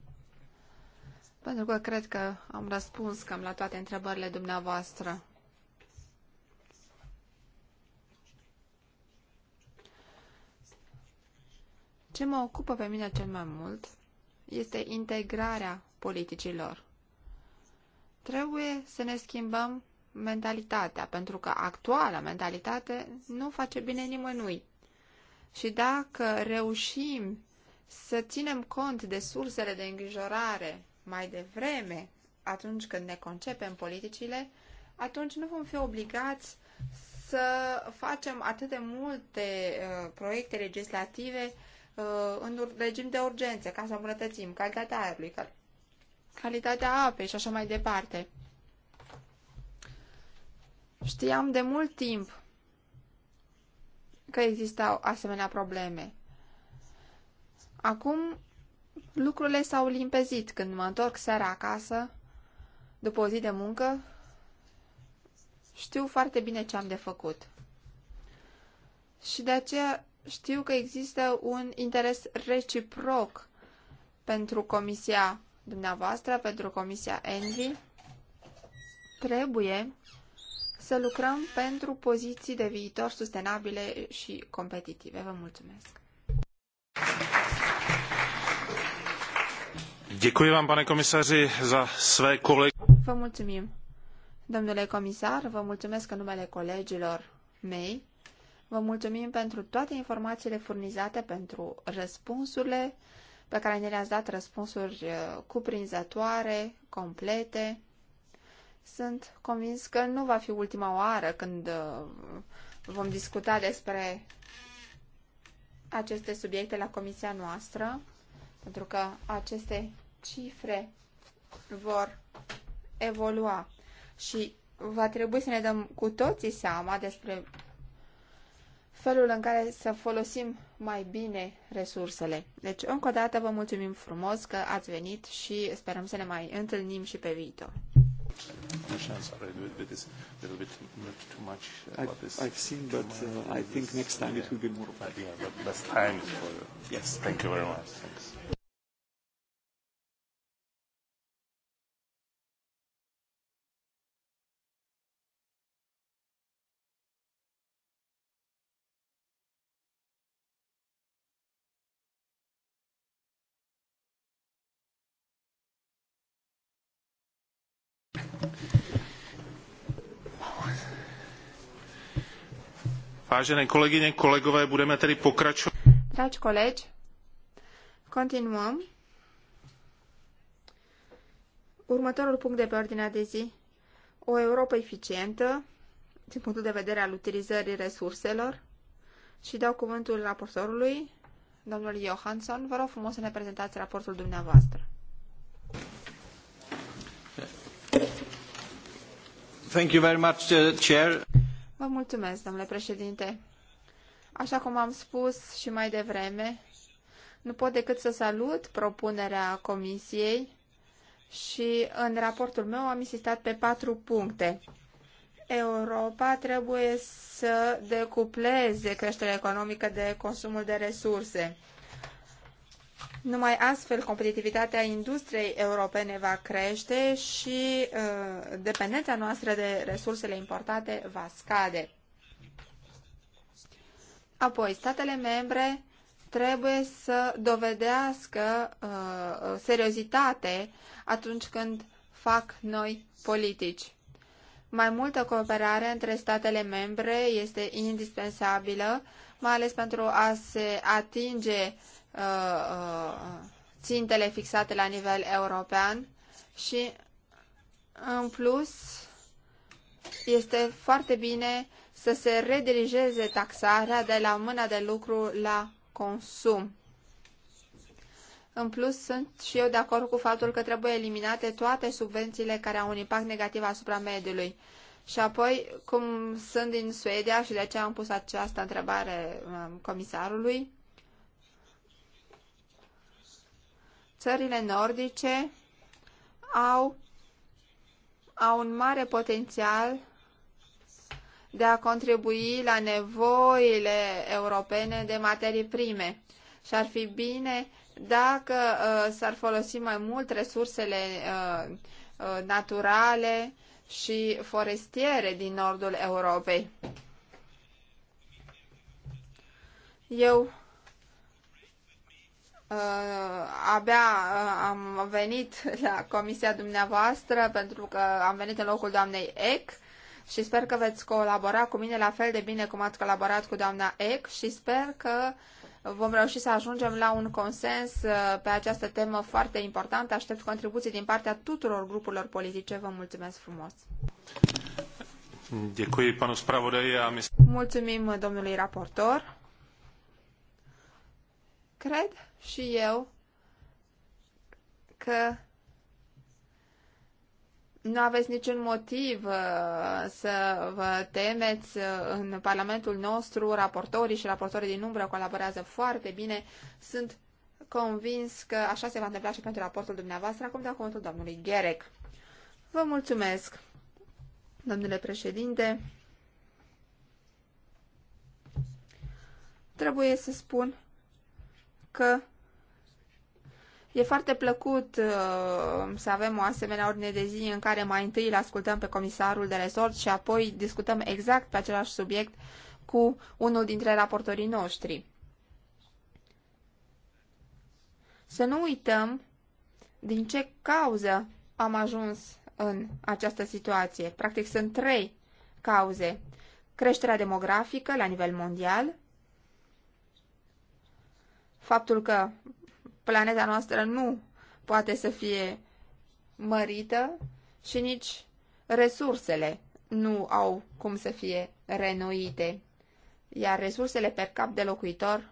Pentru că cred că am răspuns cam la toate întrebările dumneavoastră. Ce mă ocupă pe mine cel mai mult este integrarea politicilor. Trebuie să ne schimbăm mentalitatea, pentru că actuala mentalitate nu face bine nimănui. Și dacă reușim să ținem cont de sursele de îngrijorare mai devreme, atunci când ne concepem politicile, atunci nu vom fi obligați să facem atât de multe uh, proiecte legislative Uh, în regim de urgență, ca să îmbunătățim calitatea aerului, calitatea apei și așa mai departe. Știam de mult timp că existau asemenea probleme. Acum lucrurile s-au limpezit când mă întorc seara acasă, după o zi de muncă, știu foarte bine ce am de făcut. Și de aceea știu că există un interes reciproc pentru comisia dumneavoastră, pentru comisia Envy. Trebuie să lucrăm pentru poziții de viitor sustenabile și competitive. Vă mulțumesc! Děkuji vám, pane komisaři, za své kolegy. Vă mulțumim. Domnule comisar, vă mulțumesc în numele colegilor mei Vă mulțumim pentru toate informațiile furnizate, pentru răspunsurile pe care ne le-ați dat, răspunsuri uh, cuprinzătoare, complete. Sunt convins că nu va fi ultima oară când uh, vom discuta despre aceste subiecte la comisia noastră, pentru că aceste cifre vor evolua și va trebui să ne dăm cu toții seama despre felul în care să folosim mai bine resursele. Deci, încă o dată, vă mulțumim frumos că ați venit și sperăm să ne mai întâlnim și pe viitor. Vážené kolegyně, kolegové, budeme tedy pokračovat. Dragi colegi, continuăm. Următorul punct de pe ordinea de zi, o Europa eficientă, din punctul de vedere al utilizării resurselor, și dau cuvântul raportorului, domnul Johansson. Vă rog frumos să ne prezentați raportul dumneavoastră. Thank you very much, uh, Chair. Vă mulțumesc, domnule președinte. Așa cum am spus și mai devreme, nu pot decât să salut propunerea comisiei și în raportul meu am insistat pe patru puncte. Europa trebuie să decupleze creșterea economică de consumul de resurse numai astfel competitivitatea industriei europene va crește și uh, dependența noastră de resursele importate va scade. Apoi, statele membre trebuie să dovedească uh, uh seriozitate atunci când fac noi politici. Mai multă cooperare între statele membre este indispensabilă, mai ales pentru a se atinge uh, Uh, uh, țintele fixate la nivel european și, în plus, este foarte bine să se redirigeze taxarea de la mâna de lucru la consum. În plus, sunt și eu de acord cu faptul că trebuie eliminate toate subvențiile care au un impact negativ asupra mediului. Și apoi, cum sunt din Suedia și de aceea am pus această întrebare um, comisarului, Țările nordice au, au un mare potențial de a contribui la nevoile europene de materii prime și ar fi bine dacă uh, s-ar folosi mai mult resursele uh, uh naturale și forestiere din nordul Europei. Eu Uh, abia uh, am venit la comisia dumneavoastră pentru că am venit în locul doamnei Eck și sper că veți colabora cu mine la fel de bine cum ați colaborat cu doamna Eck și sper că vom reuși să ajungem la un consens uh, pe această temă foarte importantă. Aștept contribuții din partea tuturor grupurilor politice. Vă mulțumesc frumos! Mulțumim domnului raportor. Cred și eu că nu aveți niciun motiv uh, să vă temeți uh, în Parlamentul nostru, raportorii și raportorii din umbră colaborează foarte bine. Sunt convins că așa se va întâmpla și pentru raportul dumneavoastră. Acum dau cuvântul domnului Gherec. Vă mulțumesc, domnule președinte. Trebuie să spun că e foarte plăcut uh, să avem o asemenea ordine de zi în care mai întâi îl ascultăm pe comisarul de resort și apoi discutăm exact pe același subiect cu unul dintre raportorii noștri. Să nu uităm din ce cauză am ajuns în această situație. Practic sunt trei cauze. Creșterea demografică la nivel mondial, faptul că planeta noastră nu poate să fie mărită și nici resursele nu au cum să fie renoite, iar resursele per cap de locuitor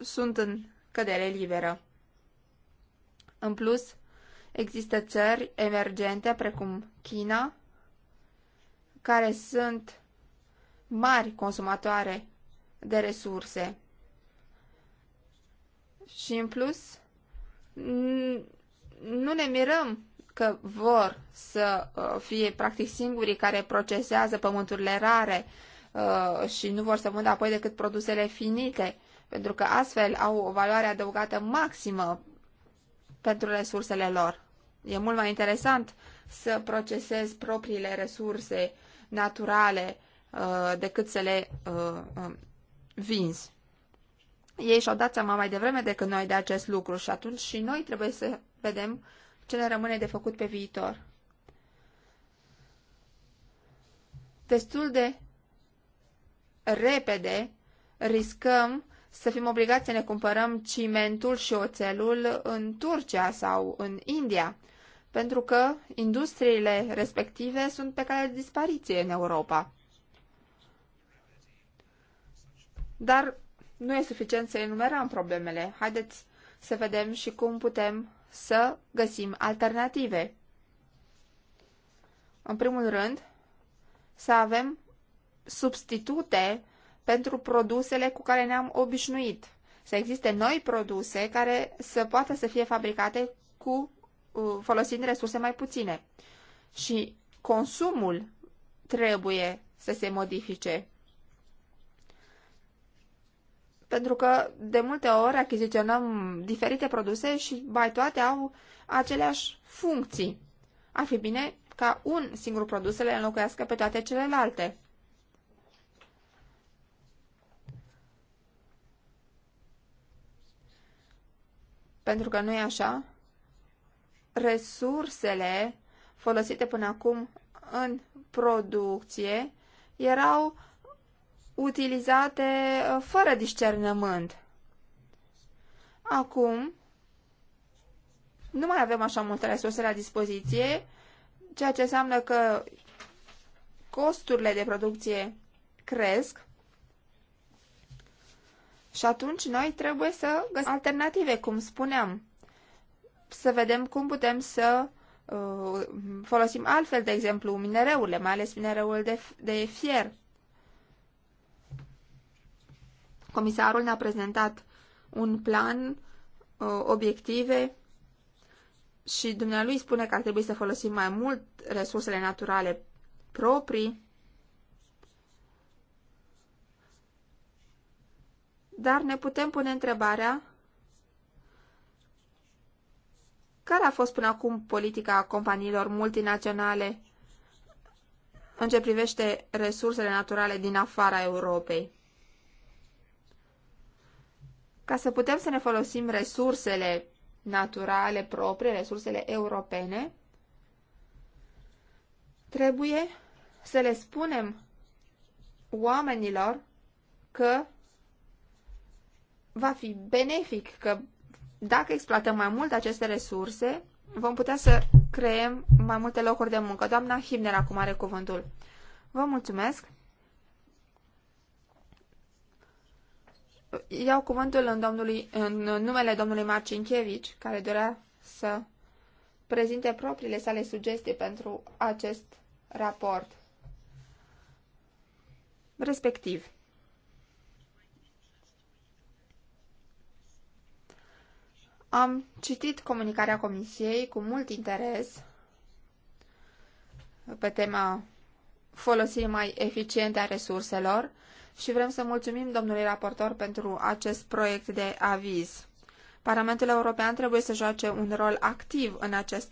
sunt în cădere liberă. În plus, există țări emergente precum China, care sunt mari consumatoare de resurse și în plus, nu ne mirăm că vor să uh, fie practic singurii care procesează pământurile rare uh, și nu vor să vândă apoi decât produsele finite, pentru că astfel au o valoare adăugată maximă pentru resursele lor. E mult mai interesant să procesezi propriile resurse naturale uh, decât să le vinzi. Ei și-au dat seama mai devreme decât noi de acest lucru și atunci și noi trebuie să vedem ce ne rămâne de făcut pe viitor. Destul de repede riscăm să fim obligați să ne cumpărăm cimentul și oțelul în Turcia sau în India, pentru că industriile respective sunt pe cale de dispariție în Europa. Dar nu e suficient să enumerăm problemele. Haideți să vedem și cum putem să găsim alternative. În primul rând, să avem substitute pentru produsele cu care ne-am obișnuit. Să existe noi produse care să poată să fie fabricate cu uh, folosind resurse mai puține. Și consumul trebuie să se modifice pentru că de multe ori achiziționăm diferite produse și mai toate au aceleași funcții. Ar fi bine ca un singur produs să le înlocuiască pe toate celelalte. Pentru că nu e așa, resursele folosite până acum în producție erau utilizate uh, fără discernământ. Acum, nu mai avem așa multe resurse la dispoziție, ceea ce înseamnă că costurile de producție cresc și atunci noi trebuie să găsim alternative, cum spuneam, să vedem cum putem să uh, folosim altfel, de exemplu, minereurile, mai ales minereul de, de fier. Comisarul ne-a prezentat un plan, uh, obiective și dumnealui spune că ar trebui să folosim mai mult resursele naturale proprii, dar ne putem pune întrebarea care a fost până acum politica companiilor multinaționale în ce privește resursele naturale din afara Europei. Ca să putem să ne folosim resursele naturale proprie, resursele europene, trebuie să le spunem oamenilor că va fi benefic, că dacă exploatăm mai mult aceste resurse, vom putea să creăm mai multe locuri de muncă. Doamna Himner acum are cuvântul. Vă mulțumesc! iau cuvântul în, domnului, în numele domnului Marcinchevici, care dorea să prezinte propriile sale sugestii pentru acest raport. Respectiv. Am citit comunicarea Comisiei cu mult interes pe tema folosirii mai eficiente a resurselor și vrem să mulțumim domnului raportor pentru acest proiect de aviz. Parlamentul European trebuie să joace un rol activ în acest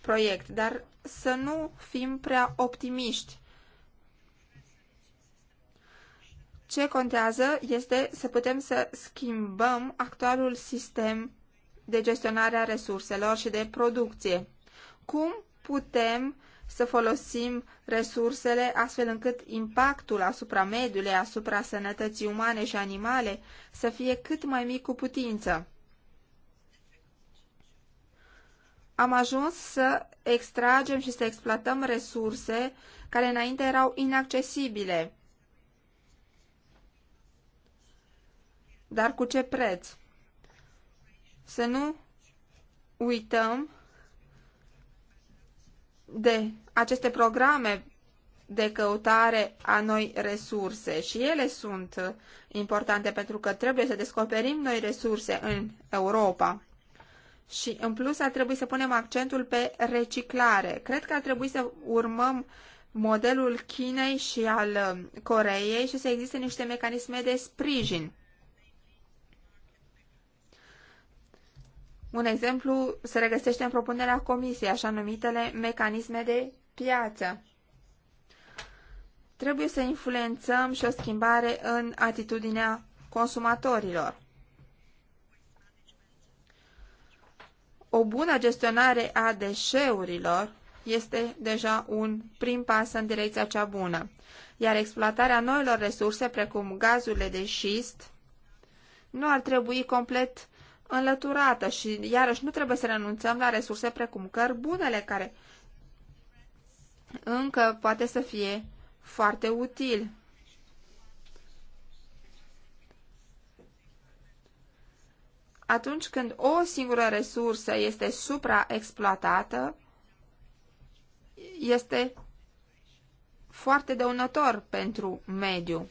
proiect, dar să nu fim prea optimiști. Ce contează este să putem să schimbăm actualul sistem de gestionare a resurselor și de producție. Cum putem să folosim resursele astfel încât impactul asupra mediului, asupra sănătății umane și animale să fie cât mai mic cu putință. Am ajuns să extragem și să exploatăm resurse care înainte erau inaccesibile. Dar cu ce preț? Să nu uităm de aceste programe de căutare a noi resurse și ele sunt importante pentru că trebuie să descoperim noi resurse în Europa. Și în plus ar trebui să punem accentul pe reciclare. Cred că ar trebui să urmăm modelul Chinei și al uh, Coreei și să existe niște mecanisme de sprijin Un exemplu se regăsește în propunerea comisiei, așa numitele mecanisme de piață. Trebuie să influențăm și o schimbare în atitudinea consumatorilor. O bună gestionare a deșeurilor este deja un prim pas în direcția cea bună, iar exploatarea noilor resurse, precum gazurile de șist, nu ar trebui complet înlăturată și iarăși nu trebuie să renunțăm la resurse precum cărbunele care încă poate să fie foarte util. Atunci când o singură resursă este supraexploatată, este foarte dăunător pentru mediu.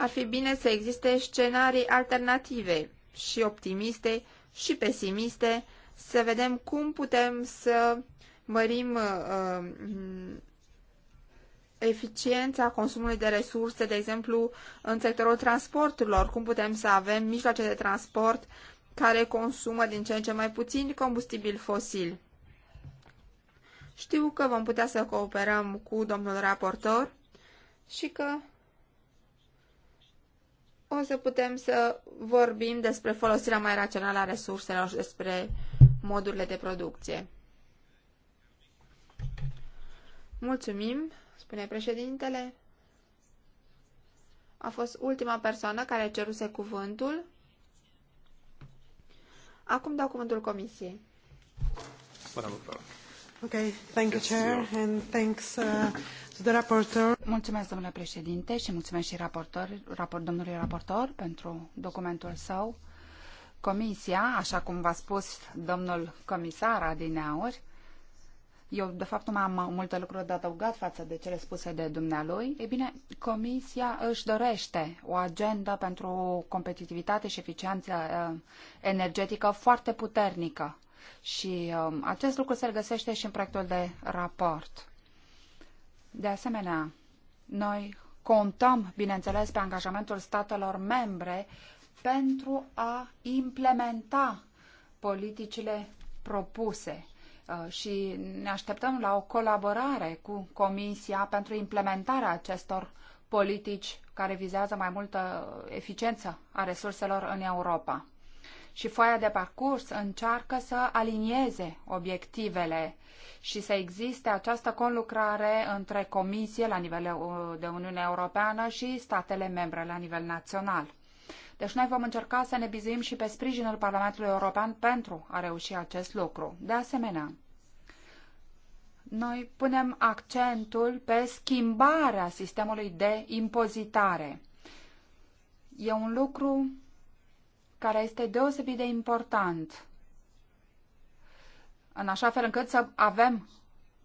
ar fi bine să existe scenarii alternative și optimiste și pesimiste, să vedem cum putem să mărim uh, um, eficiența consumului de resurse, de exemplu, în sectorul transporturilor, cum putem să avem mijloace de transport care consumă din ce în ce mai puțin combustibil fosil. Știu că vom putea să cooperăm cu domnul raportor și că o să putem să vorbim despre folosirea mai rațională a resurselor și despre modurile de producție. Mulțumim, spune președintele. A fost ultima persoană care ceruse cuvântul. Acum dau cuvântul comisiei. Ok, thank you, Chair, and thanks uh, Mulțumesc, președinte, și mulțumesc și raport, domnului raportor pentru documentul său. Comisia, așa cum v-a spus domnul comisar adineauri, eu de fapt nu am multe lucruri de adăugat față de cele spuse de dumnealui, e bine, Comisia își dorește o agendă pentru competitivitate și eficiență uh, energetică foarte puternică. Și um, acest lucru se găsește și în proiectul de raport. De asemenea, noi contăm, bineînțeles, pe angajamentul statelor membre pentru a implementa politicile propuse uh, și ne așteptăm la o colaborare cu Comisia pentru implementarea acestor politici care vizează mai multă eficiență a resurselor în Europa și foaia de parcurs încearcă să alinieze obiectivele și să existe această conlucrare între comisie la nivel de Uniune Europeană și statele membre la nivel național. Deci noi vom încerca să ne bizuim și pe sprijinul Parlamentului European pentru a reuși acest lucru. De asemenea, noi punem accentul pe schimbarea sistemului de impozitare. E un lucru care este deosebit de important, în așa fel încât să avem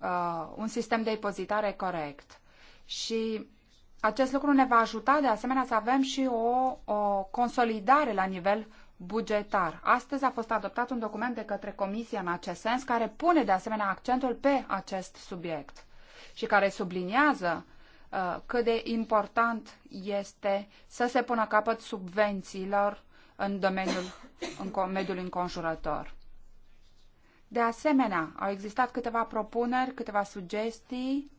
uh, un sistem de impozitare corect. Și acest lucru ne va ajuta de asemenea să avem și o, o consolidare la nivel bugetar. Astăzi a fost adoptat un document de către Comisia în acest sens care pune de asemenea accentul pe acest subiect și care subliniază uh, cât de important este să se pună capăt subvențiilor în domeniul în mediul înconjurător. De asemenea, au existat câteva propuneri, câteva sugestii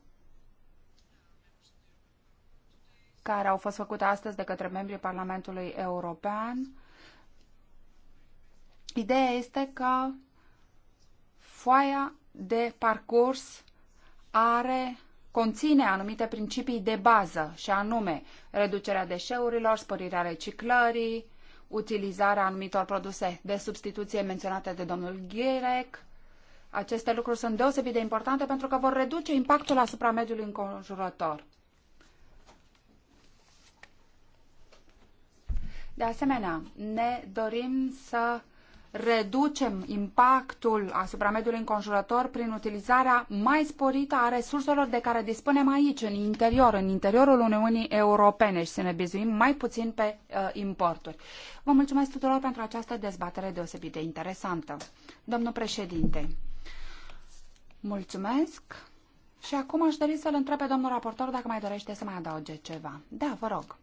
care au fost făcute astăzi de către membrii Parlamentului European. Ideea este că foaia de parcurs are conține anumite principii de bază, și anume reducerea deșeurilor, sporirea reciclării, utilizarea anumitor produse de substituție menționate de domnul Ghirec. Aceste lucruri sunt deosebit de importante pentru că vor reduce impactul asupra mediului înconjurător. De asemenea, ne dorim să reducem impactul asupra mediului înconjurător prin utilizarea mai sporită a resurselor de care dispunem aici, în interior, în interiorul Uniunii Europene și să ne bizuim mai puțin pe uh, importuri. Vă mulțumesc tuturor pentru această dezbatere deosebit de interesantă. Domnul președinte, mulțumesc. Și acum aș dori să-l întreb pe domnul raportor dacă mai dorește să mai adauge ceva. Da, vă rog.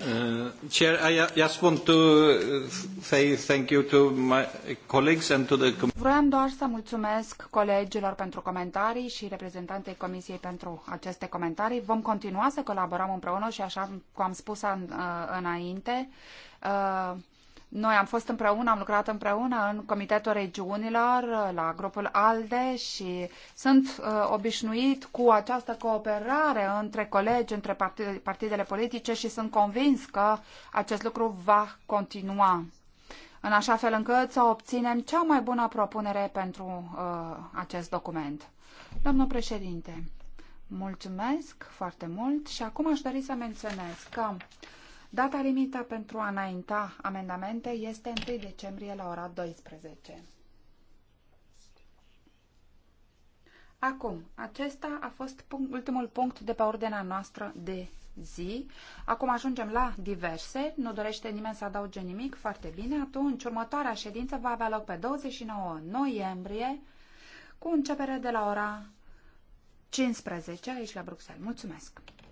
Uh, Chair, I just want to uh, say thank you to my colleagues and to the Vreau doar să mulțumesc colegilor pentru comentarii și reprezentantei Comisiei pentru aceste comentarii. Vom continua să colaborăm împreună și așa cum am spus an, uh, înainte, uh, noi am fost împreună, am lucrat împreună în Comitetul Regiunilor, la grupul ALDE și sunt uh, obișnuit cu această cooperare între colegi, între partid partidele politice și sunt convins că acest lucru va continua în așa fel încât să obținem cea mai bună propunere pentru uh, acest document. Domnul președinte, mulțumesc foarte mult și acum aș dori să menționez că Data limită pentru a înainta amendamente este 1 decembrie la ora 12. Acum, acesta a fost punct, ultimul punct de pe ordinea noastră de zi. Acum ajungem la diverse. Nu dorește nimeni să adauge nimic? Foarte bine. Atunci, următoarea ședință va avea loc pe 29 noiembrie cu începere de la ora 15 aici la Bruxelles. Mulțumesc!